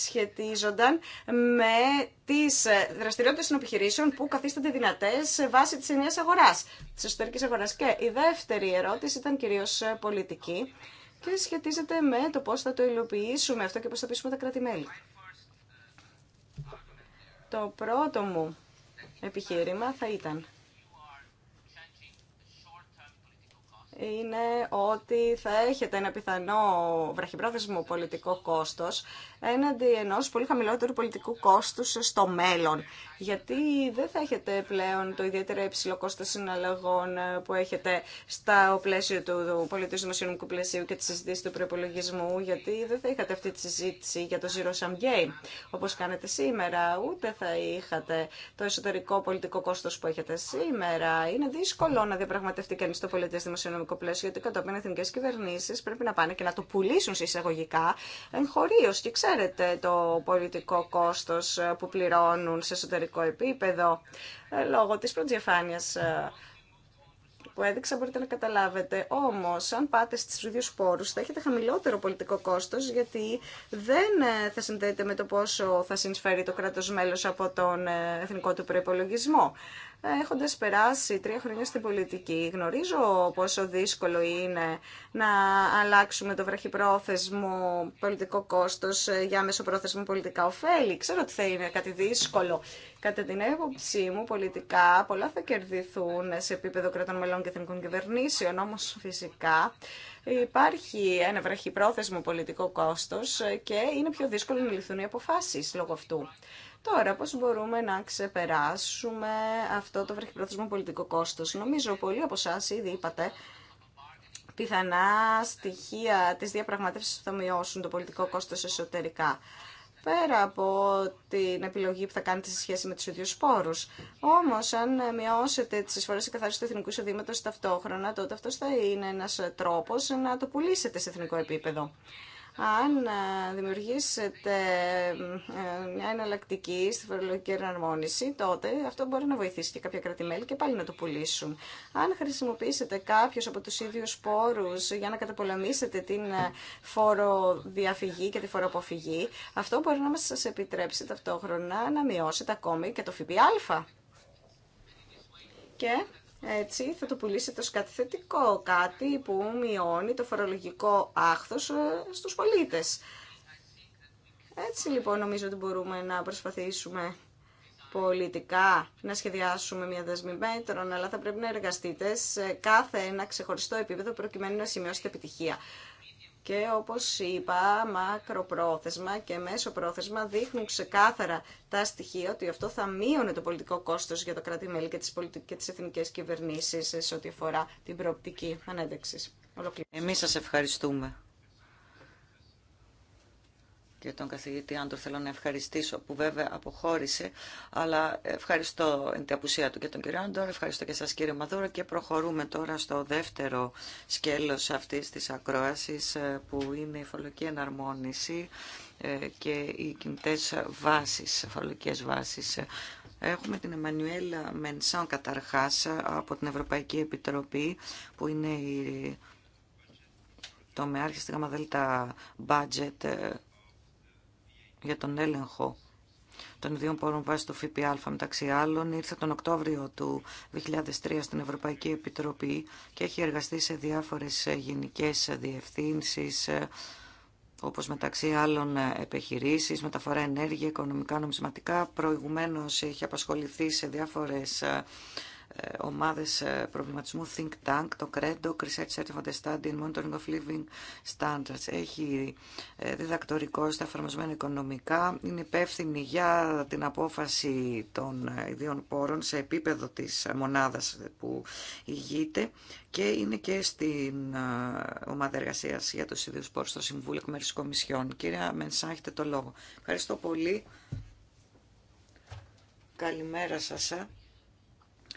σχετίζονταν με τις ε, δραστηριότητες των επιχειρήσεων που καθίστανται δυνατές σε βάση της ενιαία αγορά, τη εσωτερική αγορά. Και η δεύτερη ερώτηση ήταν κυρίω ε, πολιτική και σχετίζεται με το πώ θα το υλοποιήσουμε αυτό και πώ θα πείσουμε τα κράτη-μέλη. Το πρώτο μου επιχείρημα θα ήταν είναι ότι θα έχετε ένα πιθανό βραχυπρόθεσμο πολιτικό κόστος έναντι ενός πολύ χαμηλότερου πολιτικού κόστους στο μέλλον. Γιατί δεν θα έχετε πλέον το ιδιαίτερα υψηλό κόστος συναλλαγών που έχετε στα πλαίσιο του πολιτικού δημοσιονομικού πλαισίου και τη συζήτηση του προπολογισμού, γιατί δεν θα είχατε αυτή τη συζήτηση για το Zero Sum Game, όπως κάνετε σήμερα, ούτε θα είχατε το εσωτερικό πολιτικό κόστος που έχετε σήμερα. Είναι δύσκολο να διαπραγματευτεί κανείς το πολιτικό δημοσιονομικό οικονομικό πλαίσιο, γιατί κατόπιν εθνικέ κυβερνήσει πρέπει να πάνε και να το πουλήσουν σε εισαγωγικά εγχωρίω. Και ξέρετε το πολιτικό κόστο που πληρώνουν σε εσωτερικό επίπεδο ε, λόγω τη πρώτη που έδειξα μπορείτε να καταλάβετε. Όμως, αν πάτε στις ίδιου πόρους θα έχετε χαμηλότερο πολιτικό κόστος γιατί δεν ε, θα συνδέεται με το πόσο θα συνεισφέρει το κράτος μέλος από τον ε, εθνικό του προπολογισμό. Ε, Έχοντα περάσει τρία χρόνια στην πολιτική, γνωρίζω πόσο δύσκολο είναι να αλλάξουμε το βραχυπρόθεσμο πολιτικό κόστο για μεσοπρόθεσμο πολιτικά ωφέλη. Ξέρω ότι θα είναι κάτι δύσκολο Κατά την έποψή μου, πολιτικά πολλά θα κερδιθούν σε επίπεδο κρατών μελών και εθνικών κυβερνήσεων, όμω φυσικά υπάρχει ένα βραχυπρόθεσμο πολιτικό κόστο και είναι πιο δύσκολο να ληφθούν οι αποφάσει λόγω αυτού. Τώρα, πώς μπορούμε να ξεπεράσουμε αυτό το βραχυπρόθεσμο πολιτικό κόστος. Νομίζω πολλοί από εσά ήδη είπατε πιθανά στοιχεία της διαπραγματεύσης θα μειώσουν το πολιτικό κόστος εσωτερικά πέρα από την επιλογή που θα κάνετε σε σχέση με του ίδιου σπόρους. Όμω, αν μειώσετε τις εισφορές εκαθάρισης του εθνικού εισοδήματο ταυτόχρονα, τότε αυτό θα είναι ένα τρόπο να το πουλήσετε σε εθνικό επίπεδο αν ε, δημιουργήσετε ε, μια εναλλακτική στη φορολογική εναρμόνιση, τότε αυτό μπορεί να βοηθήσει και κάποια κρατημέλη και πάλι να το πουλήσουν. Αν χρησιμοποιήσετε κάποιου από του ίδιου πόρου για να καταπολεμήσετε την ε, φοροδιαφυγή και τη φοροαποφυγή, αυτό μπορεί να μας σα επιτρέψει ταυτόχρονα να μειώσετε ακόμη και το ΦΠΑ. Και έτσι θα το πουλήσετε ως κάτι θετικό, κάτι που μειώνει το φορολογικό άχθος ε, στους πολίτες. Έτσι λοιπόν νομίζω ότι μπορούμε να προσπαθήσουμε πολιτικά να σχεδιάσουμε μια δεσμή μέτρων, αλλά θα πρέπει να εργαστείτε σε κάθε ένα ξεχωριστό επίπεδο προκειμένου να σημειώσετε επιτυχία και όπως είπα μακροπρόθεσμα και μέσο πρόθεσμα δείχνουν ξεκάθαρα τα στοιχεία ότι αυτό θα μείωνε το πολιτικό κόστος για το κράτη-μέλη και τις, και τις εθνικές κυβερνήσεις σε ό,τι αφορά την προοπτική ανέντεξη. Εμείς σας ευχαριστούμε και τον καθηγητή Άντορ θέλω να ευχαριστήσω που βέβαια αποχώρησε αλλά ευχαριστώ την απουσία του και τον κύριο Άντορ ευχαριστώ και σας κύριε Μαδούρο και προχωρούμε τώρα στο δεύτερο σκέλος αυτής της ακρόασης ε, που είναι η φορολογική εναρμόνιση ε, και οι κινητές βάσεις, φορολογικές βάσεις Έχουμε την Εμμανουέλα Μενσάν καταρχάς από την Ευρωπαϊκή Επιτροπή που είναι η τομεάρχη στην γαμαδέλτα budget ε, για τον έλεγχο των ιδίων πόρων βάσει του ΦΠΑ μεταξύ άλλων. Ήρθε τον Οκτώβριο του 2003 στην Ευρωπαϊκή Επιτροπή και έχει εργαστεί σε διάφορες γενικές διευθύνσεις όπως μεταξύ άλλων επιχειρήσει, μεταφορά ενέργεια, οικονομικά, νομισματικά. Προηγουμένως έχει απασχοληθεί σε διάφορες ε, Ομάδε ε, προβληματισμού Think Tank, το CREDO, Research Certified Study and Monitoring of Living Standards. Έχει ε, διδακτορικό στα εφαρμοσμένα οικονομικά, είναι υπεύθυνη για την απόφαση των ιδίων πόρων σε επίπεδο της μονάδας που ηγείται και είναι και στην ομάδα εργασία για του ίδιου πόρου στο Συμβούλιο Εκ Μενσά, έχετε το λόγο. Ευχαριστώ πολύ. Καλημέρα σας.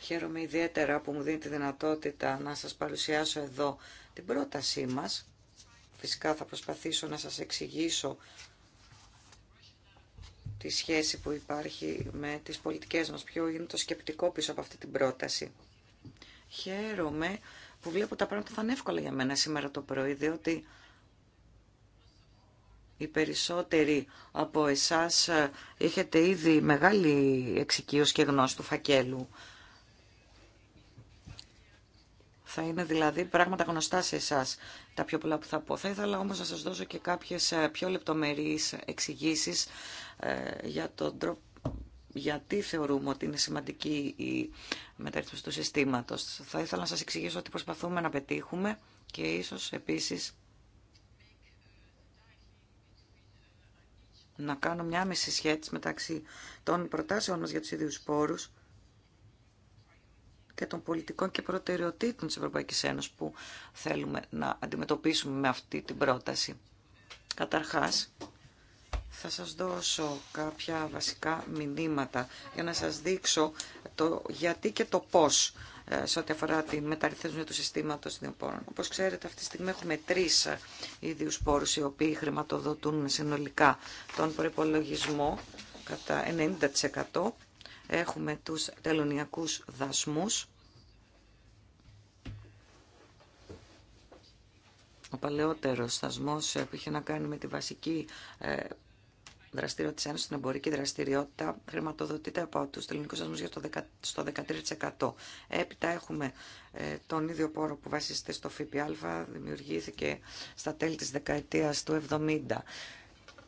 Χαίρομαι ιδιαίτερα που μου δίνει τη δυνατότητα να σας παρουσιάσω εδώ την πρότασή μας. Φυσικά θα προσπαθήσω να σας εξηγήσω τη σχέση που υπάρχει με τις πολιτικές μας, ποιο είναι το σκεπτικό πίσω από αυτή την πρόταση. Χαίρομαι που βλέπω τα πράγματα θα είναι εύκολα για μένα σήμερα το πρωί, διότι οι περισσότεροι από εσάς ε, έχετε ήδη μεγάλη εξοικείωση και γνώση του φακέλου θα είναι δηλαδή πράγματα γνωστά σε εσά τα πιο πολλά που θα πω. Θα ήθελα όμως να σας δώσω και κάποιες ε, πιο λεπτομερείς εξηγήσει ε, για τον γιατί θεωρούμε ότι είναι σημαντική η μεταρρύθμιση του συστήματος. Θα ήθελα να σας εξηγήσω ότι προσπαθούμε να πετύχουμε και ίσως επίσης να κάνω μια άμεση σχέση μεταξύ των προτάσεων μας για τους ίδιους πόρους και των πολιτικών και προτεραιοτήτων της Ευρωπαϊκής Ένωσης που θέλουμε να αντιμετωπίσουμε με αυτή την πρόταση. Καταρχάς, θα σας δώσω κάποια βασικά μηνύματα για να σας δείξω το γιατί και το πώς ε, σε ό,τι αφορά τη μεταρρύθμιση του συστήματο των πόρων. Όπω ξέρετε, αυτή τη στιγμή έχουμε τρει ε, ίδιου πόρου οι οποίοι χρηματοδοτούν συνολικά τον προπολογισμό κατά 90%. Έχουμε του τελωνιακού δασμού. Ο παλαιότερος στασμός ε, που είχε να κάνει με τη βασική ε, δραστηριότητα της Ένωσης την εμπορική δραστηριότητα χρηματοδοτείται από τους ελληνικούς ασμούς για το στο 13%. Έπειτα έχουμε ε, τον ίδιο πόρο που βασίζεται στο ΦΠΑ, δημιουργήθηκε στα τέλη της δεκαετίας του 70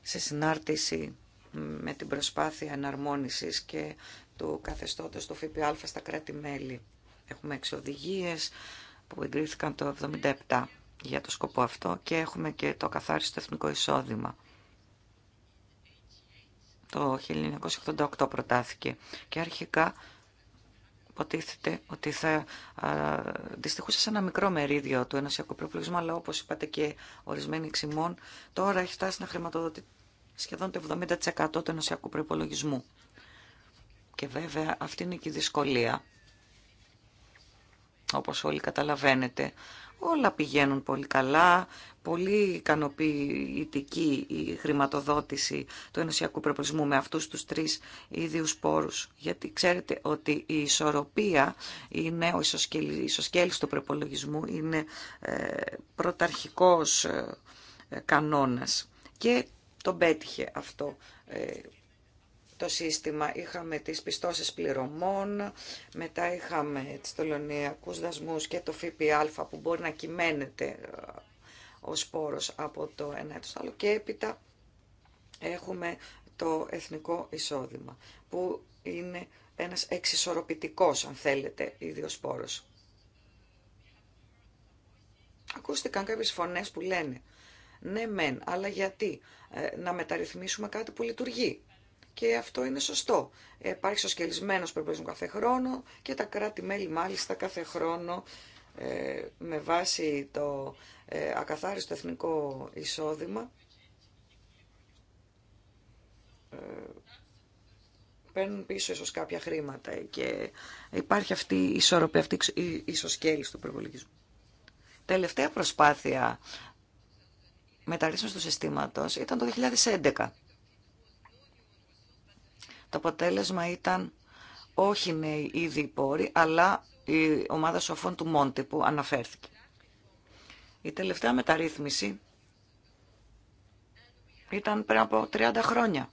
σε συνάρτηση με την προσπάθεια εναρμόνισης και του καθεστώτος του ΦΠΑ στα κράτη-μέλη. Έχουμε εξοδηγίες που εγκρίθηκαν το 1977 για το σκοπό αυτό και έχουμε και το καθάριστο εθνικό εισόδημα. Το 1988 προτάθηκε και αρχικά υποτίθεται ότι θα δυστυχούσε σε ένα μικρό μερίδιο του ενωσιακού προπολογισμού, αλλά όπως είπατε και ορισμένοι εξημών, τώρα έχει φτάσει να χρηματοδοτεί σχεδόν το 70% του ενωσιακού προπολογισμού. Και βέβαια αυτή είναι και η δυσκολία. Όπως όλοι καταλαβαίνετε, Όλα πηγαίνουν πολύ καλά, πολύ ικανοποιητική η χρηματοδότηση του ενωσιακού προπολισμού με αυτούς τους τρεις ίδιους πόρους. Γιατί ξέρετε ότι η ισορροπία είναι ο ισοσκέλης του προπολογισμού, είναι ε, πρωταρχικός ε, κανόνας. Και τον πέτυχε αυτό ε, το σύστημα. Είχαμε τις πιστώσεις πληρωμών, μετά είχαμε τις τολωνιακούς δασμούς και το ΦΠΑ που μπορεί να κυμαίνεται ο ε, σπόρος από το ένα έτος άλλο και έπειτα έχουμε το εθνικό εισόδημα που είναι ένας εξισορροπητικός αν θέλετε ίδιο σπόρος. Ακούστηκαν κάποιες φωνές που λένε ναι μεν, αλλά γιατί ε, να μεταρρυθμίσουμε κάτι που λειτουργεί και αυτό είναι σωστό. Υπάρχει σοσκελισμένος προπολογισμό κάθε χρόνο και τα κράτη-μέλη μάλιστα κάθε χρόνο ε, με βάση το ε, ακαθάριστο εθνικό εισόδημα ε, παίρνουν πίσω ίσως κάποια χρήματα και υπάρχει αυτή η ισορροπία, αυτή η ισοσκέληση του προπολογισμού. Τελευταία προσπάθεια μεταρρύθμισης του συστήματος ήταν το 2011 το αποτέλεσμα ήταν όχι νέοι ήδη οι πόροι, αλλά η ομάδα σοφών του Μόντι που αναφέρθηκε. Η τελευταία μεταρρύθμιση ήταν πριν από 30 χρόνια.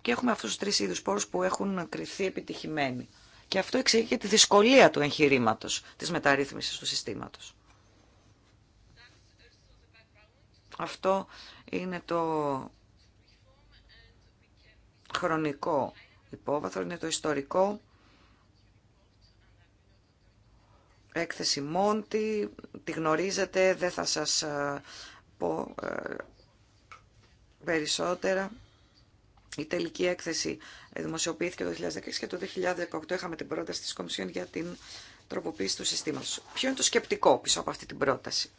Και έχουμε αυτούς τους τρεις είδους πόρους που έχουν κριθεί επιτυχημένοι. Και αυτό εξηγεί τη δυσκολία του εγχειρήματο της μεταρρύθμισης του συστήματος. Αυτό είναι το χρονικό υπόβαθρο είναι το ιστορικό έκθεση Μόντι, τη γνωρίζετε, δεν θα σας ε, πω ε, περισσότερα. Η τελική έκθεση δημοσιοποιήθηκε το 2016 και το 2018 είχαμε την πρόταση της Κομισιόν για την τροποποίηση του συστήματος. Ποιο είναι το σκεπτικό πίσω από αυτή την πρόταση.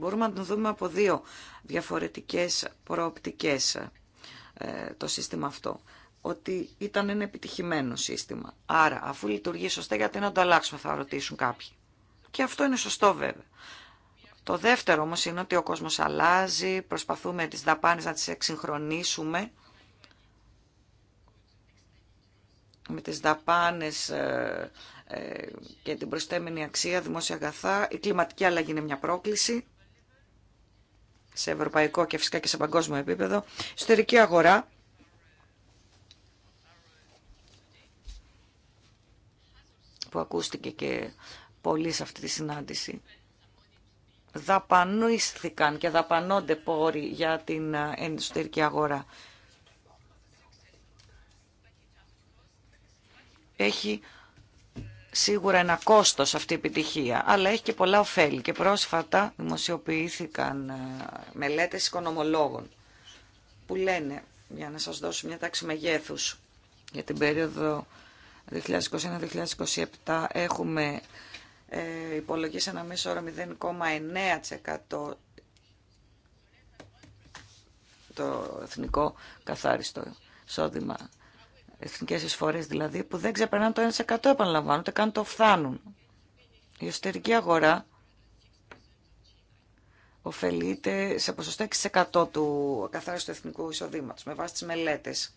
Μπορούμε να τον δούμε από δύο διαφορετικές προοπτικές ε, το σύστημα αυτό. Ότι ήταν ένα επιτυχημένο σύστημα. Άρα, αφού λειτουργεί σωστά, γιατί να το αλλάξουμε, θα ρωτήσουν κάποιοι. Και αυτό είναι σωστό βέβαια. Το δεύτερο όμως είναι ότι ο κόσμος αλλάζει, προσπαθούμε τις δαπάνες να τις εξυγχρονίσουμε. Με τις δαπάνες ε, ε, και την προστέμενη αξία, δημόσια αγαθά, η κλιματική αλλαγή είναι μια πρόκληση σε ευρωπαϊκό και φυσικά και σε παγκόσμιο επίπεδο, εσωτερική αγορά, που ακούστηκε και πολύ σε αυτή τη συνάντηση, δαπανούστηκαν και δαπανώνται πόροι για την ε, εσωτερική αγορά. Έχει σίγουρα ένα κόστος αυτή η επιτυχία, αλλά έχει και πολλά ωφέλη και πρόσφατα δημοσιοποιήθηκαν ε, μελέτες οικονομολόγων που λένε, για να σας δώσω μια τάξη μεγέθους, για την περίοδο 2021-2027 έχουμε ε, υπολογίσει ένα μέσο όρο 0,9% το εθνικό καθάριστο εισόδημα Εθνικέ εισφορές δηλαδή, που δεν ξεπερνάνε το 1% επαναλαμβάνω, ούτε καν το φθάνουν. Η εσωτερική αγορά ωφελείται σε ποσοστό 6% του καθάριστου εθνικού εισοδήματος, με βάση τις μελέτες.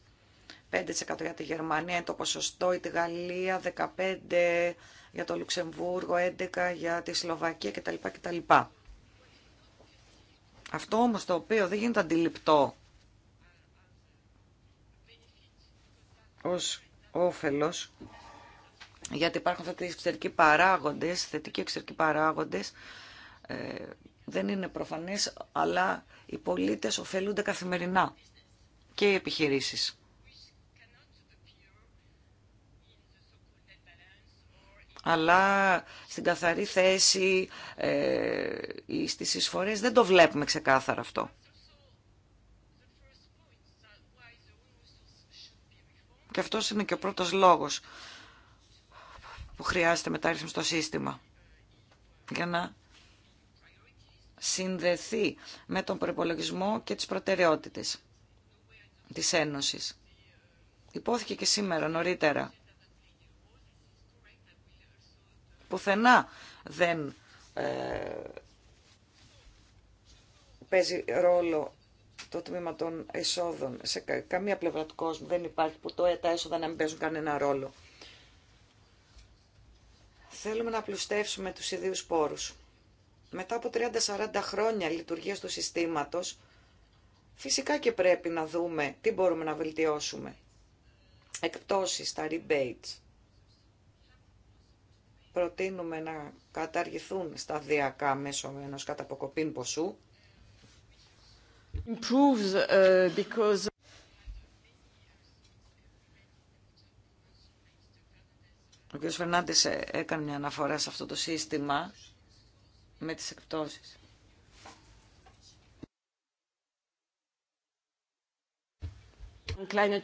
5% για τη Γερμανία είναι το ποσοστό, η τη Γαλλία 15% για το Λουξεμβούργο, 11% για τη Σλοβακία κτλ. κτλ. Αυτό όμως το οποίο δεν γίνεται αντιληπτό ως όφελος γιατί υπάρχουν αυτοί οι εξωτερικοί παράγοντες, θετικοί εξωτερικοί παράγοντες, ε, δεν είναι προφανές, αλλά οι πολίτες ωφελούνται καθημερινά και οι επιχειρήσεις. Αλλά στην καθαρή θέση ε, ή στις εισφορές δεν το βλέπουμε ξεκάθαρα αυτό. Και αυτός είναι και ο πρώτος λόγος που χρειάζεται μετάρρυθμιση στο σύστημα για να συνδεθεί με τον προπολογισμό και τις προτεραιότητες της Ένωσης. Υπόθηκε και σήμερα νωρίτερα. Πουθενά δεν ε, παίζει ρόλο το τμήμα των εσόδων σε καμία πλευρά του κόσμου. Δεν υπάρχει που το, τα έσοδα να μην παίζουν κανένα ρόλο. Θέλουμε να πλουστεύσουμε τους ιδίους πόρους. Μετά από 30-40 χρόνια λειτουργίας του συστήματος, φυσικά και πρέπει να δούμε τι μπορούμε να βελτιώσουμε. Εκπτώσεις, τα rebates. Προτείνουμε να καταργηθούν σταδιακά μέσω ενός καταποκοπήν ποσού, Uh, Ο κ. Φερνάντης ε, έκανε μια αναφορά σε αυτό το σύστημα με τις εκπτώσεις. Uh,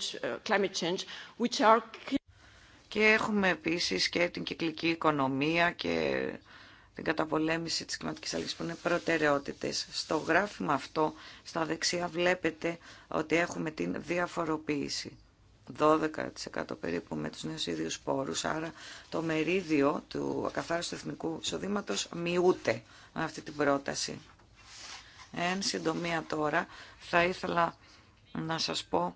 και έχουμε επίσης και την κυκλική οικονομία και την καταπολέμηση της κλιματικής αλλαγής που είναι προτεραιότητες. Στο γράφημα αυτό, στα δεξιά βλέπετε ότι έχουμε την διαφοροποίηση. 12% περίπου με τους νέους ίδιους πόρους, άρα το μερίδιο του ακαθάριστου εθνικού εισοδήματος μειούται αυτή την πρόταση. Εν συντομία τώρα θα ήθελα να σας πω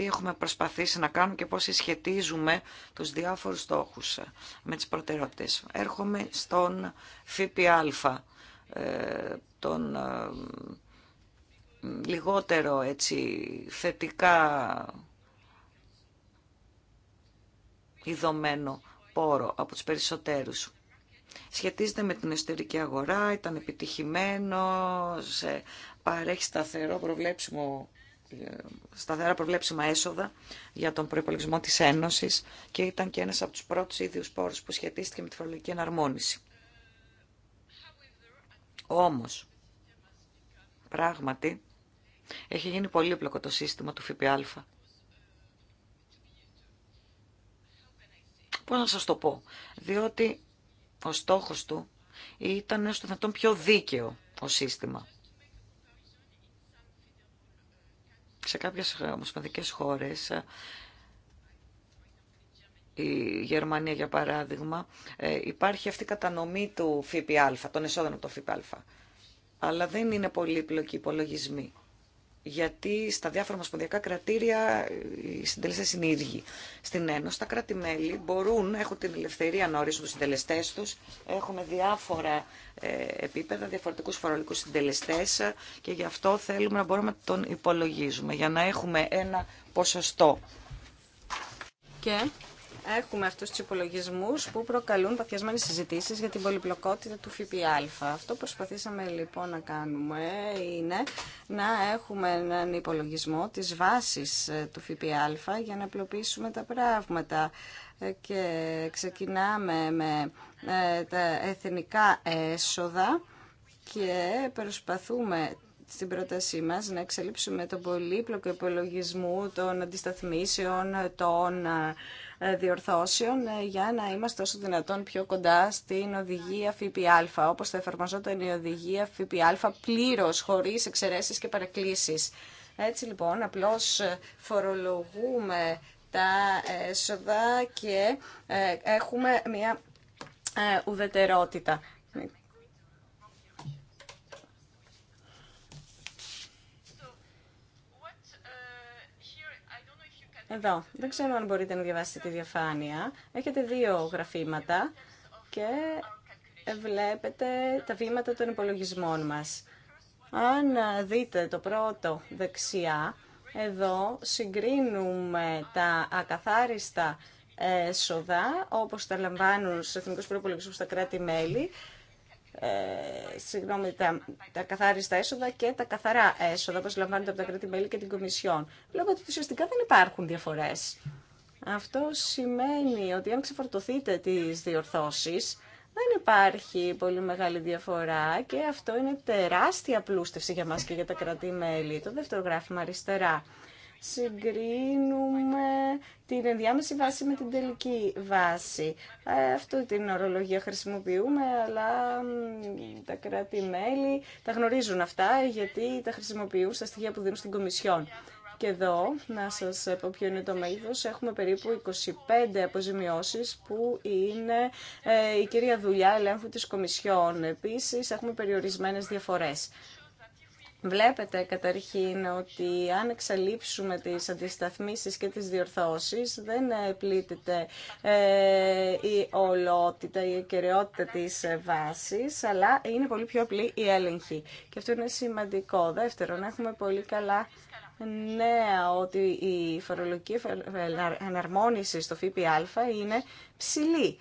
τι έχουμε προσπαθήσει να κάνουμε και πώς συσχετίζουμε τους διάφορους στόχους ε, με τις προτεραιότητες. Έρχομαι στον ΦΠΑ, ε, τον ε, λιγότερο έτσι, θετικά ειδωμένο πόρο από τους περισσότερους. Σχετίζεται με την εσωτερική αγορά, ήταν επιτυχημένο, παρέχει σταθερό προβλέψιμο σταθερά προβλέψιμα έσοδα για τον προπολογισμό της Ένωσης και ήταν και ένας από τους πρώτους ίδιους πόρους που σχετίστηκε με τη φορολογική εναρμόνιση. Όμως, πράγματι, έχει γίνει πολύπλοκο το σύστημα του ΦΠΑ. Πώς να σας το πω, διότι ο στόχος του ήταν στο δυνατόν πιο δίκαιο ο σύστημα. σε κάποιες ομοσπονδικές χώρες η Γερμανία για παράδειγμα, ε, υπάρχει αυτή η κατανομή του ΦΠΑ, των εσόδων από το ΦΠΑ. Αλλά δεν είναι πολύπλοκοι υπολογισμοί γιατί στα διάφορα ομοσπονδιακά κρατήρια οι συντελεστέ είναι ίδιοι. Στην Ένωση τα κράτη-μέλη μπορούν, έχουν την ελευθερία να ορίσουν του συντελεστέ του, έχουμε διάφορα ε, επίπεδα, διαφορετικού φορολογικού συντελεστέ και γι' αυτό θέλουμε να μπορούμε να τον υπολογίζουμε για να έχουμε ένα ποσοστό. Και έχουμε αυτού του υπολογισμού που προκαλούν παθιασμένε συζητήσει για την πολυπλοκότητα του ΦΠΑ. Αυτό που προσπαθήσαμε λοιπόν να κάνουμε είναι να έχουμε έναν υπολογισμό της βάσης ε, του ΦΠΑ για να απλοποιήσουμε τα πράγματα ε, και ξεκινάμε με ε, τα εθνικά έσοδα και προσπαθούμε στην πρότασή μας να εξελίψουμε τον πολύπλοκο υπολογισμό των αντισταθμίσεων, των ε, διορθώσεων ε, για να είμαστε όσο δυνατόν πιο κοντά στην οδηγία ΦΠΑ, όπως θα εφαρμοζόταν η οδηγία ΦΠΑ πλήρως, χωρίς εξαιρέσεις και παρακλήσεις. Έτσι λοιπόν, απλώς ε, φορολογούμε τα έσοδα και έχουμε μια ουδετερότητα. Εδώ, δεν ξέρω αν μπορείτε να διαβάσετε τη διαφάνεια. Έχετε δύο γραφήματα και βλέπετε τα βήματα των υπολογισμών μας. Αν δείτε το πρώτο δεξιά, εδώ συγκρίνουμε τα ακαθάριστα έσοδα, όπως τα λαμβάνουν στους εθνικούς προϋπολογισμούς στα κράτη-μέλη, ε, συγγνώμη, τα, τα καθάριστα έσοδα και τα καθαρά έσοδα, όπως λαμβάνονται από τα κράτη-μέλη και την Κομισιόν. Βλέπω ότι ουσιαστικά δεν υπάρχουν διαφορές. Αυτό σημαίνει ότι αν ξεφορτωθείτε τις διορθώσεις, δεν υπάρχει πολύ μεγάλη διαφορά και αυτό είναι τεράστια πλούστευση για μας και για τα κράτη-μέλη. Το δεύτερο γράφημα αριστερά συγκρίνουμε την ενδιάμεση βάση με την τελική βάση. Ε, Αυτή την ορολογία χρησιμοποιούμε, αλλά τα κράτη-μέλη τα γνωρίζουν αυτά, γιατί τα χρησιμοποιούν στα στοιχεία που δίνουν στην Κομισιόν. Και εδώ, να σας πω ποιο είναι το μέγεθος, έχουμε περίπου 25 αποζημιώσεις που είναι ε, η κυρία δουλειά ελέγχου της Κομισιόν. Επίσης, έχουμε περιορισμένες διαφορές. Βλέπετε καταρχήν ότι αν εξαλείψουμε τις αντισταθμίσεις και τις διορθώσεις δεν πλήττεται ε, η ολότητα, η κεραιότητα της βάσης, αλλά είναι πολύ πιο απλή η έλεγχη. Και αυτό είναι σημαντικό. Δεύτερον, έχουμε πολύ καλά νέα ότι η φορολογική εναρμόνιση στο ΦΠΑ είναι ψηλή.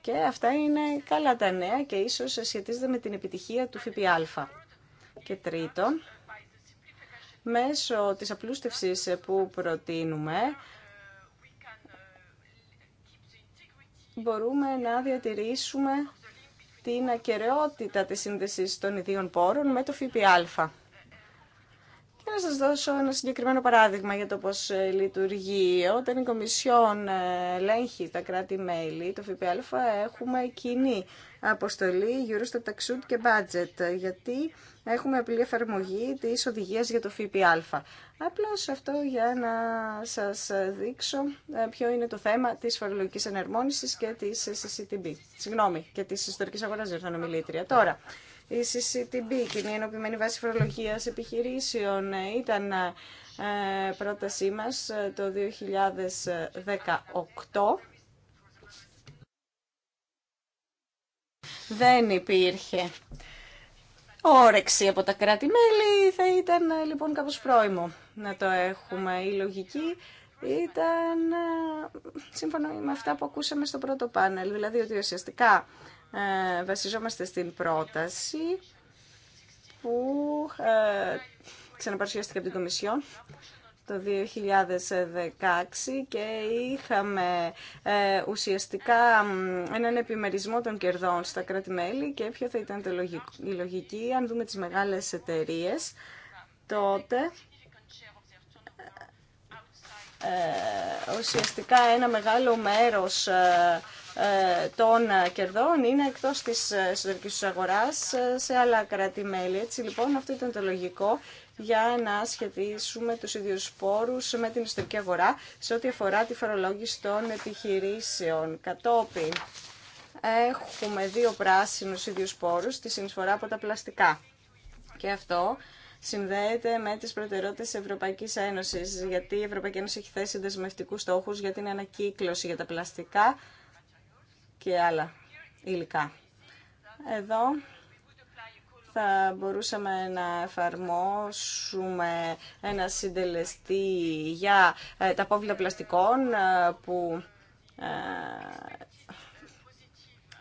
Και αυτά είναι καλά τα νέα και ίσως σχετίζεται με την επιτυχία του ΦΠΑ. Και τρίτον, μέσω της απλούστευσης που προτείνουμε, μπορούμε να διατηρήσουμε την ακαιρεότητα της σύνδεσης των ιδίων πόρων με το ΦΠΑ να σας δώσω ένα συγκεκριμένο παράδειγμα για το πώς ε, λειτουργεί. Όταν η Κομισιόν ε, ελέγχει τα κράτη-μέλη, το ΦΠΑ, έχουμε κοινή αποστολή γύρω στα ταξούτ και μπάτζετ, γιατί έχουμε απλή εφαρμογή της οδηγίας για το ΦΠΑ. Απλώς αυτό για να σας δείξω ε, ποιο είναι το θέμα της φορολογικής ενερμόνησης και της CCTB. Συγγνώμη, και της ιστορικής αγοράς, δεν μιλήτρια. Τώρα, η CCTB, Κοινή Ενωπημένη Βάση Φρολογίας Επιχειρήσεων, ε, ήταν ε, πρότασή μας ε, το 2018. Δεν υπήρχε όρεξη από τα κράτη-μέλη, θα ήταν λοιπόν κάπως πρόημο να το έχουμε. Η λογική ήταν σύμφωνα με αυτά που ακούσαμε στο πρώτο πάνελ, δηλαδή ότι ουσιαστικά ε, βασιζόμαστε στην πρόταση που ε, ξαναπαρουσιάστηκε από την Κομισιόν το 2016 και είχαμε ε, ουσιαστικά έναν επιμερισμό των κερδών στα κράτη-μέλη και ποιο θα ήταν το η λογική αν δούμε τις μεγάλες εταιρείε τότε ε, ουσιαστικά ένα μεγάλο μέρος ε, των κερδών είναι εκτός της εσωτερικής αγοράς ε, σε άλλα κράτη-μέλη. Έτσι λοιπόν αυτό ήταν το λογικό για να σχετίσουμε τους ίδιους σπόρους με την ιστορική αγορά σε ό,τι αφορά τη φορολόγηση των επιχειρήσεων. Κατόπιν έχουμε δύο πράσινους ίδιους σπόρους τη συνεισφορά από τα πλαστικά. Και αυτό συνδέεται με τις προτεραιότητες τη Ευρωπαϊκής Ένωσης, γιατί η Ευρωπαϊκή Ένωση έχει θέσει δεσμευτικούς στόχους για την ανακύκλωση για τα πλαστικά και άλλα υλικά. Εδώ θα μπορούσαμε να εφαρμόσουμε ένα συντελεστή για ε, τα απόβλητα πλαστικών ε, που ε,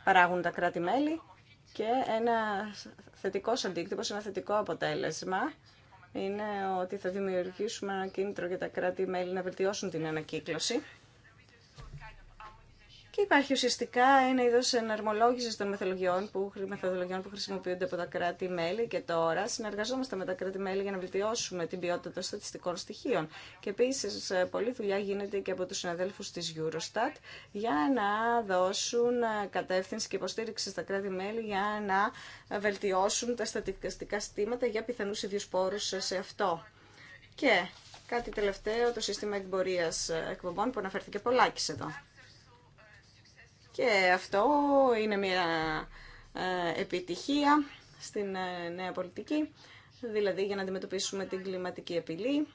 παράγουν τα κράτη-μέλη και ένα θετικό αντίκτυπο, ένα θετικό αποτέλεσμα είναι ότι θα δημιουργήσουμε ένα κίνητρο για τα κράτη-μέλη να βελτιώσουν την ανακύκλωση και υπάρχει ουσιαστικά ένα είδο εναρμολόγηση των μεθοδολογιών που, χρησιμοποιούνται από τα κράτη-μέλη και τώρα συνεργαζόμαστε με τα κράτη-μέλη για να βελτιώσουμε την ποιότητα των στατιστικών στοιχείων. Και επίση, ε, πολλή δουλειά γίνεται και από του συναδέλφου τη Eurostat για να δώσουν ε, κατεύθυνση και υποστήριξη στα κράτη-μέλη για να βελτιώσουν τα στατιστικά στήματα για πιθανού ίδιου πόρου σε αυτό. Και κάτι τελευταίο, το σύστημα εκπορία ε, εκπομπών που αναφέρθηκε πολλάκι εδώ. Και αυτό είναι μια ε, επιτυχία στην ε, νέα πολιτική, δηλαδή για να αντιμετωπίσουμε την κλιματική απειλή,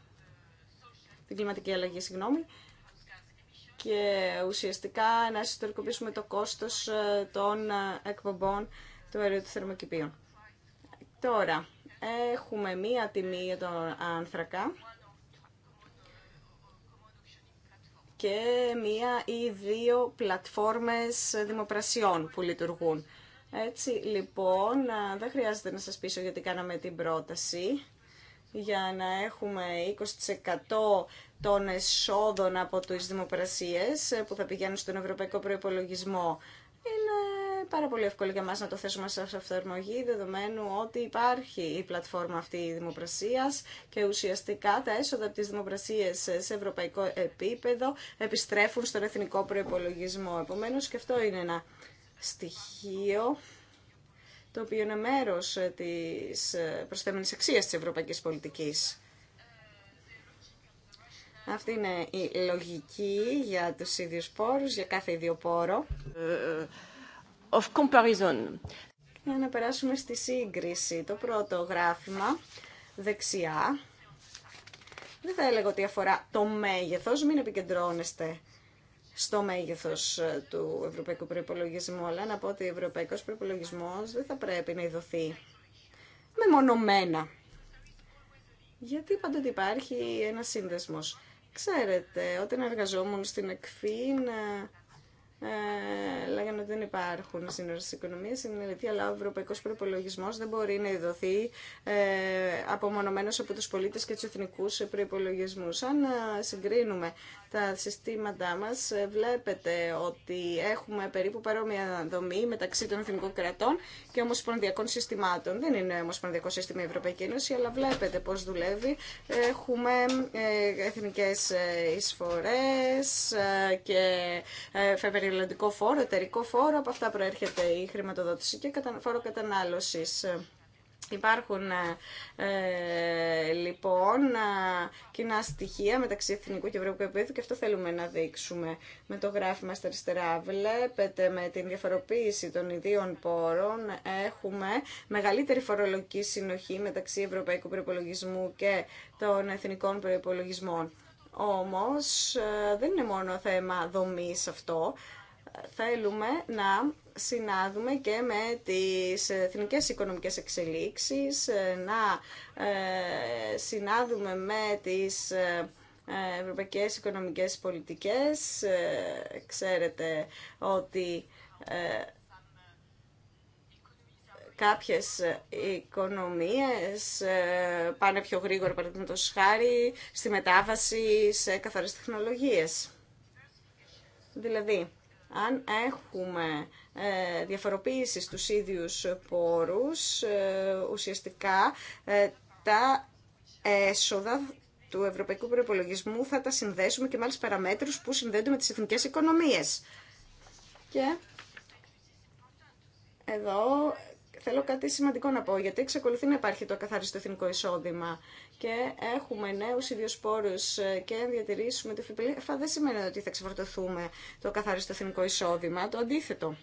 την κλιματική αλλαγή, συγγνώμη, και ουσιαστικά να συστορικοποιήσουμε το κόστος ε, των εκπομπών του αερίου του θερμοκηπίου. Τώρα, έχουμε μία τιμή για τον άνθρακα, και μία ή δύο πλατφόρμες δημοπρασιών που λειτουργούν. Έτσι λοιπόν δεν χρειάζεται να σας πείσω γιατί κάναμε την πρόταση για να έχουμε 20% των εσόδων από τις δημοπρασίες ε, που θα πηγαίνουν στον Ευρωπαϊκό Προϋπολογισμό. Είναι πάρα πολύ εύκολο για μας να το θέσουμε σε αυτοερμογή, δεδομένου ότι υπάρχει η πλατφόρμα αυτή δημοπρασίας και ουσιαστικά τα έσοδα από τις σε ευρωπαϊκό επίπεδο επιστρέφουν στον εθνικό προϋπολογισμό. Επομένως και αυτό είναι ένα στοιχείο το οποίο είναι μέρος της προσθέμενης αξίας της ευρωπαϊκής πολιτικής. Αυτή είναι η λογική για τους ίδιους πόρους, για κάθε ίδιο πόρο. Ε, ε, of comparison. Να περάσουμε στη σύγκριση. Το πρώτο γράφημα δεξιά. Δεν θα έλεγα ότι αφορά το μέγεθος, μην επικεντρώνεστε στο μέγεθος ε, του ευρωπαϊκού προϋπολογισμού, αλλά να πω ότι ο ευρωπαϊκός προϋπολογισμός δεν θα πρέπει να ειδωθεί μεμονωμένα. Γιατί πάντοτε υπάρχει ένα σύνδεσμος. Ξέρετε, όταν εργαζόμουν στην ΕΚΦΗΝ, ε, ε, λέγανε ότι δεν υπάρχουν σύνορε της οικονομίας, Είναι αλήθεια, αλλά ο ευρωπαϊκό προπολογισμό δεν μπορεί να ειδωθεί ε, απομονωμένο από του πολίτε και του εθνικού προπολογισμού. Αν ε, συγκρίνουμε τα συστήματά μα, ε, βλέπετε ότι έχουμε περίπου παρόμοια δομή μεταξύ των εθνικών κρατών και ομοσπονδιακών συστημάτων. Δεν είναι ομοσπονδιακό σύστημα η Ευρωπαϊκή Ένωση, αλλά βλέπετε πώ δουλεύει. Έχουμε ε, εθνικέ εισφορέ και φεύρει περιβαλλοντικό φόρο, εταιρικό φόρο, από αυτά προέρχεται η χρηματοδότηση και φόρο κατανάλωσης. Υπάρχουν ε, ε λοιπόν ε, κοινά στοιχεία μεταξύ εθνικού και ευρωπαϊκού επίπεδου και αυτό θέλουμε να δείξουμε με το γράφημα στα αριστερά. Βλέπετε με την διαφοροποίηση των ιδίων πόρων έχουμε μεγαλύτερη φορολογική συνοχή μεταξύ ευρωπαϊκού προπολογισμού και των εθνικών προπολογισμών. Όμως ε, δεν είναι μόνο θέμα δομής αυτό, θέλουμε να συνάδουμε και με τις εθνικές οικονομικές εξελίξεις, να ε, συνάδουμε με τις ε, ευρωπαϊκές οικονομικές πολιτικές. Ε, ξέρετε ότι κάποιες οικονομίες πάνε πιο γρήγορα, παραδείγματο χάρη, στη μετάβαση σε καθαρές τεχνολογίες. Δηλαδή, αν έχουμε ε, διαφοροποίηση στους ίδιους πόρους, ε, ουσιαστικά ε, τα έσοδα του ευρωπαϊκού προπολογισμού θα τα συνδέσουμε και με άλλες παραμέτρους που συνδέονται με τις εθνικές οικονομίες. Και εδώ θέλω κάτι σημαντικό να πω, γιατί εξακολουθεί να υπάρχει το ακαθάριστο εθνικό εισόδημα και έχουμε νέους ίδιου ε, και αν διατηρήσουμε τη ΦΠΑ δεν σημαίνει ότι θα ξεφορτωθούμε το ακαθάριστο εθνικό εισόδημα, το αντίθετο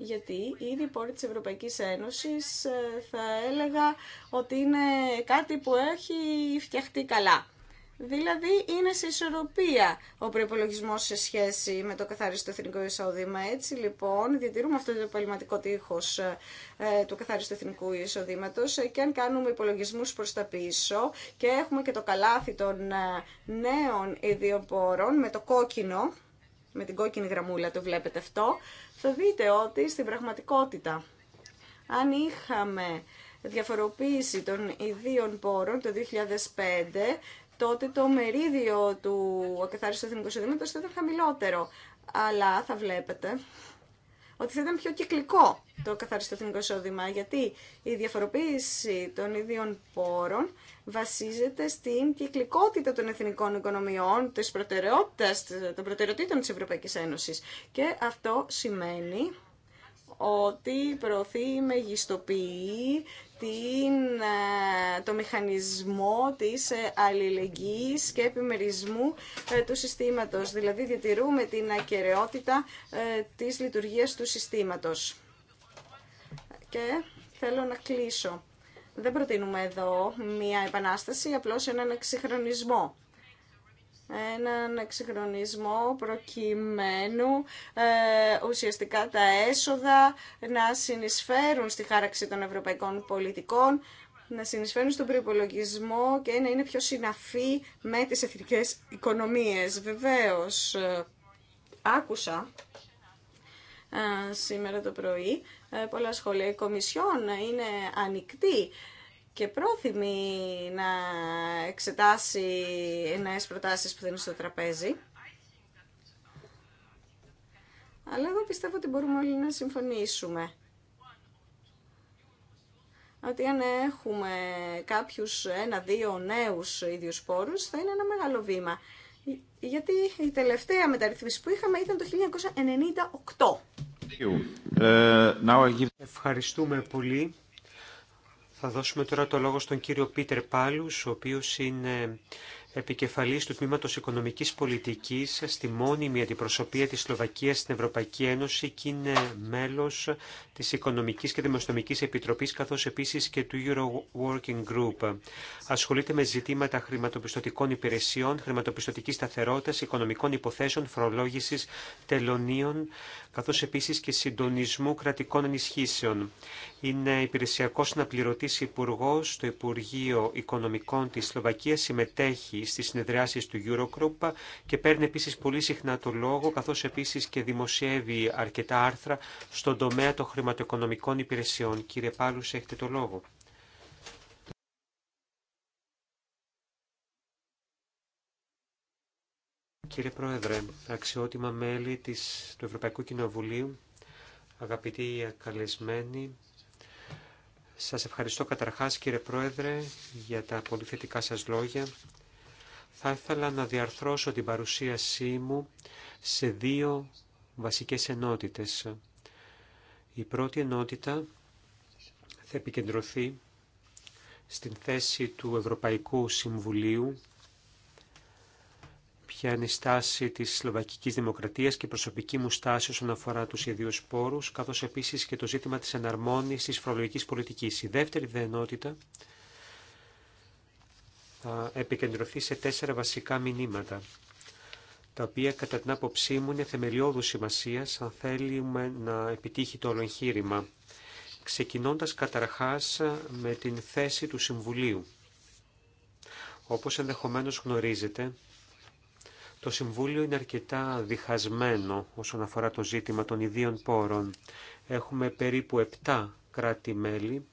γιατί ήδη οι πόροι της Ευρωπαϊκής Ένωσης ε, θα έλεγα ότι είναι κάτι που έχει φτιαχτεί καλά. Δηλαδή είναι σε ισορροπία ο προπολογισμό σε σχέση με το καθάριστο εθνικό εισόδημα. Έτσι λοιπόν διατηρούμε αυτό το επαγγελματικό τείχο ε, του καθάριστο εθνικού εισοδήματο ε, και αν κάνουμε υπολογισμού προ τα πίσω και έχουμε και το καλάθι των ε, νέων πόρων με το κόκκινο, με την κόκκινη γραμμούλα το βλέπετε αυτό, θα δείτε ότι στην πραγματικότητα αν είχαμε διαφοροποίηση των ιδίων πόρων το 2005 τότε το μερίδιο του ακαθάριστου εθνικού εισοδήματος θα ήταν χαμηλότερο. Αλλά θα βλέπετε ότι θα ήταν πιο κυκλικό το καθαριστό εθνικό εισόδημα, γιατί η διαφοροποίηση των ίδιων πόρων βασίζεται στην κυκλικότητα των εθνικών οικονομιών, της προτεραιότητας, των προτεραιοτήτων της Ευρωπαϊκής Ένωσης. Και αυτό σημαίνει ότι προωθεί, η μεγιστοποίηση την, ε, το μηχανισμό της ε, αλληλεγγύης και επιμερισμού ε, του συστήματος. Δηλαδή διατηρούμε την ακαιρεότητα της λειτουργίας του συστήματος. Και θέλω να κλείσω. Δεν προτείνουμε εδώ μία επανάσταση, απλώς έναν εξυγχρονισμό έναν εξυγχρονισμό προκειμένου ε, ουσιαστικά τα έσοδα να συνεισφέρουν στη χάραξη των ευρωπαϊκών πολιτικών, να συνεισφέρουν στον προπολογισμό και να είναι πιο συναφή με τις εθνικές οικονομίες. Βεβαίως, ε, άκουσα ε, σήμερα το πρωί ε, πολλά σχόλια. Η Κομισιόν είναι ανοιχτή και πρόθυμη να εξετάσει νέες προτάσεις που δίνουν στο τραπέζι. Αλλά εγώ πιστεύω ότι μπορούμε όλοι να συμφωνήσουμε ότι αν έχουμε κάποιους ένα-δύο νέους ίδιους πόρους θα είναι ένα μεγάλο βήμα. Γιατί η τελευταία μεταρρύθμιση που είχαμε ήταν το 1998. Ε, Ευχαριστούμε πολύ. Θα δώσουμε τώρα το λόγο στον κύριο Πίτερ Πάλους, ο οποίος είναι επικεφαλής του Τμήματος Οικονομικής Πολιτικής στη μόνιμη αντιπροσωπεία της Σλοβακίας στην Ευρωπαϊκή Ένωση και είναι μέλος της Οικονομικής και Δημοσιονομικής Επιτροπής καθώς επίσης και του Euro Working Group. Ασχολείται με ζητήματα χρηματοπιστωτικών υπηρεσιών, χρηματοπιστωτικής σταθερότητας, οικονομικών υποθέσεων, φορολόγησης, τελωνίων καθώς επίσης και συντονισμού κρατικών ενισχύσεων είναι υπηρεσιακό αναπληρωτή υπουργό στο Υπουργείο Οικονομικών τη Σλοβακία. Συμμετέχει στι συνεδριάσει του Eurogroup και παίρνει επίση πολύ συχνά το λόγο, καθώ επίση και δημοσιεύει αρκετά άρθρα στον τομέα των χρηματοοικονομικών υπηρεσιών. Κύριε Πάλου, έχετε το λόγο. Κύριε Πρόεδρε, αξιότιμα μέλη της, του Ευρωπαϊκού Κοινοβουλίου, αγαπητοί καλεσμένοι, σας ευχαριστώ καταρχάς κύριε Πρόεδρε για τα πολύ θετικά σας λόγια. Θα ήθελα να διαρθρώσω την παρουσίασή μου σε δύο βασικές ενότητες. Η πρώτη ενότητα θα επικεντρωθεί στην θέση του Ευρωπαϊκού Συμβουλίου ποια είναι η στάση της Σλοβακικής Δημοκρατίας και η προσωπική μου στάση όσον αφορά του ιδίους πόρους, καθώς επίσης και το ζήτημα της εναρμόνιση τη φορολογική πολιτική. Η δεύτερη δενότητα θα επικεντρωθεί σε τέσσερα βασικά μηνύματα, τα οποία κατά την άποψή μου είναι θεμελιώδου σημασία αν θέλουμε να επιτύχει το όλο εγχείρημα, ξεκινώντας καταρχά με την θέση του Συμβουλίου. Όπως ενδεχομένω γνωρίζετε, το Συμβούλιο είναι αρκετά διχασμένο όσον αφορά το ζήτημα των ιδίων πόρων. Έχουμε περίπου 7 κράτη-μέλη,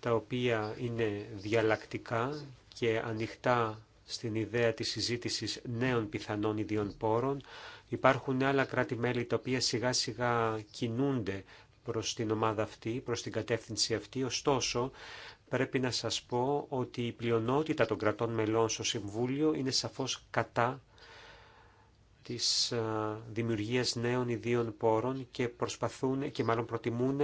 τα οποία είναι διαλλακτικά και ανοιχτά στην ιδέα της συζήτησης νέων πιθανών ιδίων πόρων. Υπάρχουν άλλα κράτη-μέλη τα οποία σιγά-σιγά κινούνται προς την ομάδα αυτή, προς την κατεύθυνση αυτή. Ωστόσο, πρέπει να σας πω ότι η πλειονότητα των κρατών μελών στο Συμβούλιο είναι σαφώς κατά της ε, δημιουργίας νέων ιδίων πόρων και προσπαθούν και μάλλον προτιμούν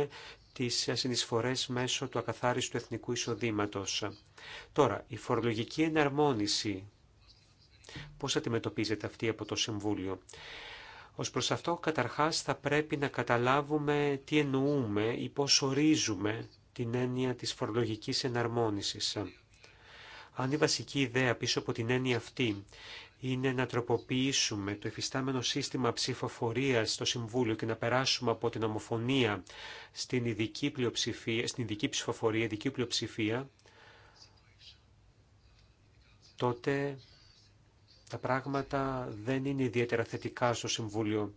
τις συνεισφορές μέσω του ακαθάριστου εθνικού εισοδήματος. Τώρα, η φορολογική εναρμόνιση. Πώς αντιμετωπίζεται αυτή από το Συμβούλιο. Ως προς αυτό, καταρχάς, θα πρέπει να καταλάβουμε τι εννοούμε ή πώς ορίζουμε την έννοια της φορολογικής εναρμόνισης. Αν η βασική ιδέα πίσω από την έννοια αυτή είναι να τροποποιήσουμε το εφιστάμενο σύστημα ψηφοφορίας στο Συμβούλιο και να περάσουμε από την ομοφωνία στην ειδική, πλειοψηφία, στην ειδική ψηφοφορία, ειδική πλειοψηφία, τότε τα πράγματα δεν είναι ιδιαίτερα θετικά στο Συμβούλιο.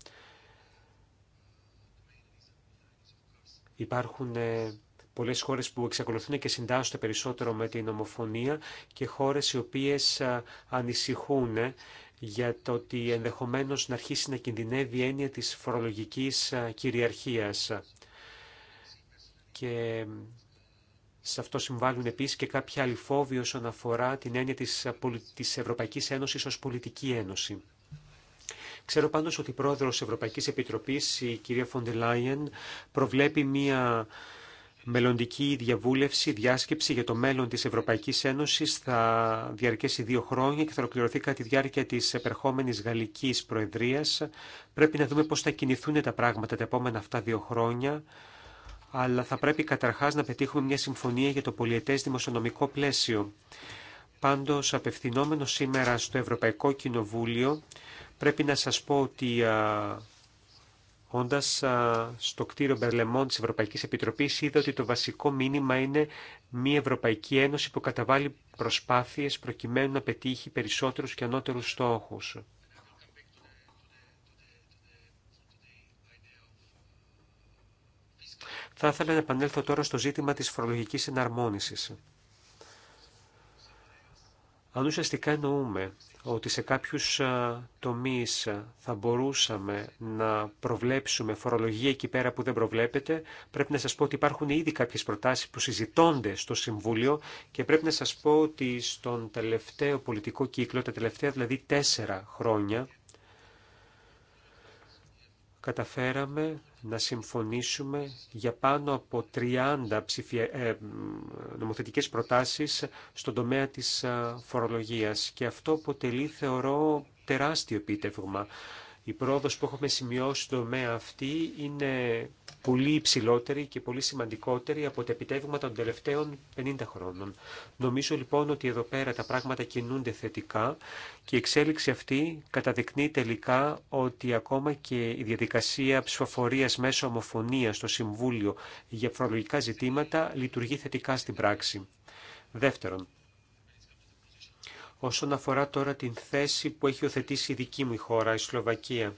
Υπάρχουν ε, πολλές χώρες που εξακολουθούν και συντάσσονται περισσότερο με την ομοφωνία και χώρες οι οποίες ανησυχούν για το ότι ενδεχομένως να αρχίσει να κινδυνεύει η έννοια της φορολογικής κυριαρχίας. Και σε αυτό συμβάλλουν επίσης και κάποια άλλη φόβη όσον αφορά την έννοια της, της Ευρωπαϊκής Ένωσης ως πολιτική ένωση. Ξέρω πάντως ότι η πρόεδρος Ευρωπαϊκής Επιτροπής, η κυρία Φοντελάιεν, προβλέπει μία μελλοντική διαβούλευση, διάσκεψη για το μέλλον της Ευρωπαϊκής Ένωσης θα διαρκέσει δύο χρόνια και θα ολοκληρωθεί κατά τη διάρκεια της επερχόμενης Γαλλικής Προεδρίας. Πρέπει να δούμε πώς θα κινηθούν τα πράγματα τα επόμενα αυτά δύο χρόνια, αλλά θα πρέπει καταρχάς να πετύχουμε μια συμφωνία για το πολιετές δημοσιονομικό πλαίσιο. Πάντως, απευθυνόμενο σήμερα στο Ευρωπαϊκό Κοινοβούλιο, πρέπει να σας πω ότι Όντα στο κτίριο Μπερλεμόν τη Ευρωπαϊκή Επιτροπή, είδα ότι το βασικό μήνυμα είναι μια Ευρωπαϊκή Ένωση που καταβάλει προσπάθειε προκειμένου να πετύχει περισσότερου και ανώτερου στόχου. Θα ήθελα να επανέλθω τώρα στο ζήτημα της φορολογικής εναρμόνισης. Αν ουσιαστικά εννοούμε ότι σε κάποιους ε, τομείς ε, θα μπορούσαμε να προβλέψουμε φορολογία εκεί πέρα που δεν προβλέπεται. Πρέπει να σας πω ότι υπάρχουν ήδη κάποιες προτάσεις που συζητώνται στο Συμβούλιο και πρέπει να σας πω ότι στον τελευταίο πολιτικό κύκλο, τα τελευταία δηλαδή τέσσερα χρόνια, καταφέραμε να συμφωνήσουμε για πάνω από 30 ψηφια... Ε, νομοθετικές προτάσεις στον τομέα της φορολογίας και αυτό αποτελεί θεωρώ τεράστιο επίτευγμα. Η πρόοδος που έχουμε σημειώσει στον τομέα αυτή είναι πολύ υψηλότερη και πολύ σημαντικότερη από τα επιτεύγματα των τελευταίων 50 χρόνων. Νομίζω λοιπόν ότι εδώ πέρα τα πράγματα κινούνται θετικά και η εξέλιξη αυτή καταδεικνύει τελικά ότι ακόμα και η διαδικασία ψηφοφορία μέσω ομοφωνία στο Συμβούλιο για προλογικά ζητήματα λειτουργεί θετικά στην πράξη. Δεύτερον, όσον αφορά τώρα την θέση που έχει οθετήσει η δική μου χώρα, η Σλοβακία.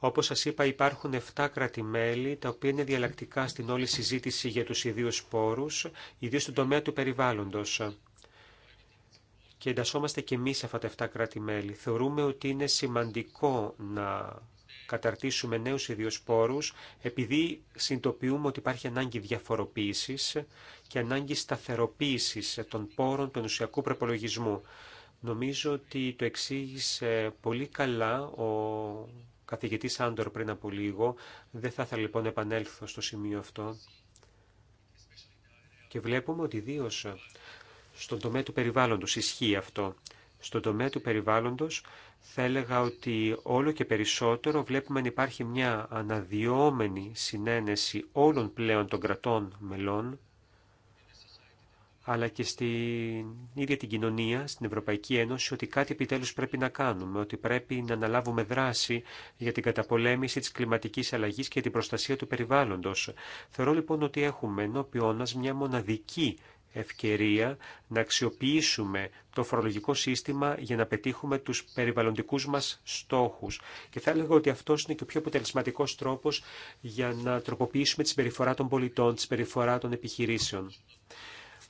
Όπως σας είπα υπάρχουν 7 κρατημέλη τα οποία είναι διαλλακτικά στην όλη συζήτηση για τους ιδίους πόρους, ιδίως στον τομέα του περιβάλλοντος. Και εντασσόμαστε και εμείς σε αυτά τα 7 κρατη Θεωρούμε ότι είναι σημαντικό να καταρτήσουμε νέους ιδίους πόρους, επειδή συνειδητοποιούμε ότι υπάρχει ανάγκη διαφοροποίησης και ανάγκη σταθεροποίησης των πόρων του ενουσιακού προπολογισμού. Νομίζω ότι το εξήγησε πολύ καλά ο καθηγητής Άντορ πριν από λίγο. Δεν θα ήθελα λοιπόν να επανέλθω στο σημείο αυτό. Και βλέπουμε ότι ιδίω στον τομέα του περιβάλλοντος ισχύει αυτό. Στον τομέα του περιβάλλοντος θα έλεγα ότι όλο και περισσότερο βλέπουμε να υπάρχει μια αναδυόμενη συνένεση όλων πλέον των κρατών μελών αλλά και στην ίδια την κοινωνία, στην Ευρωπαϊκή Ένωση, ότι κάτι επιτέλους πρέπει να κάνουμε, ότι πρέπει να αναλάβουμε δράση για την καταπολέμηση της κλιματικής αλλαγής και την προστασία του περιβάλλοντος. Θεωρώ λοιπόν ότι έχουμε ενώπιόν μας μια μοναδική ευκαιρία να αξιοποιήσουμε το φορολογικό σύστημα για να πετύχουμε τους περιβαλλοντικούς μας στόχους. Και θα έλεγα ότι αυτός είναι και ο πιο αποτελεσματικό τρόπος για να τροποποιήσουμε τη συμπεριφορά των πολιτών, τη συμπεριφορά των επιχειρήσεων.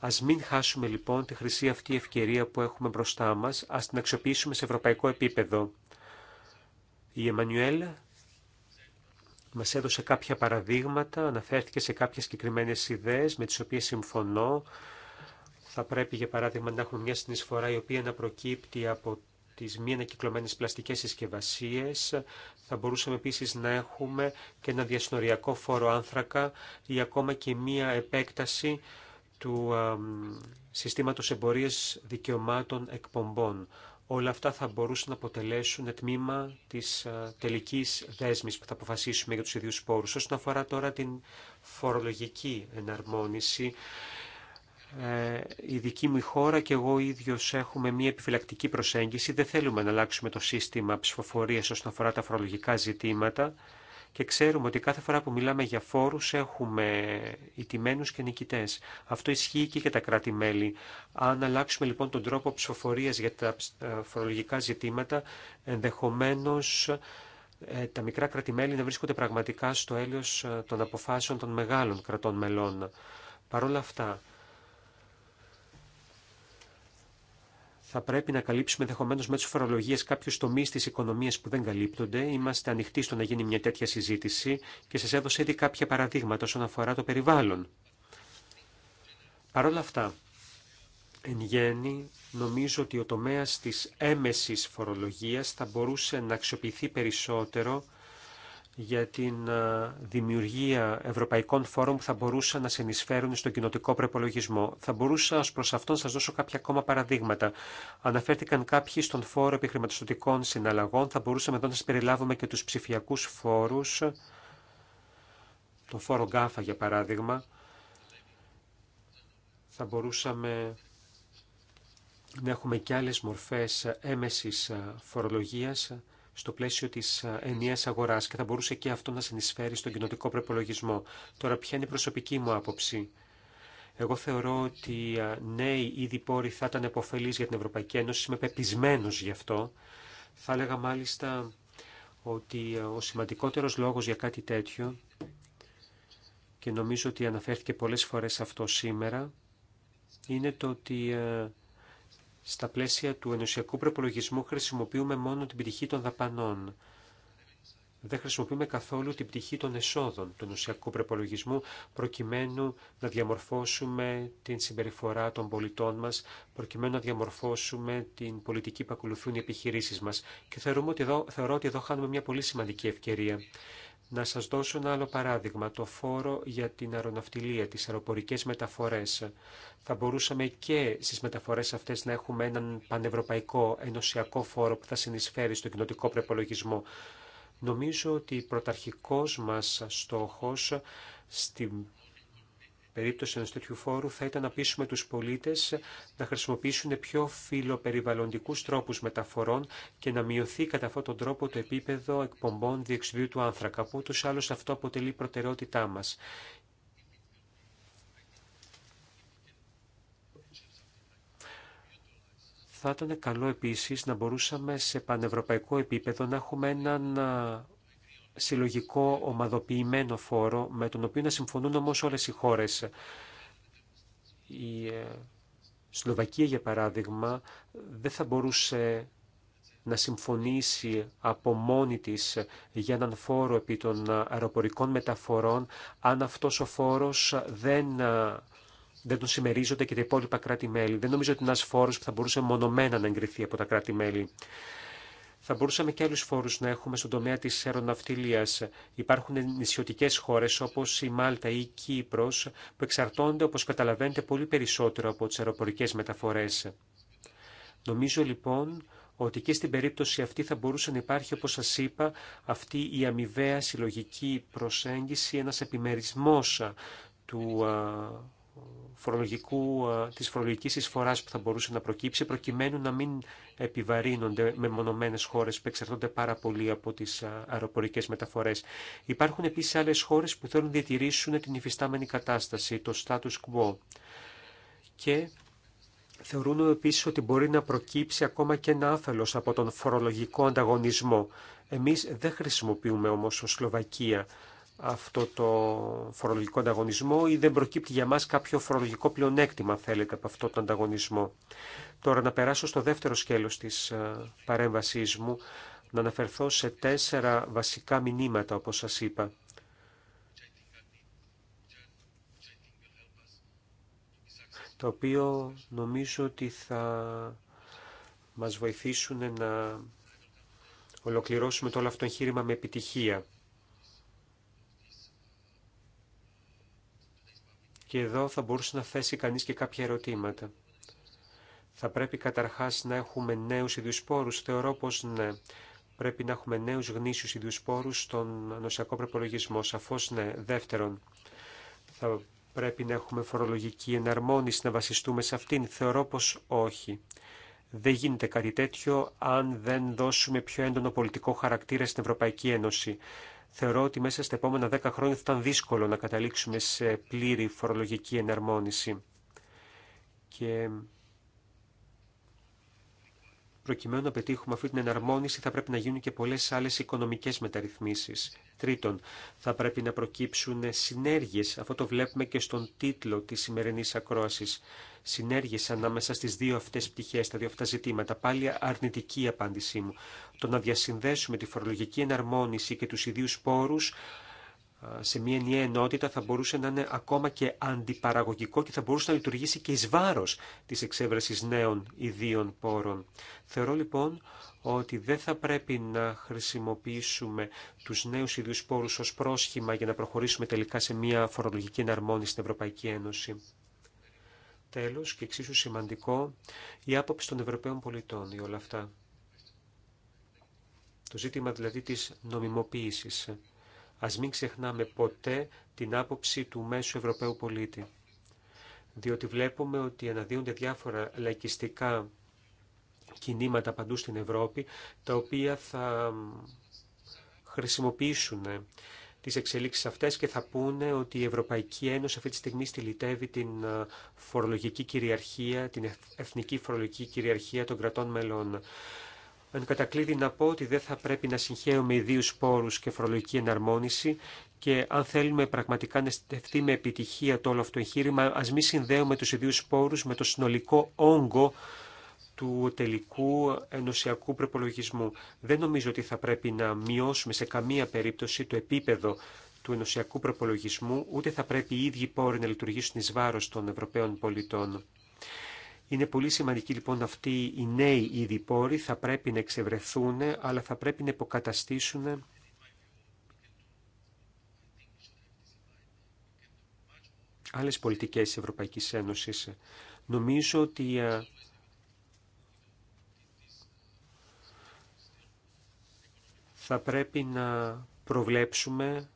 Ας μην χάσουμε λοιπόν τη χρυσή αυτή ευκαιρία που έχουμε μπροστά μας, ας την αξιοποιήσουμε σε ευρωπαϊκό επίπεδο. Η Εμμανιουέλ μας έδωσε κάποια παραδείγματα, αναφέρθηκε σε κάποιες συγκεκριμένε ιδέες με τις οποίες συμφωνώ. Θα πρέπει για παράδειγμα να έχουμε μια συνεισφορά η οποία να προκύπτει από τις μη ανακυκλωμένες πλαστικές συσκευασίε. Θα μπορούσαμε επίσης να έχουμε και ένα διασνοριακό φόρο άνθρακα ή ακόμα και μία επέκταση του συστήματος εμπορίας δικαιωμάτων εκπομπών. Όλα αυτά θα μπορούσαν να αποτελέσουν τμήμα της ε, τελικής δέσμης που θα αποφασίσουμε για τους ίδιους πόρους. Όσον αφορά τώρα την φορολογική εναρμόνιση, ε, η δική μου χώρα και εγώ ίδιος έχουμε μία επιφυλακτική προσέγγιση. Δεν θέλουμε να αλλάξουμε το σύστημα ψηφοφορίας όσον αφορά τα φορολογικά ζητήματα και ξέρουμε ότι κάθε φορά που μιλάμε για φόρους έχουμε ιτημένου και νικητέ. Αυτό ισχύει και για τα κράτη-μέλη. Αν αλλάξουμε λοιπόν τον τρόπο ψηφοφορία για τα ε, φορολογικά ζητήματα, ενδεχομένως ε, τα μικρά κράτη-μέλη να βρίσκονται πραγματικά στο έλεος ε, των αποφάσεων των μεγάλων κρατών μελών. Παρ' όλα αυτά, θα πρέπει να καλύψουμε ενδεχομένω με τι φορολογίε κάποιου τομεί τη οικονομία που δεν καλύπτονται. Είμαστε ανοιχτοί στο να γίνει μια τέτοια συζήτηση και σα έδωσα ήδη κάποια παραδείγματα όσον αφορά το περιβάλλον. Παρ' όλα αυτά, εν γέννη, νομίζω ότι ο τομέας τη έμεση φορολογίας θα μπορούσε να αξιοποιηθεί περισσότερο για την ε, δημιουργία ευρωπαϊκών φόρων που θα μπορούσαν να συνεισφέρουν στον κοινοτικό προπολογισμό. Θα μπορούσα ω προ αυτόν να σα δώσω κάποια ακόμα παραδείγματα. Αναφέρθηκαν κάποιοι στον φόρο επιχρηματοστοτικών συναλλαγών. Θα μπορούσαμε εδώ να συμπεριλάβουμε και του ψηφιακού φόρου, τον φόρο γκάφα για παράδειγμα. Θα μπορούσαμε να έχουμε και άλλες μορφές έμεσης ε, φορολογίας στο πλαίσιο τη ε, ενιαία αγορά και θα μπορούσε και αυτό να συνεισφέρει στον κοινοτικό προπολογισμό. Τώρα, ποια είναι η προσωπική μου άποψη. Εγώ θεωρώ ότι ε, νέοι ναι, ήδη πόροι θα ήταν επωφελεί για την Ευρωπαϊκή Ένωση. Είμαι πεπισμένο γι' αυτό. Θα έλεγα μάλιστα ότι ε, ο σημαντικότερος λόγος για κάτι τέτοιο και νομίζω ότι αναφέρθηκε πολλές φορές αυτό σήμερα είναι το ότι στα πλαίσια του ενωσιακού προπολογισμού χρησιμοποιούμε μόνο την πτυχή των δαπανών. Δεν χρησιμοποιούμε καθόλου την πτυχή των εσόδων του ενωσιακού προπολογισμού προκειμένου να διαμορφώσουμε την συμπεριφορά των πολιτών μας, προκειμένου να διαμορφώσουμε την πολιτική που ακολουθούν οι επιχειρήσεις μας. Και θεωρούμε ότι θεωρώ ότι εδώ χάνουμε μια πολύ σημαντική ευκαιρία. Να σας δώσω ένα άλλο παράδειγμα, το φόρο για την αεροναυτιλία, τις αεροπορικές μεταφορές. Θα μπορούσαμε και στις μεταφορές αυτές να έχουμε έναν πανευρωπαϊκό ενωσιακό φόρο που θα συνεισφέρει στο κοινοτικό προπολογισμό. Νομίζω ότι πρωταρχικός μας στόχος στην περίπτωση ενό τέτοιου φόρου θα ήταν να πείσουμε τους πολίτες να χρησιμοποιήσουν πιο φιλοπεριβαλλοντικούς τρόπους μεταφορών και να μειωθεί κατά αυτόν τον τρόπο το επίπεδο εκπομπών διεξιδίου του άνθρακα, που τους άλλω αυτό αποτελεί προτεραιότητά μας. Θα ήταν καλό επίσης να μπορούσαμε σε πανευρωπαϊκό επίπεδο να έχουμε έναν συλλογικό ομαδοποιημένο φόρο με τον οποίο να συμφωνούν όμως όλες οι χώρες. Η ε, Σλοβακία, για παράδειγμα, δεν θα μπορούσε να συμφωνήσει από μόνη της για έναν φόρο επί των αεροπορικών μεταφορών, αν αυτός ο φόρος δεν, δεν τον συμμερίζονται και τα υπόλοιπα κράτη-μέλη. Δεν νομίζω ότι είναι ένας φόρος που θα μπορούσε μονομένα να εγκριθεί από τα κράτη-μέλη. Θα μπορούσαμε και άλλου φόρους να έχουμε στον τομέα της αεροναυτιλία. Υπάρχουν νησιωτικές χώρες όπως η Μάλτα ή η Κύπρος που εξαρτώνται όπως καταλαβαίνετε πολύ περισσότερο από τι αεροπορικέ μεταφορές. Νομίζω λοιπόν ότι και στην περίπτωση αυτή θα μπορούσε να υπάρχει, όπως σας είπα, αυτή η αμοιβαία συλλογική προσέγγιση, ένας επιμερισμός του φορολογικού, ε, της φορολογικής εισφοράς που θα μπορούσε να προκύψει προκειμένου να μην επιβαρύνονται με μονομένες χώρες που εξαρτώνται πάρα πολύ από τις ε, αεροπορικές μεταφορές. Υπάρχουν επίσης άλλες χώρες που θέλουν να διατηρήσουν την υφιστάμενη κατάσταση, το status quo. Και θεωρούν επίσης ότι μπορεί να προκύψει ακόμα και ένα άφελος από τον φορολογικό ανταγωνισμό. Εμείς δεν χρησιμοποιούμε όμως ως Σλοβακία αυτό το φορολογικό ανταγωνισμό ή δεν προκύπτει για μας κάποιο φορολογικό πλεονέκτημα, θέλετε, από αυτό το ανταγωνισμό. Τώρα να περάσω στο δεύτερο σκέλος της ε, παρέμβασής μου, να αναφερθώ σε τέσσερα βασικά μηνύματα, όπως σας είπα. το οποίο νομίζω ότι θα μας βοηθήσουν να ολοκληρώσουμε το όλο αυτό το εγχείρημα με επιτυχία. Και εδώ θα μπορούσε να θέσει κανείς και κάποια ερωτήματα. Θα πρέπει καταρχάς να έχουμε νέους ιδιοσπόρους. Θεωρώ πως ναι. Πρέπει να έχουμε νέους γνήσιους ιδιοσπόρους στον νοσιακό προπολογισμό. Σαφώς ναι. Δεύτερον, θα πρέπει να έχουμε φορολογική εναρμόνιση, να βασιστούμε σε αυτήν. Θεωρώ πως όχι. Δεν γίνεται κάτι τέτοιο αν δεν δώσουμε πιο έντονο πολιτικό χαρακτήρα στην Ευρωπαϊκή Ένωση θεωρώ ότι μέσα στα επόμενα δέκα χρόνια θα ήταν δύσκολο να καταλήξουμε σε πλήρη φορολογική εναρμόνιση. Και Προκειμένου να πετύχουμε αυτή την εναρμόνιση θα πρέπει να γίνουν και πολλές άλλες οικονομικές μεταρρυθμίσεις. Τρίτον, θα πρέπει να προκύψουν συνέργειες, αυτό το βλέπουμε και στον τίτλο της σημερινής ακρόασης. Συνέργειες ανάμεσα στις δύο αυτές πτυχές, τα δύο αυτά ζητήματα. Πάλι αρνητική απάντησή μου. Το να διασυνδέσουμε τη φορολογική εναρμόνιση και τους ιδίους πόρους σε μια ενιαία ενότητα θα μπορούσε να είναι ακόμα και αντιπαραγωγικό και θα μπορούσε να λειτουργήσει και εις βάρος της εξέβρεσης νέων ιδίων πόρων. Θεωρώ λοιπόν ότι δεν θα πρέπει να χρησιμοποιήσουμε τους νέους ιδίους πόρους ως πρόσχημα για να προχωρήσουμε τελικά σε μια φορολογική εναρμόνιση στην Ευρωπαϊκή Ένωση. Τέλος και εξίσου σημαντικό, η άποψη των Ευρωπαίων πολιτών για όλα αυτά. Το ζήτημα δηλαδή της νομιμοποίησης. Ας μην ξεχνάμε ποτέ την άποψη του μέσου Ευρωπαίου πολίτη. Διότι βλέπουμε ότι αναδύονται διάφορα λαϊκιστικά κινήματα παντού στην Ευρώπη, τα οποία θα χρησιμοποιήσουν τις εξελίξεις αυτές και θα πούνε ότι η Ευρωπαϊκή Ένωση αυτή τη στιγμή στυλιτεύει την φορολογική κυριαρχία, την εθνική φορολογική κυριαρχία των κρατών μελών. Εν κατακλείδη να πω ότι δεν θα πρέπει να συγχαίουμε ιδίου πόρου και φορολογική εναρμόνιση και αν θέλουμε πραγματικά να στεφτεί με επιτυχία το όλο αυτό εγχείρημα, α μην συνδέουμε του ιδίου πόρου με το συνολικό όγκο του τελικού ενωσιακού προπολογισμού. Δεν νομίζω ότι θα πρέπει να μειώσουμε σε καμία περίπτωση το επίπεδο του ενωσιακού προπολογισμού, ούτε θα πρέπει οι ίδιοι πόροι να λειτουργήσουν ει βάρο των Ευρωπαίων πολιτών. Είναι πολύ σημαντική λοιπόν αυτοί οι νέοι ήδη πόροι, θα πρέπει να εξευρεθούν, αλλά θα πρέπει να υποκαταστήσουν άλλες πολιτικές της Ευρωπαϊκής Ένωσης. Νομίζω ότι ε, θα πρέπει να προβλέψουμε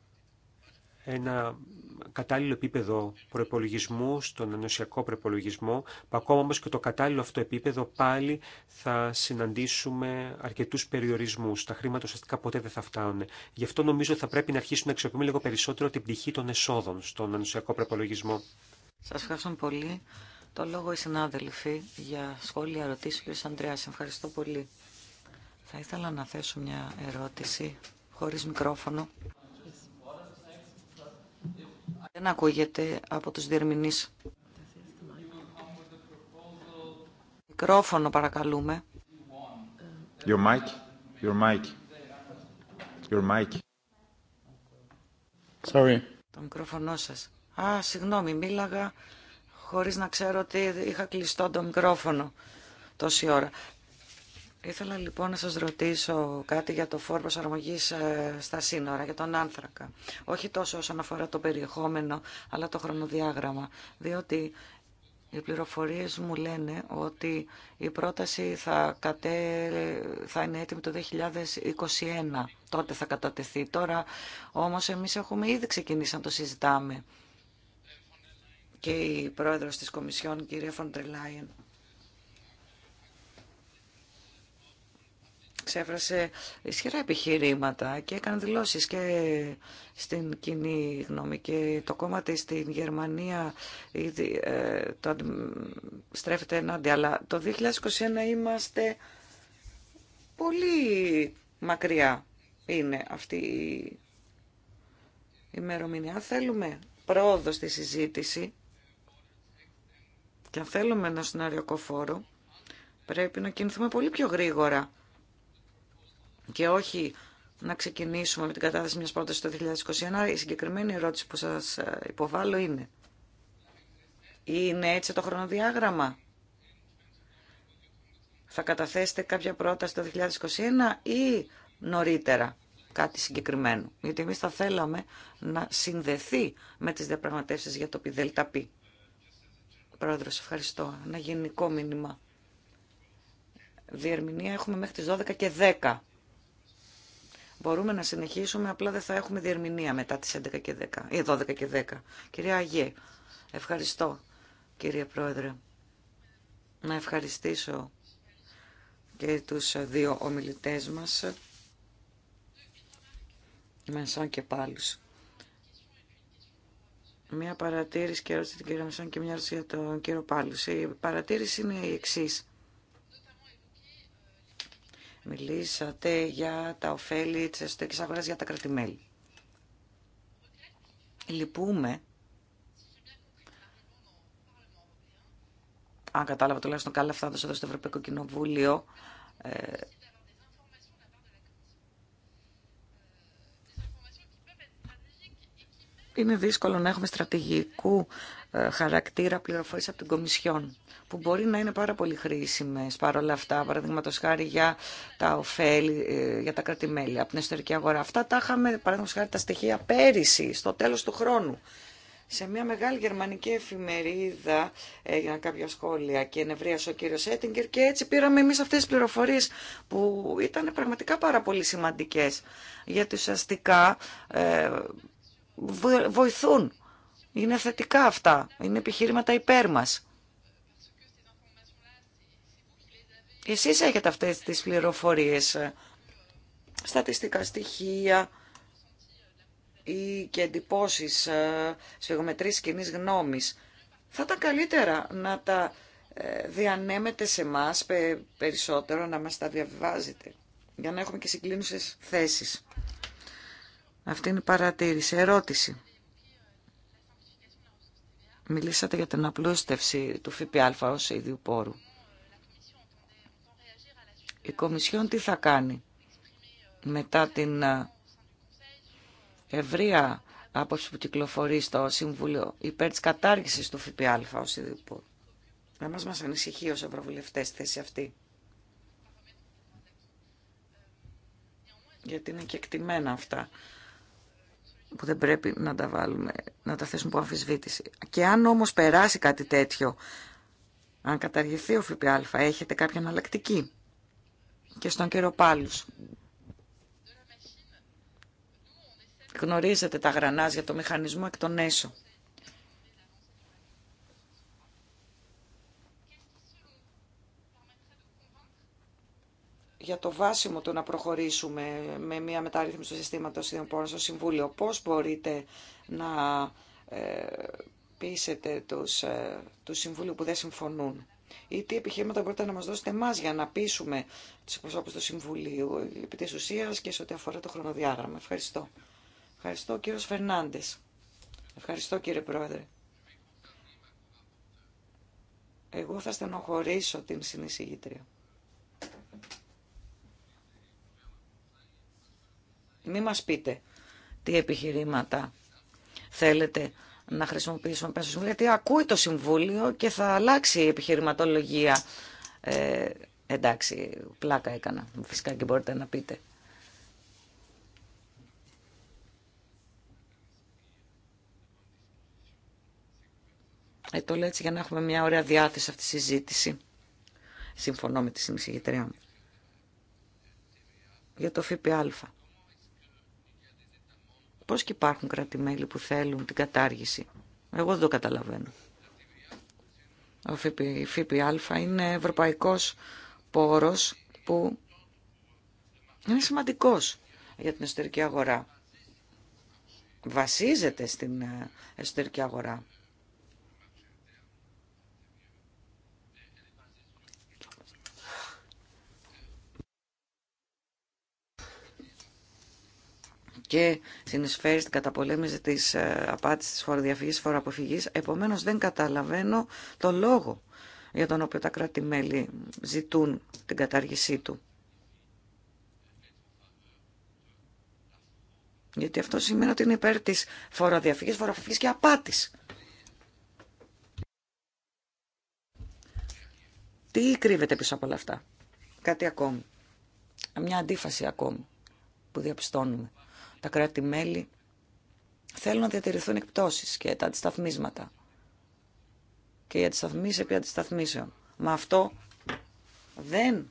ένα κατάλληλο επίπεδο προπολογισμού, στον ενωσιακό προπολογισμό, που ακόμα όμω και το κατάλληλο αυτό επίπεδο πάλι θα συναντήσουμε αρκετού περιορισμού. Τα χρήματα ουσιαστικά ποτέ δεν θα φτάνουν. Γι' αυτό νομίζω θα πρέπει να αρχίσουμε να αξιοποιούμε λίγο περισσότερο την πτυχή των εσόδων στον ενωσιακό προπολογισμό. Σα ευχαριστώ πολύ. Το λόγο οι συνάδελφοι για σχόλια, ερωτήσει. Κύριε Ανδρέα, ευχαριστώ πολύ. Θα ήθελα να θέσω μια ερώτηση χωρίς μικρόφωνο. Δεν ακούγεται από τους διερμηνείς. Μικρόφωνο παρακαλούμε. Your mic, your mic, your mic. Sorry. Το μικρόφωνο σας. Α, συγγνώμη, μίλαγα χωρίς να ξέρω ότι είχα κλειστό το μικρόφωνο τόση ώρα. Ήθελα λοιπόν να σας ρωτήσω κάτι για το φόρμα προσαρμογή ε, στα σύνορα, για τον άνθρακα. Όχι τόσο όσον αφορά το περιεχόμενο, αλλά το χρονοδιάγραμμα. Διότι οι πληροφορίες μου λένε ότι η πρόταση θα, κατέ... θα είναι έτοιμη το 2021. Τότε θα κατατεθεί. Τώρα όμως εμείς έχουμε ήδη ξεκινήσει να το συζητάμε. Και η πρόεδρος της Κομισιόν, κυρία Φοντρελάιεν, ξέφρασε ισχυρά επιχειρήματα και έκανε δηλώσεις και στην κοινή γνώμη και το κόμμα της στην Γερμανία ήδη, ε, το, στρέφεται ενάντια αλλά το 2021 είμαστε πολύ μακριά είναι αυτή η ημερομηνία. θέλουμε πρόοδο στη συζήτηση και αν θέλουμε ένα σενάριο κοφόρο πρέπει να κινηθούμε πολύ πιο γρήγορα και όχι να ξεκινήσουμε με την κατάθεση μιας πρότασης το 2021. Η συγκεκριμένη ερώτηση που σας ε, υποβάλλω είναι είναι έτσι το χρονοδιάγραμμα. Θα καταθέσετε κάποια πρόταση το 2021 ή νωρίτερα κάτι συγκεκριμένο. Γιατί εμείς θα θέλαμε να συνδεθεί με τις διαπραγματεύσεις για το ΠΔΠ. Πρόεδρος, ευχαριστώ. Ένα γενικό μήνυμα. Διερμηνία έχουμε μέχρι τις 12 και 10. Μπορούμε να συνεχίσουμε, απλά δεν θα έχουμε διερμηνία μετά τις 11 και 10, ή 12 και 10. Κυρία Αγιέ, ευχαριστώ κύριε Πρόεδρε. Να ευχαριστήσω και τους δύο ομιλητές μας, Μεσόν και Πάλους. Μία παρατήρηση και ερώτηση την κυρία Μεσόν και μια ερώτηση για τον κύριο Πάλους. Η παρατήρηση είναι η εξής. Μιλήσατε για τα ωφέλη της εσωτερικής αγοράς για τα κρατημέλη. Λυπούμε, αν κατάλαβα τουλάχιστον καλά αυτά εδώ στο Ευρωπαϊκό Κοινοβούλιο, ε, είναι δύσκολο να έχουμε στρατηγικού ε, χαρακτήρα πληροφορίες από την Κομισιόν, που μπορεί να είναι πάρα πολύ χρήσιμες παρόλα αυτά, παραδείγματο χάρη για τα ωφέλη, ε, για τα κρατημέλη από την εσωτερική αγορά. Αυτά τα είχαμε, παραδείγματο χάρη, τα στοιχεία πέρυσι, στο τέλος του χρόνου. Σε μια μεγάλη γερμανική εφημερίδα έγιναν κάποια σχόλια και ενευρίασε ο κύριο Έτιγκερ και έτσι πήραμε εμεί αυτέ τι πληροφορίε που ήταν πραγματικά πάρα πολύ σημαντικέ γιατί ουσιαστικά ε, βοηθούν είναι θετικά αυτά. Είναι επιχείρηματα υπέρ μας. Εσείς έχετε αυτές τις πληροφορίες, ε, στατιστικά στοιχεία ή και εντυπώσεις και ε, κοινή γνώμης. Θα ήταν καλύτερα να τα ε, διανέμετε σε εμά περισσότερο, να μας τα διαβιβάζετε, για να έχουμε και συγκλίνουσες θέσεις. Αυτή είναι η παρατήρηση. Ερώτηση. Μιλήσατε για την απλούστευση του ΦΠΑ ως ίδιου πόρου. Η Κομισιόν τι θα κάνει μετά την ε, ευρεία άποψη που κυκλοφορεί στο Συμβούλιο υπέρ της κατάργησης του ΦΠΑ ως ίδιου πόρου. Δεν μας ανησυχεί ως ευρωβουλευτές η θέση αυτή. Γιατί είναι και εκτιμένα αυτά που δεν πρέπει να τα βάλουμε, να τα θέσουμε από αμφισβήτηση. Και αν όμως περάσει κάτι τέτοιο, αν καταργηθεί ο ΦΠΑ, έχετε κάποια αναλλακτική. Και στον κύριο Πάλους. Γνωρίζετε τα γρανάζια, το μηχανισμό εκ των έσω. για το βάσιμο του να προχωρήσουμε με μια μεταρρύθμιση του συστήματος ιδιοπόρων στο Συμβούλιο. Πώς μπορείτε να ε, πείσετε τους, ε, τους Συμβούλου που δεν συμφωνούν ή τι επιχείρηματα μπορείτε να μας δώσετε εμά για να πείσουμε τους εκπροσώπους του Συμβουλίου επί της ουσίας και σε ό,τι αφορά το χρονοδιάγραμμα. Ευχαριστώ. Ευχαριστώ κύριο Φερνάντες. Ευχαριστώ κύριε Πρόεδρε. Εγώ θα στενοχωρήσω την συνεισηγήτρια. Μη μας πείτε τι επιχειρήματα θέλετε να χρησιμοποιήσουμε πέρα Συμβούλιο, γιατί ακούει το Συμβούλιο και θα αλλάξει η επιχειρηματολογία. Ε, εντάξει, πλάκα έκανα. Φυσικά και μπορείτε να πείτε. Ε, το λέω έτσι για να έχουμε μια ωραία διάθεση αυτή τη συζήτηση. Συμφωνώ με τη συνεισηγητριά μου. Για το ΦΠΑ. Πώς και υπάρχουν κρατημέλη που θέλουν την κατάργηση. Εγώ δεν το καταλαβαίνω. Ο ΦΠΑ είναι ευρωπαϊκός πόρος που είναι σημαντικός για την εσωτερική αγορά. Βασίζεται στην ε, εσωτερική αγορά. και συνεισφέρει στην καταπολέμηση της ε, απάτης της φοροδιαφυγής, φοροαποφυγής. Επομένως δεν καταλαβαίνω το λόγο για τον οποίο τα κράτη-μέλη ζητούν την κατάργησή του. Γιατί αυτό σημαίνει ότι είναι υπέρ της φοροδιαφυγής, φοροαποφυγής και απάτης. Τι κρύβεται πίσω από όλα αυτά. Κάτι ακόμη. Μια αντίφαση ακόμη που διαπιστώνουμε τα κράτη-μέλη θέλουν να διατηρηθούν εκπτώσεις και τα αντισταθμίσματα και οι αντισταθμίσεις επί αντισταθμίσεων. Μα αυτό δεν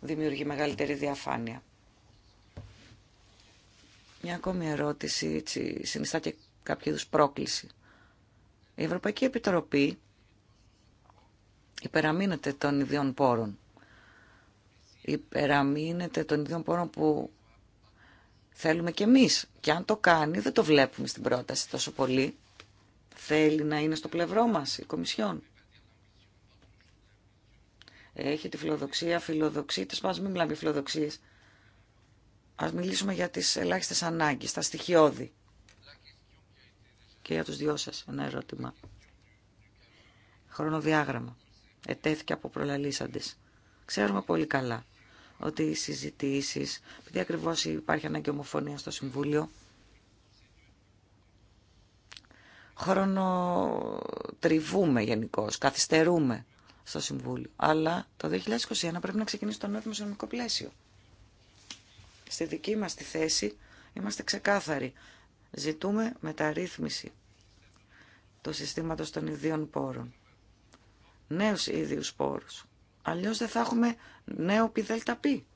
δημιουργεί μεγαλύτερη διαφάνεια. Μια ακόμη ερώτηση, έτσι, συνιστά και κάποια είδους πρόκληση. Η Ευρωπαϊκή Επιτροπή υπεραμείνεται των ιδιών πόρων. Υπεραμείνεται των ιδιών πόρων που Θέλουμε κι εμείς. Και αν το κάνει, δεν το βλέπουμε στην πρόταση τόσο πολύ. Θέλει να είναι στο πλευρό μας η Κομισιόν. Έχει τη φιλοδοξία, φιλοδοξία. Τις μην μιλάμε για φιλοδοξίες. Ας μιλήσουμε για τις ελάχιστες ανάγκες, τα στοιχειώδη. Και για τους δυο σας ένα ερώτημα. Χρονοδιάγραμμα. Ετέθηκε από προλαλήσαντες. Ξέρουμε πολύ καλά ότι οι συζητήσει επειδή ακριβώ υπάρχει ανάγκη ομοφωνία στο Συμβούλιο, τριβούμε γενικώ, καθυστερούμε στο Συμβούλιο. Αλλά το 2021 πρέπει να ξεκινήσει το νέο δημοσιονομικό πλαίσιο. Στη δική μας τη θέση είμαστε ξεκάθαροι. Ζητούμε μεταρρύθμιση του συστήματος των ιδίων πόρων. Νέους ίδιους πόρους. Αλλιώς δεν θα έχουμε νέο πι δελτα πι.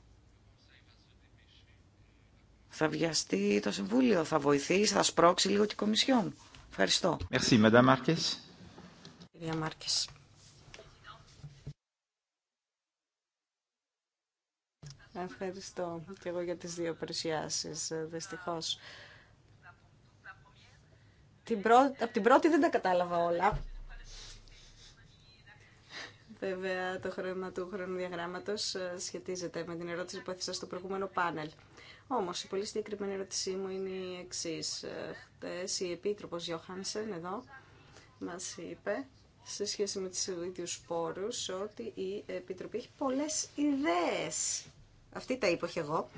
Θα βιαστεί το Συμβούλιο, θα βοηθήσει, θα σπρώξει λίγο την Κομισιόν. Ευχαριστώ. Merci, Madame Κυρία Μάρκες. Ευχαριστώ και εγώ για τις δύο παρουσιάσεις, ε, δυστυχώς. Την πρώτη, από την πρώτη δεν τα κατάλαβα όλα. Βέβαια, το χρόνο του χρονοδιαγράμματος ε, σχετίζεται με την ερώτηση που έθεσα στο προηγούμενο πάνελ. Όμως, η πολύ συγκεκριμένη ερώτησή μου είναι η εξή. Ε, χτες η Επίτροπος Γιώχανσεν εδώ μας είπε σε σχέση με τις ίδιους σπόρους, ότι η Επιτροπή έχει πολλές ιδέες. Αυτή τα είπα εγώ.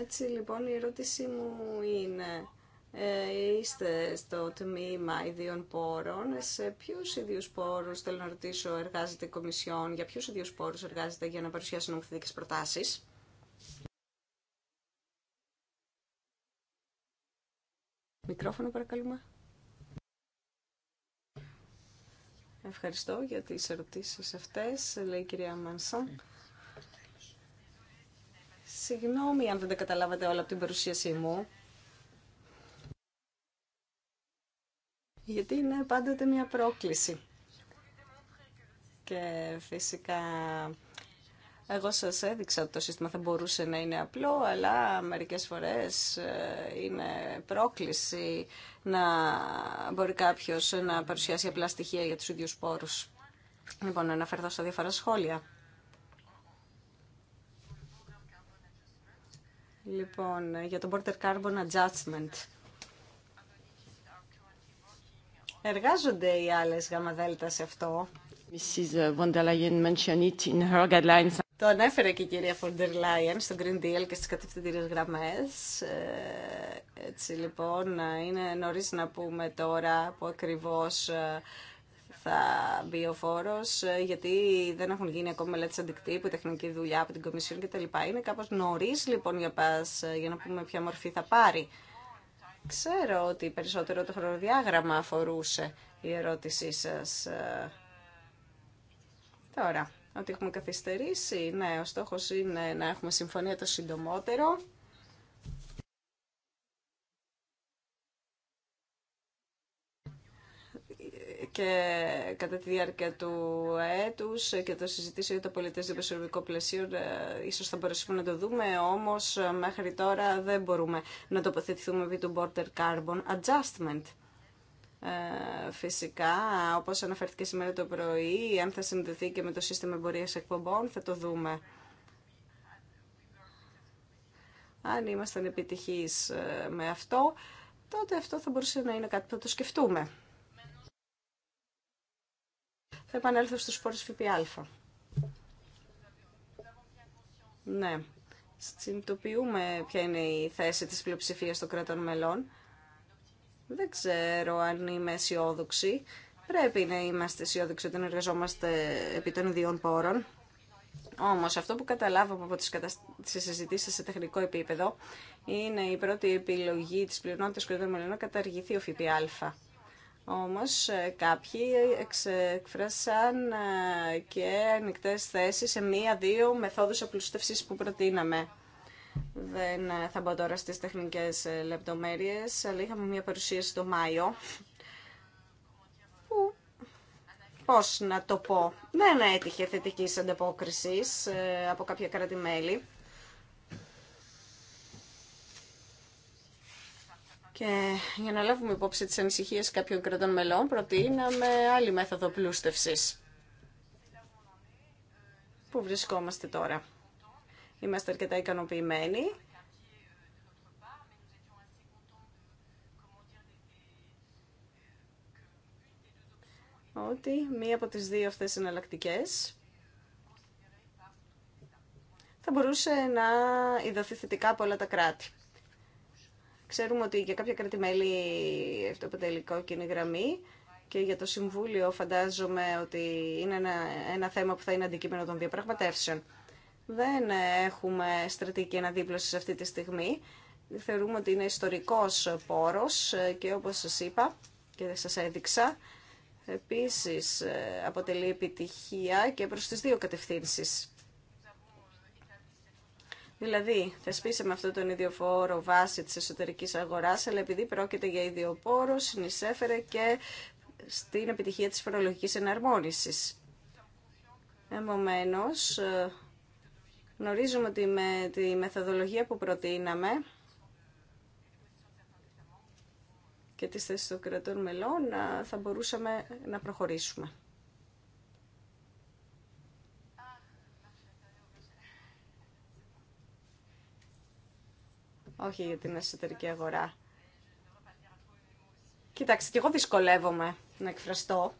Έτσι λοιπόν η ερώτησή μου είναι ε, είστε στο τμήμα ιδίων πόρων. Σε ποιου ιδίου πόρους, θέλω να ρωτήσω, εργάζεται η Κομισιόν, για ποιου ίδιου πόρου εργάζεται για να παρουσιάσει νομοθετικέ προτάσει. Μικρόφωνο παρακαλούμε. Ευχαριστώ για τις ερωτήσεις αυτές, λέει η κυρία Μανσάν. Συγγνώμη αν δεν τα καταλάβατε όλα από την παρουσίασή μου. γιατί είναι πάντοτε μια πρόκληση. Και φυσικά εγώ σας έδειξα ότι το σύστημα θα μπορούσε να είναι απλό, αλλά μερικές φορές ε, είναι πρόκληση να μπορεί κάποιος να παρουσιάσει απλά στοιχεία για τους ίδιους πόρους. Λοιπόν, να αναφερθώ στα διάφορα σχόλια. Λοιπόν, για το Border Carbon Adjustment. Εργάζονται οι άλλες γαμαδέλτα σε αυτό. Ε, Το ανέφερε και η κυρία Φοντερ Λάιεν στο Green Deal και στις κατευθυντήριες γραμμές. Ε, έτσι λοιπόν, είναι νωρίς να πούμε τώρα που ακριβώς ε, θα μπει ο φόρο, γιατί δεν έχουν γίνει ακόμα μελέτε αντικτύπου, τεχνική δουλειά από την Κομισιόν κτλ. Είναι κάπω νωρί λοιπόν για, πας, για να πούμε ποια μορφή θα πάρει. Ξέρω ότι περισσότερο το χρονοδιάγραμμα αφορούσε η ερώτησή σας. Τώρα, ότι έχουμε καθυστερήσει, ναι, ο στόχος είναι να έχουμε συμφωνία το συντομότερο. και κατά τη διάρκεια του έτους και το συζητήσει για το πολιτές δημοσιονομικό πλαίσιο ε, ίσως θα μπορέσουμε να το δούμε, όμως ε, μέχρι τώρα δεν μπορούμε να τοποθετηθούμε επί του Border Carbon Adjustment. Ε, φυσικά, όπως αναφέρθηκε σήμερα το πρωί, αν θα συνδεθεί και με το σύστημα εμπορίας εκπομπών θα το δούμε. Αν ήμασταν επιτυχείς ε, με αυτό, τότε αυτό θα μπορούσε να είναι κάτι που θα το σκεφτούμε. Θα επανέλθω στους σπόρους ΦΠΑ. Ναι, συνειδητοποιούμε ποια είναι η θέση της πλειοψηφίας των κρατών μελών. Δεν ξέρω αν είμαι αισιόδοξη. Πρέπει να είμαστε αισιόδοξοι όταν εργαζόμαστε επί των ιδιών πόρων. Όμως αυτό που καταλάβω από τις, κατασ... σε τεχνικό επίπεδο είναι η πρώτη επιλογή της πλειονότητας κρατών μελών να καταργηθεί ο ΦΠΑ. Όμως ε, κάποιοι εκφράσαν ε, και ανοιχτέ θέσεις σε μία-δύο μεθόδους απλουστευσής που προτείναμε. Δεν ε, θα μπω τώρα στις τεχνικές λεπτομέρειες, αλλά είχαμε μία παρουσίαση το Μάιο. Που, πώς να το πω, δεν έτυχε θετικής ανταπόκρισης από κάποια κράτη-μέλη. Και για να λάβουμε υπόψη τις ανησυχίες κάποιων κρατών μελών, προτείναμε άλλη μέθοδο πλούστευσης. Πού βρισκόμαστε τώρα. Είμαστε αρκετά ικανοποιημένοι. ότι μία από τις δύο αυτές εναλλακτικέ θα μπορούσε να ειδωθεί θετικά από όλα τα κράτη. Ξέρουμε ότι για κάποια κρατημέλη αυτό το τελικό γραμμή και για το Συμβούλιο φαντάζομαι ότι είναι ένα, ένα θέμα που θα είναι αντικείμενο των διαπραγματεύσεων. Δεν έχουμε στρατηγική αναδίπλωση αυτή τη στιγμή. Θεωρούμε ότι είναι ιστορικός πόρος και όπως σας είπα και σας έδειξα, επίσης αποτελεί επιτυχία και προς τις δύο κατευθύνσεις. Δηλαδή, θεσπίσαμε αυτό τον ιδιοφόρο βάση της εσωτερικής αγοράς, αλλά επειδή πρόκειται για ιδιοπόρο, συνεισέφερε και στην επιτυχία της φορολογικής εναρμόνισης. Επομένω, ε, γνωρίζουμε ότι με τη μεθοδολογία που προτείναμε και τις θέσεις των κρατών μελών ε, θα μπορούσαμε να προχωρήσουμε. όχι για την εσωτερική αγορά. Κοιτάξτε, και εγώ δυσκολεύομαι να εκφραστώ.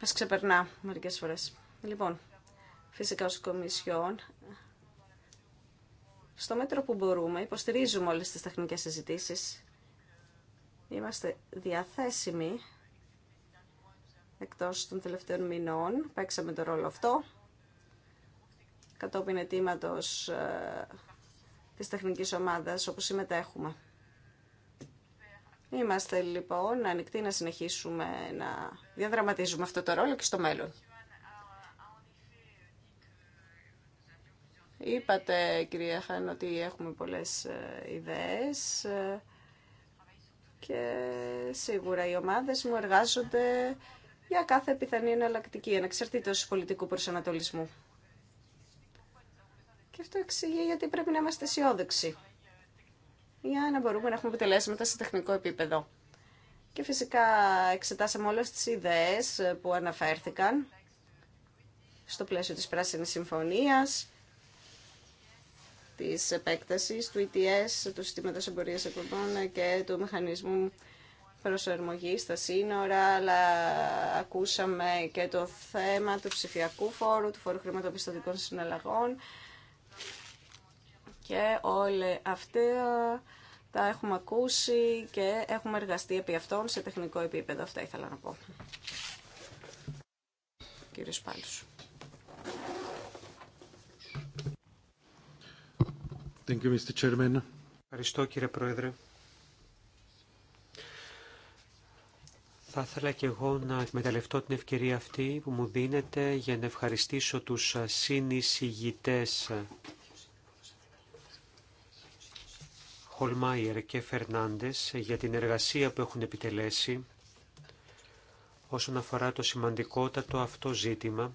Μας ξεπερνά μερικέ φορές. Λοιπόν, φυσικά ω Κομισιόν, στο μέτρο που μπορούμε, υποστηρίζουμε όλε τις τεχνικέ συζητήσει. Είμαστε διαθέσιμοι, εκτός των τελευταίων μηνών, παίξαμε το ρόλο αυτό κατόπιν αιτήματος ε, της τεχνικής ομάδας όπου συμμετέχουμε. Είμαστε λοιπόν ανοιχτοί να συνεχίσουμε να διαδραματίζουμε αυτό το ρόλο και στο μέλλον. Είπατε, κυρία Χάν, ότι έχουμε πολλές ε, ιδέες ε, και σίγουρα οι ομάδες μου εργάζονται για κάθε πιθανή εναλλακτική, ανεξαρτήτως πολιτικού προσανατολισμού. Και αυτό εξηγεί γιατί πρέπει να είμαστε αισιόδοξοι για να μπορούμε να έχουμε επιτελέσματα σε τεχνικό επίπεδο. Και φυσικά εξετάσαμε όλες τις ιδέες που αναφέρθηκαν στο πλαίσιο της Πράσινης Συμφωνίας, της επέκτασης του ETS, του Συστήματος Εμπορίας Εκπομπών και του Μηχανισμού Προσαρμογής στα σύνορα, αλλά ακούσαμε και το θέμα του ψηφιακού φόρου, του φόρου χρηματοπιστωτικών συναλλαγών και όλα αυτά ε, τα έχουμε ακούσει και έχουμε εργαστεί επί αυτών σε τεχνικό επίπεδο. Αυτά ήθελα να πω. Κύριε Σπάλους. Ευχαριστώ κύριε Πρόεδρε. Θα ήθελα και εγώ να εκμεταλλευτώ την ευκαιρία αυτή που μου δίνεται για να ευχαριστήσω τους συνεισηγητές Χολμάιερ και Φερνάντες για την εργασία που έχουν επιτελέσει όσον αφορά το σημαντικότατο αυτό ζήτημα,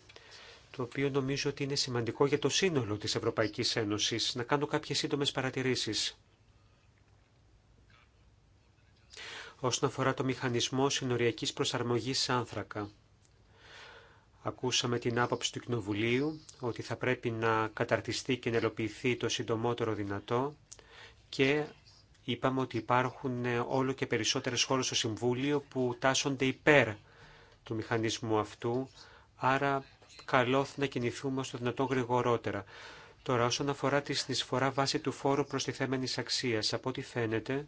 το οποίο νομίζω ότι είναι σημαντικό για το σύνολο της Ευρωπαϊκής Ένωσης. Να κάνω κάποιες σύντομες παρατηρήσεις. Όσον αφορά το μηχανισμό συνοριακής προσαρμογής άνθρακα. Ακούσαμε την άποψη του Κοινοβουλίου ότι θα πρέπει να καταρτιστεί και να ελοπιθεί το συντομότερο δυνατό και είπαμε ότι υπάρχουν όλο και περισσότερες χώρες στο Συμβούλιο που τάσσονται υπέρ του μηχανισμού αυτού, άρα καλό θα να κινηθούμε στο δυνατό γρηγορότερα. Τώρα, όσον αφορά τη συνεισφορά βάση του φόρου προστιθέμενης αξίας, από ό,τι φαίνεται,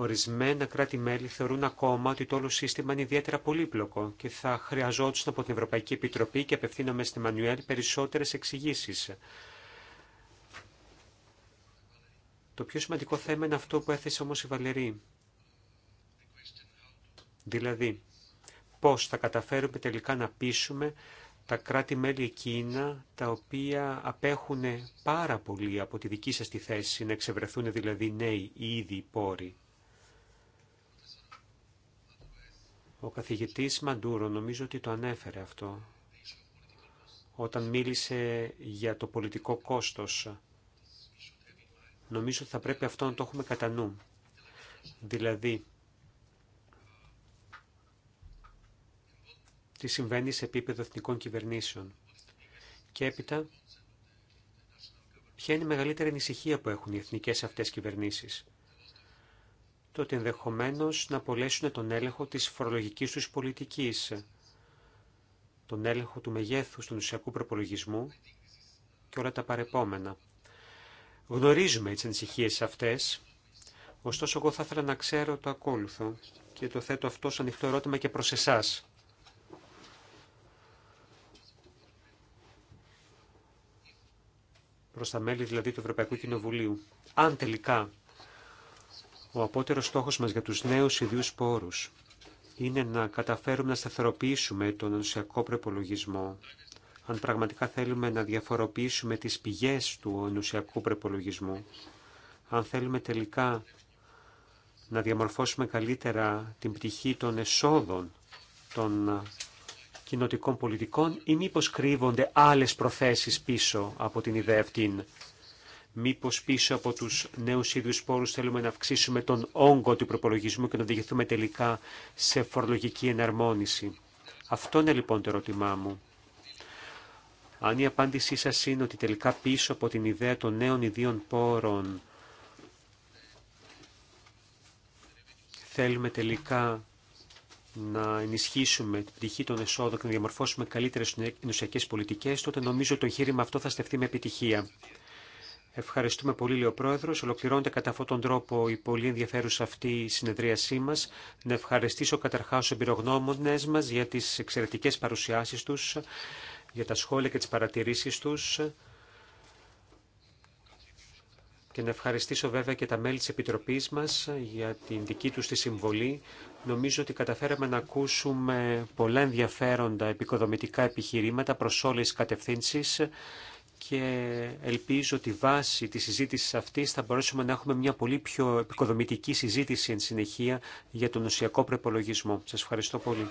Ορισμένα κράτη-μέλη θεωρούν ακόμα ότι το όλο σύστημα είναι ιδιαίτερα πολύπλοκο και θα χρειαζόντουσαν από την Ευρωπαϊκή Επιτροπή και απευθύνομαι στη Μανουέλ περισσότερε εξηγήσει. Το πιο σημαντικό θέμα είναι αυτό που έθεσε όμως η Βαλερή. Δηλαδή, πώς θα καταφέρουμε τελικά να πείσουμε τα κράτη-μέλη εκείνα, τα οποία απέχουν πάρα πολύ από τη δική σας τη θέση, να εξευρεθούν δηλαδή νέοι ή ήδη πόροι. Ο καθηγητής Μαντούρο νομίζω ότι το ανέφερε αυτό, όταν μίλησε για το πολιτικό κόστος νομίζω ότι θα πρέπει αυτό να το έχουμε κατά νου. Δηλαδή, τι συμβαίνει σε επίπεδο εθνικών κυβερνήσεων. Και έπειτα, ποια είναι η μεγαλύτερη ανησυχία που έχουν οι εθνικές αυτές κυβερνήσεις. Το ότι ενδεχομένω να απολέσουν τον έλεγχο της φορολογικής τους πολιτικής, τον έλεγχο του μεγέθους του νοσιακού προπολογισμού και όλα τα παρεπόμενα. Γνωρίζουμε τις ανησυχίες αυτές, ωστόσο εγώ θα ήθελα να ξέρω το ακόλουθο και το θέτω αυτό σαν ανοιχτό ερώτημα και προς εσάς. Προς τα μέλη δηλαδή του Ευρωπαϊκού Κοινοβουλίου. Αν τελικά ο απότερος στόχος μας για τους νέους ιδίους πόρους είναι να καταφέρουμε να σταθεροποιήσουμε τον ενωσιακό προπολογισμό αν πραγματικά θέλουμε να διαφοροποιήσουμε τις πηγές του ενουσιακού προπολογισμού, αν θέλουμε τελικά να διαμορφώσουμε καλύτερα την πτυχή των εσόδων των κοινοτικών πολιτικών ή μήπως κρύβονται άλλες προθέσεις πίσω από την ιδέα αυτήν. Μήπως πίσω από τους νέους ίδιους πόρους θέλουμε να αυξήσουμε τον όγκο του προπολογισμού και να οδηγηθούμε τελικά σε φορολογική εναρμόνιση. Αυτό είναι λοιπόν το ερώτημά μου. Αν η απάντησή σας είναι ότι τελικά πίσω από την ιδέα των νέων ιδίων πόρων θέλουμε τελικά να ενισχύσουμε την πτυχή των εσόδων και να διαμορφώσουμε καλύτερε νοσιακέ πολιτικέ, τότε νομίζω ότι το εγχείρημα αυτό θα στεφτεί με επιτυχία. Ευχαριστούμε πολύ, λέει ο Πρόεδρο. Ολοκληρώνεται κατά αυτόν τον τρόπο η πολύ ενδιαφέρουσα αυτή η συνεδρίασή μα. Να ευχαριστήσω καταρχά του εμπειρογνώμονε μα για τι εξαιρετικέ παρουσιάσει του για τα σχόλια και τις παρατηρήσεις τους και να ευχαριστήσω βέβαια και τα μέλη της Επιτροπής μας για την δική τους τη συμβολή. Νομίζω ότι καταφέραμε να ακούσουμε πολλά ενδιαφέροντα επικοδομητικά επιχειρήματα προς όλες τις κατευθύνσεις και ελπίζω ότι βάση της συζήτησης αυτής θα μπορέσουμε να έχουμε μια πολύ πιο επικοδομητική συζήτηση εν συνεχεία για τον ουσιακό προπολογισμό. Σας ευχαριστώ πολύ.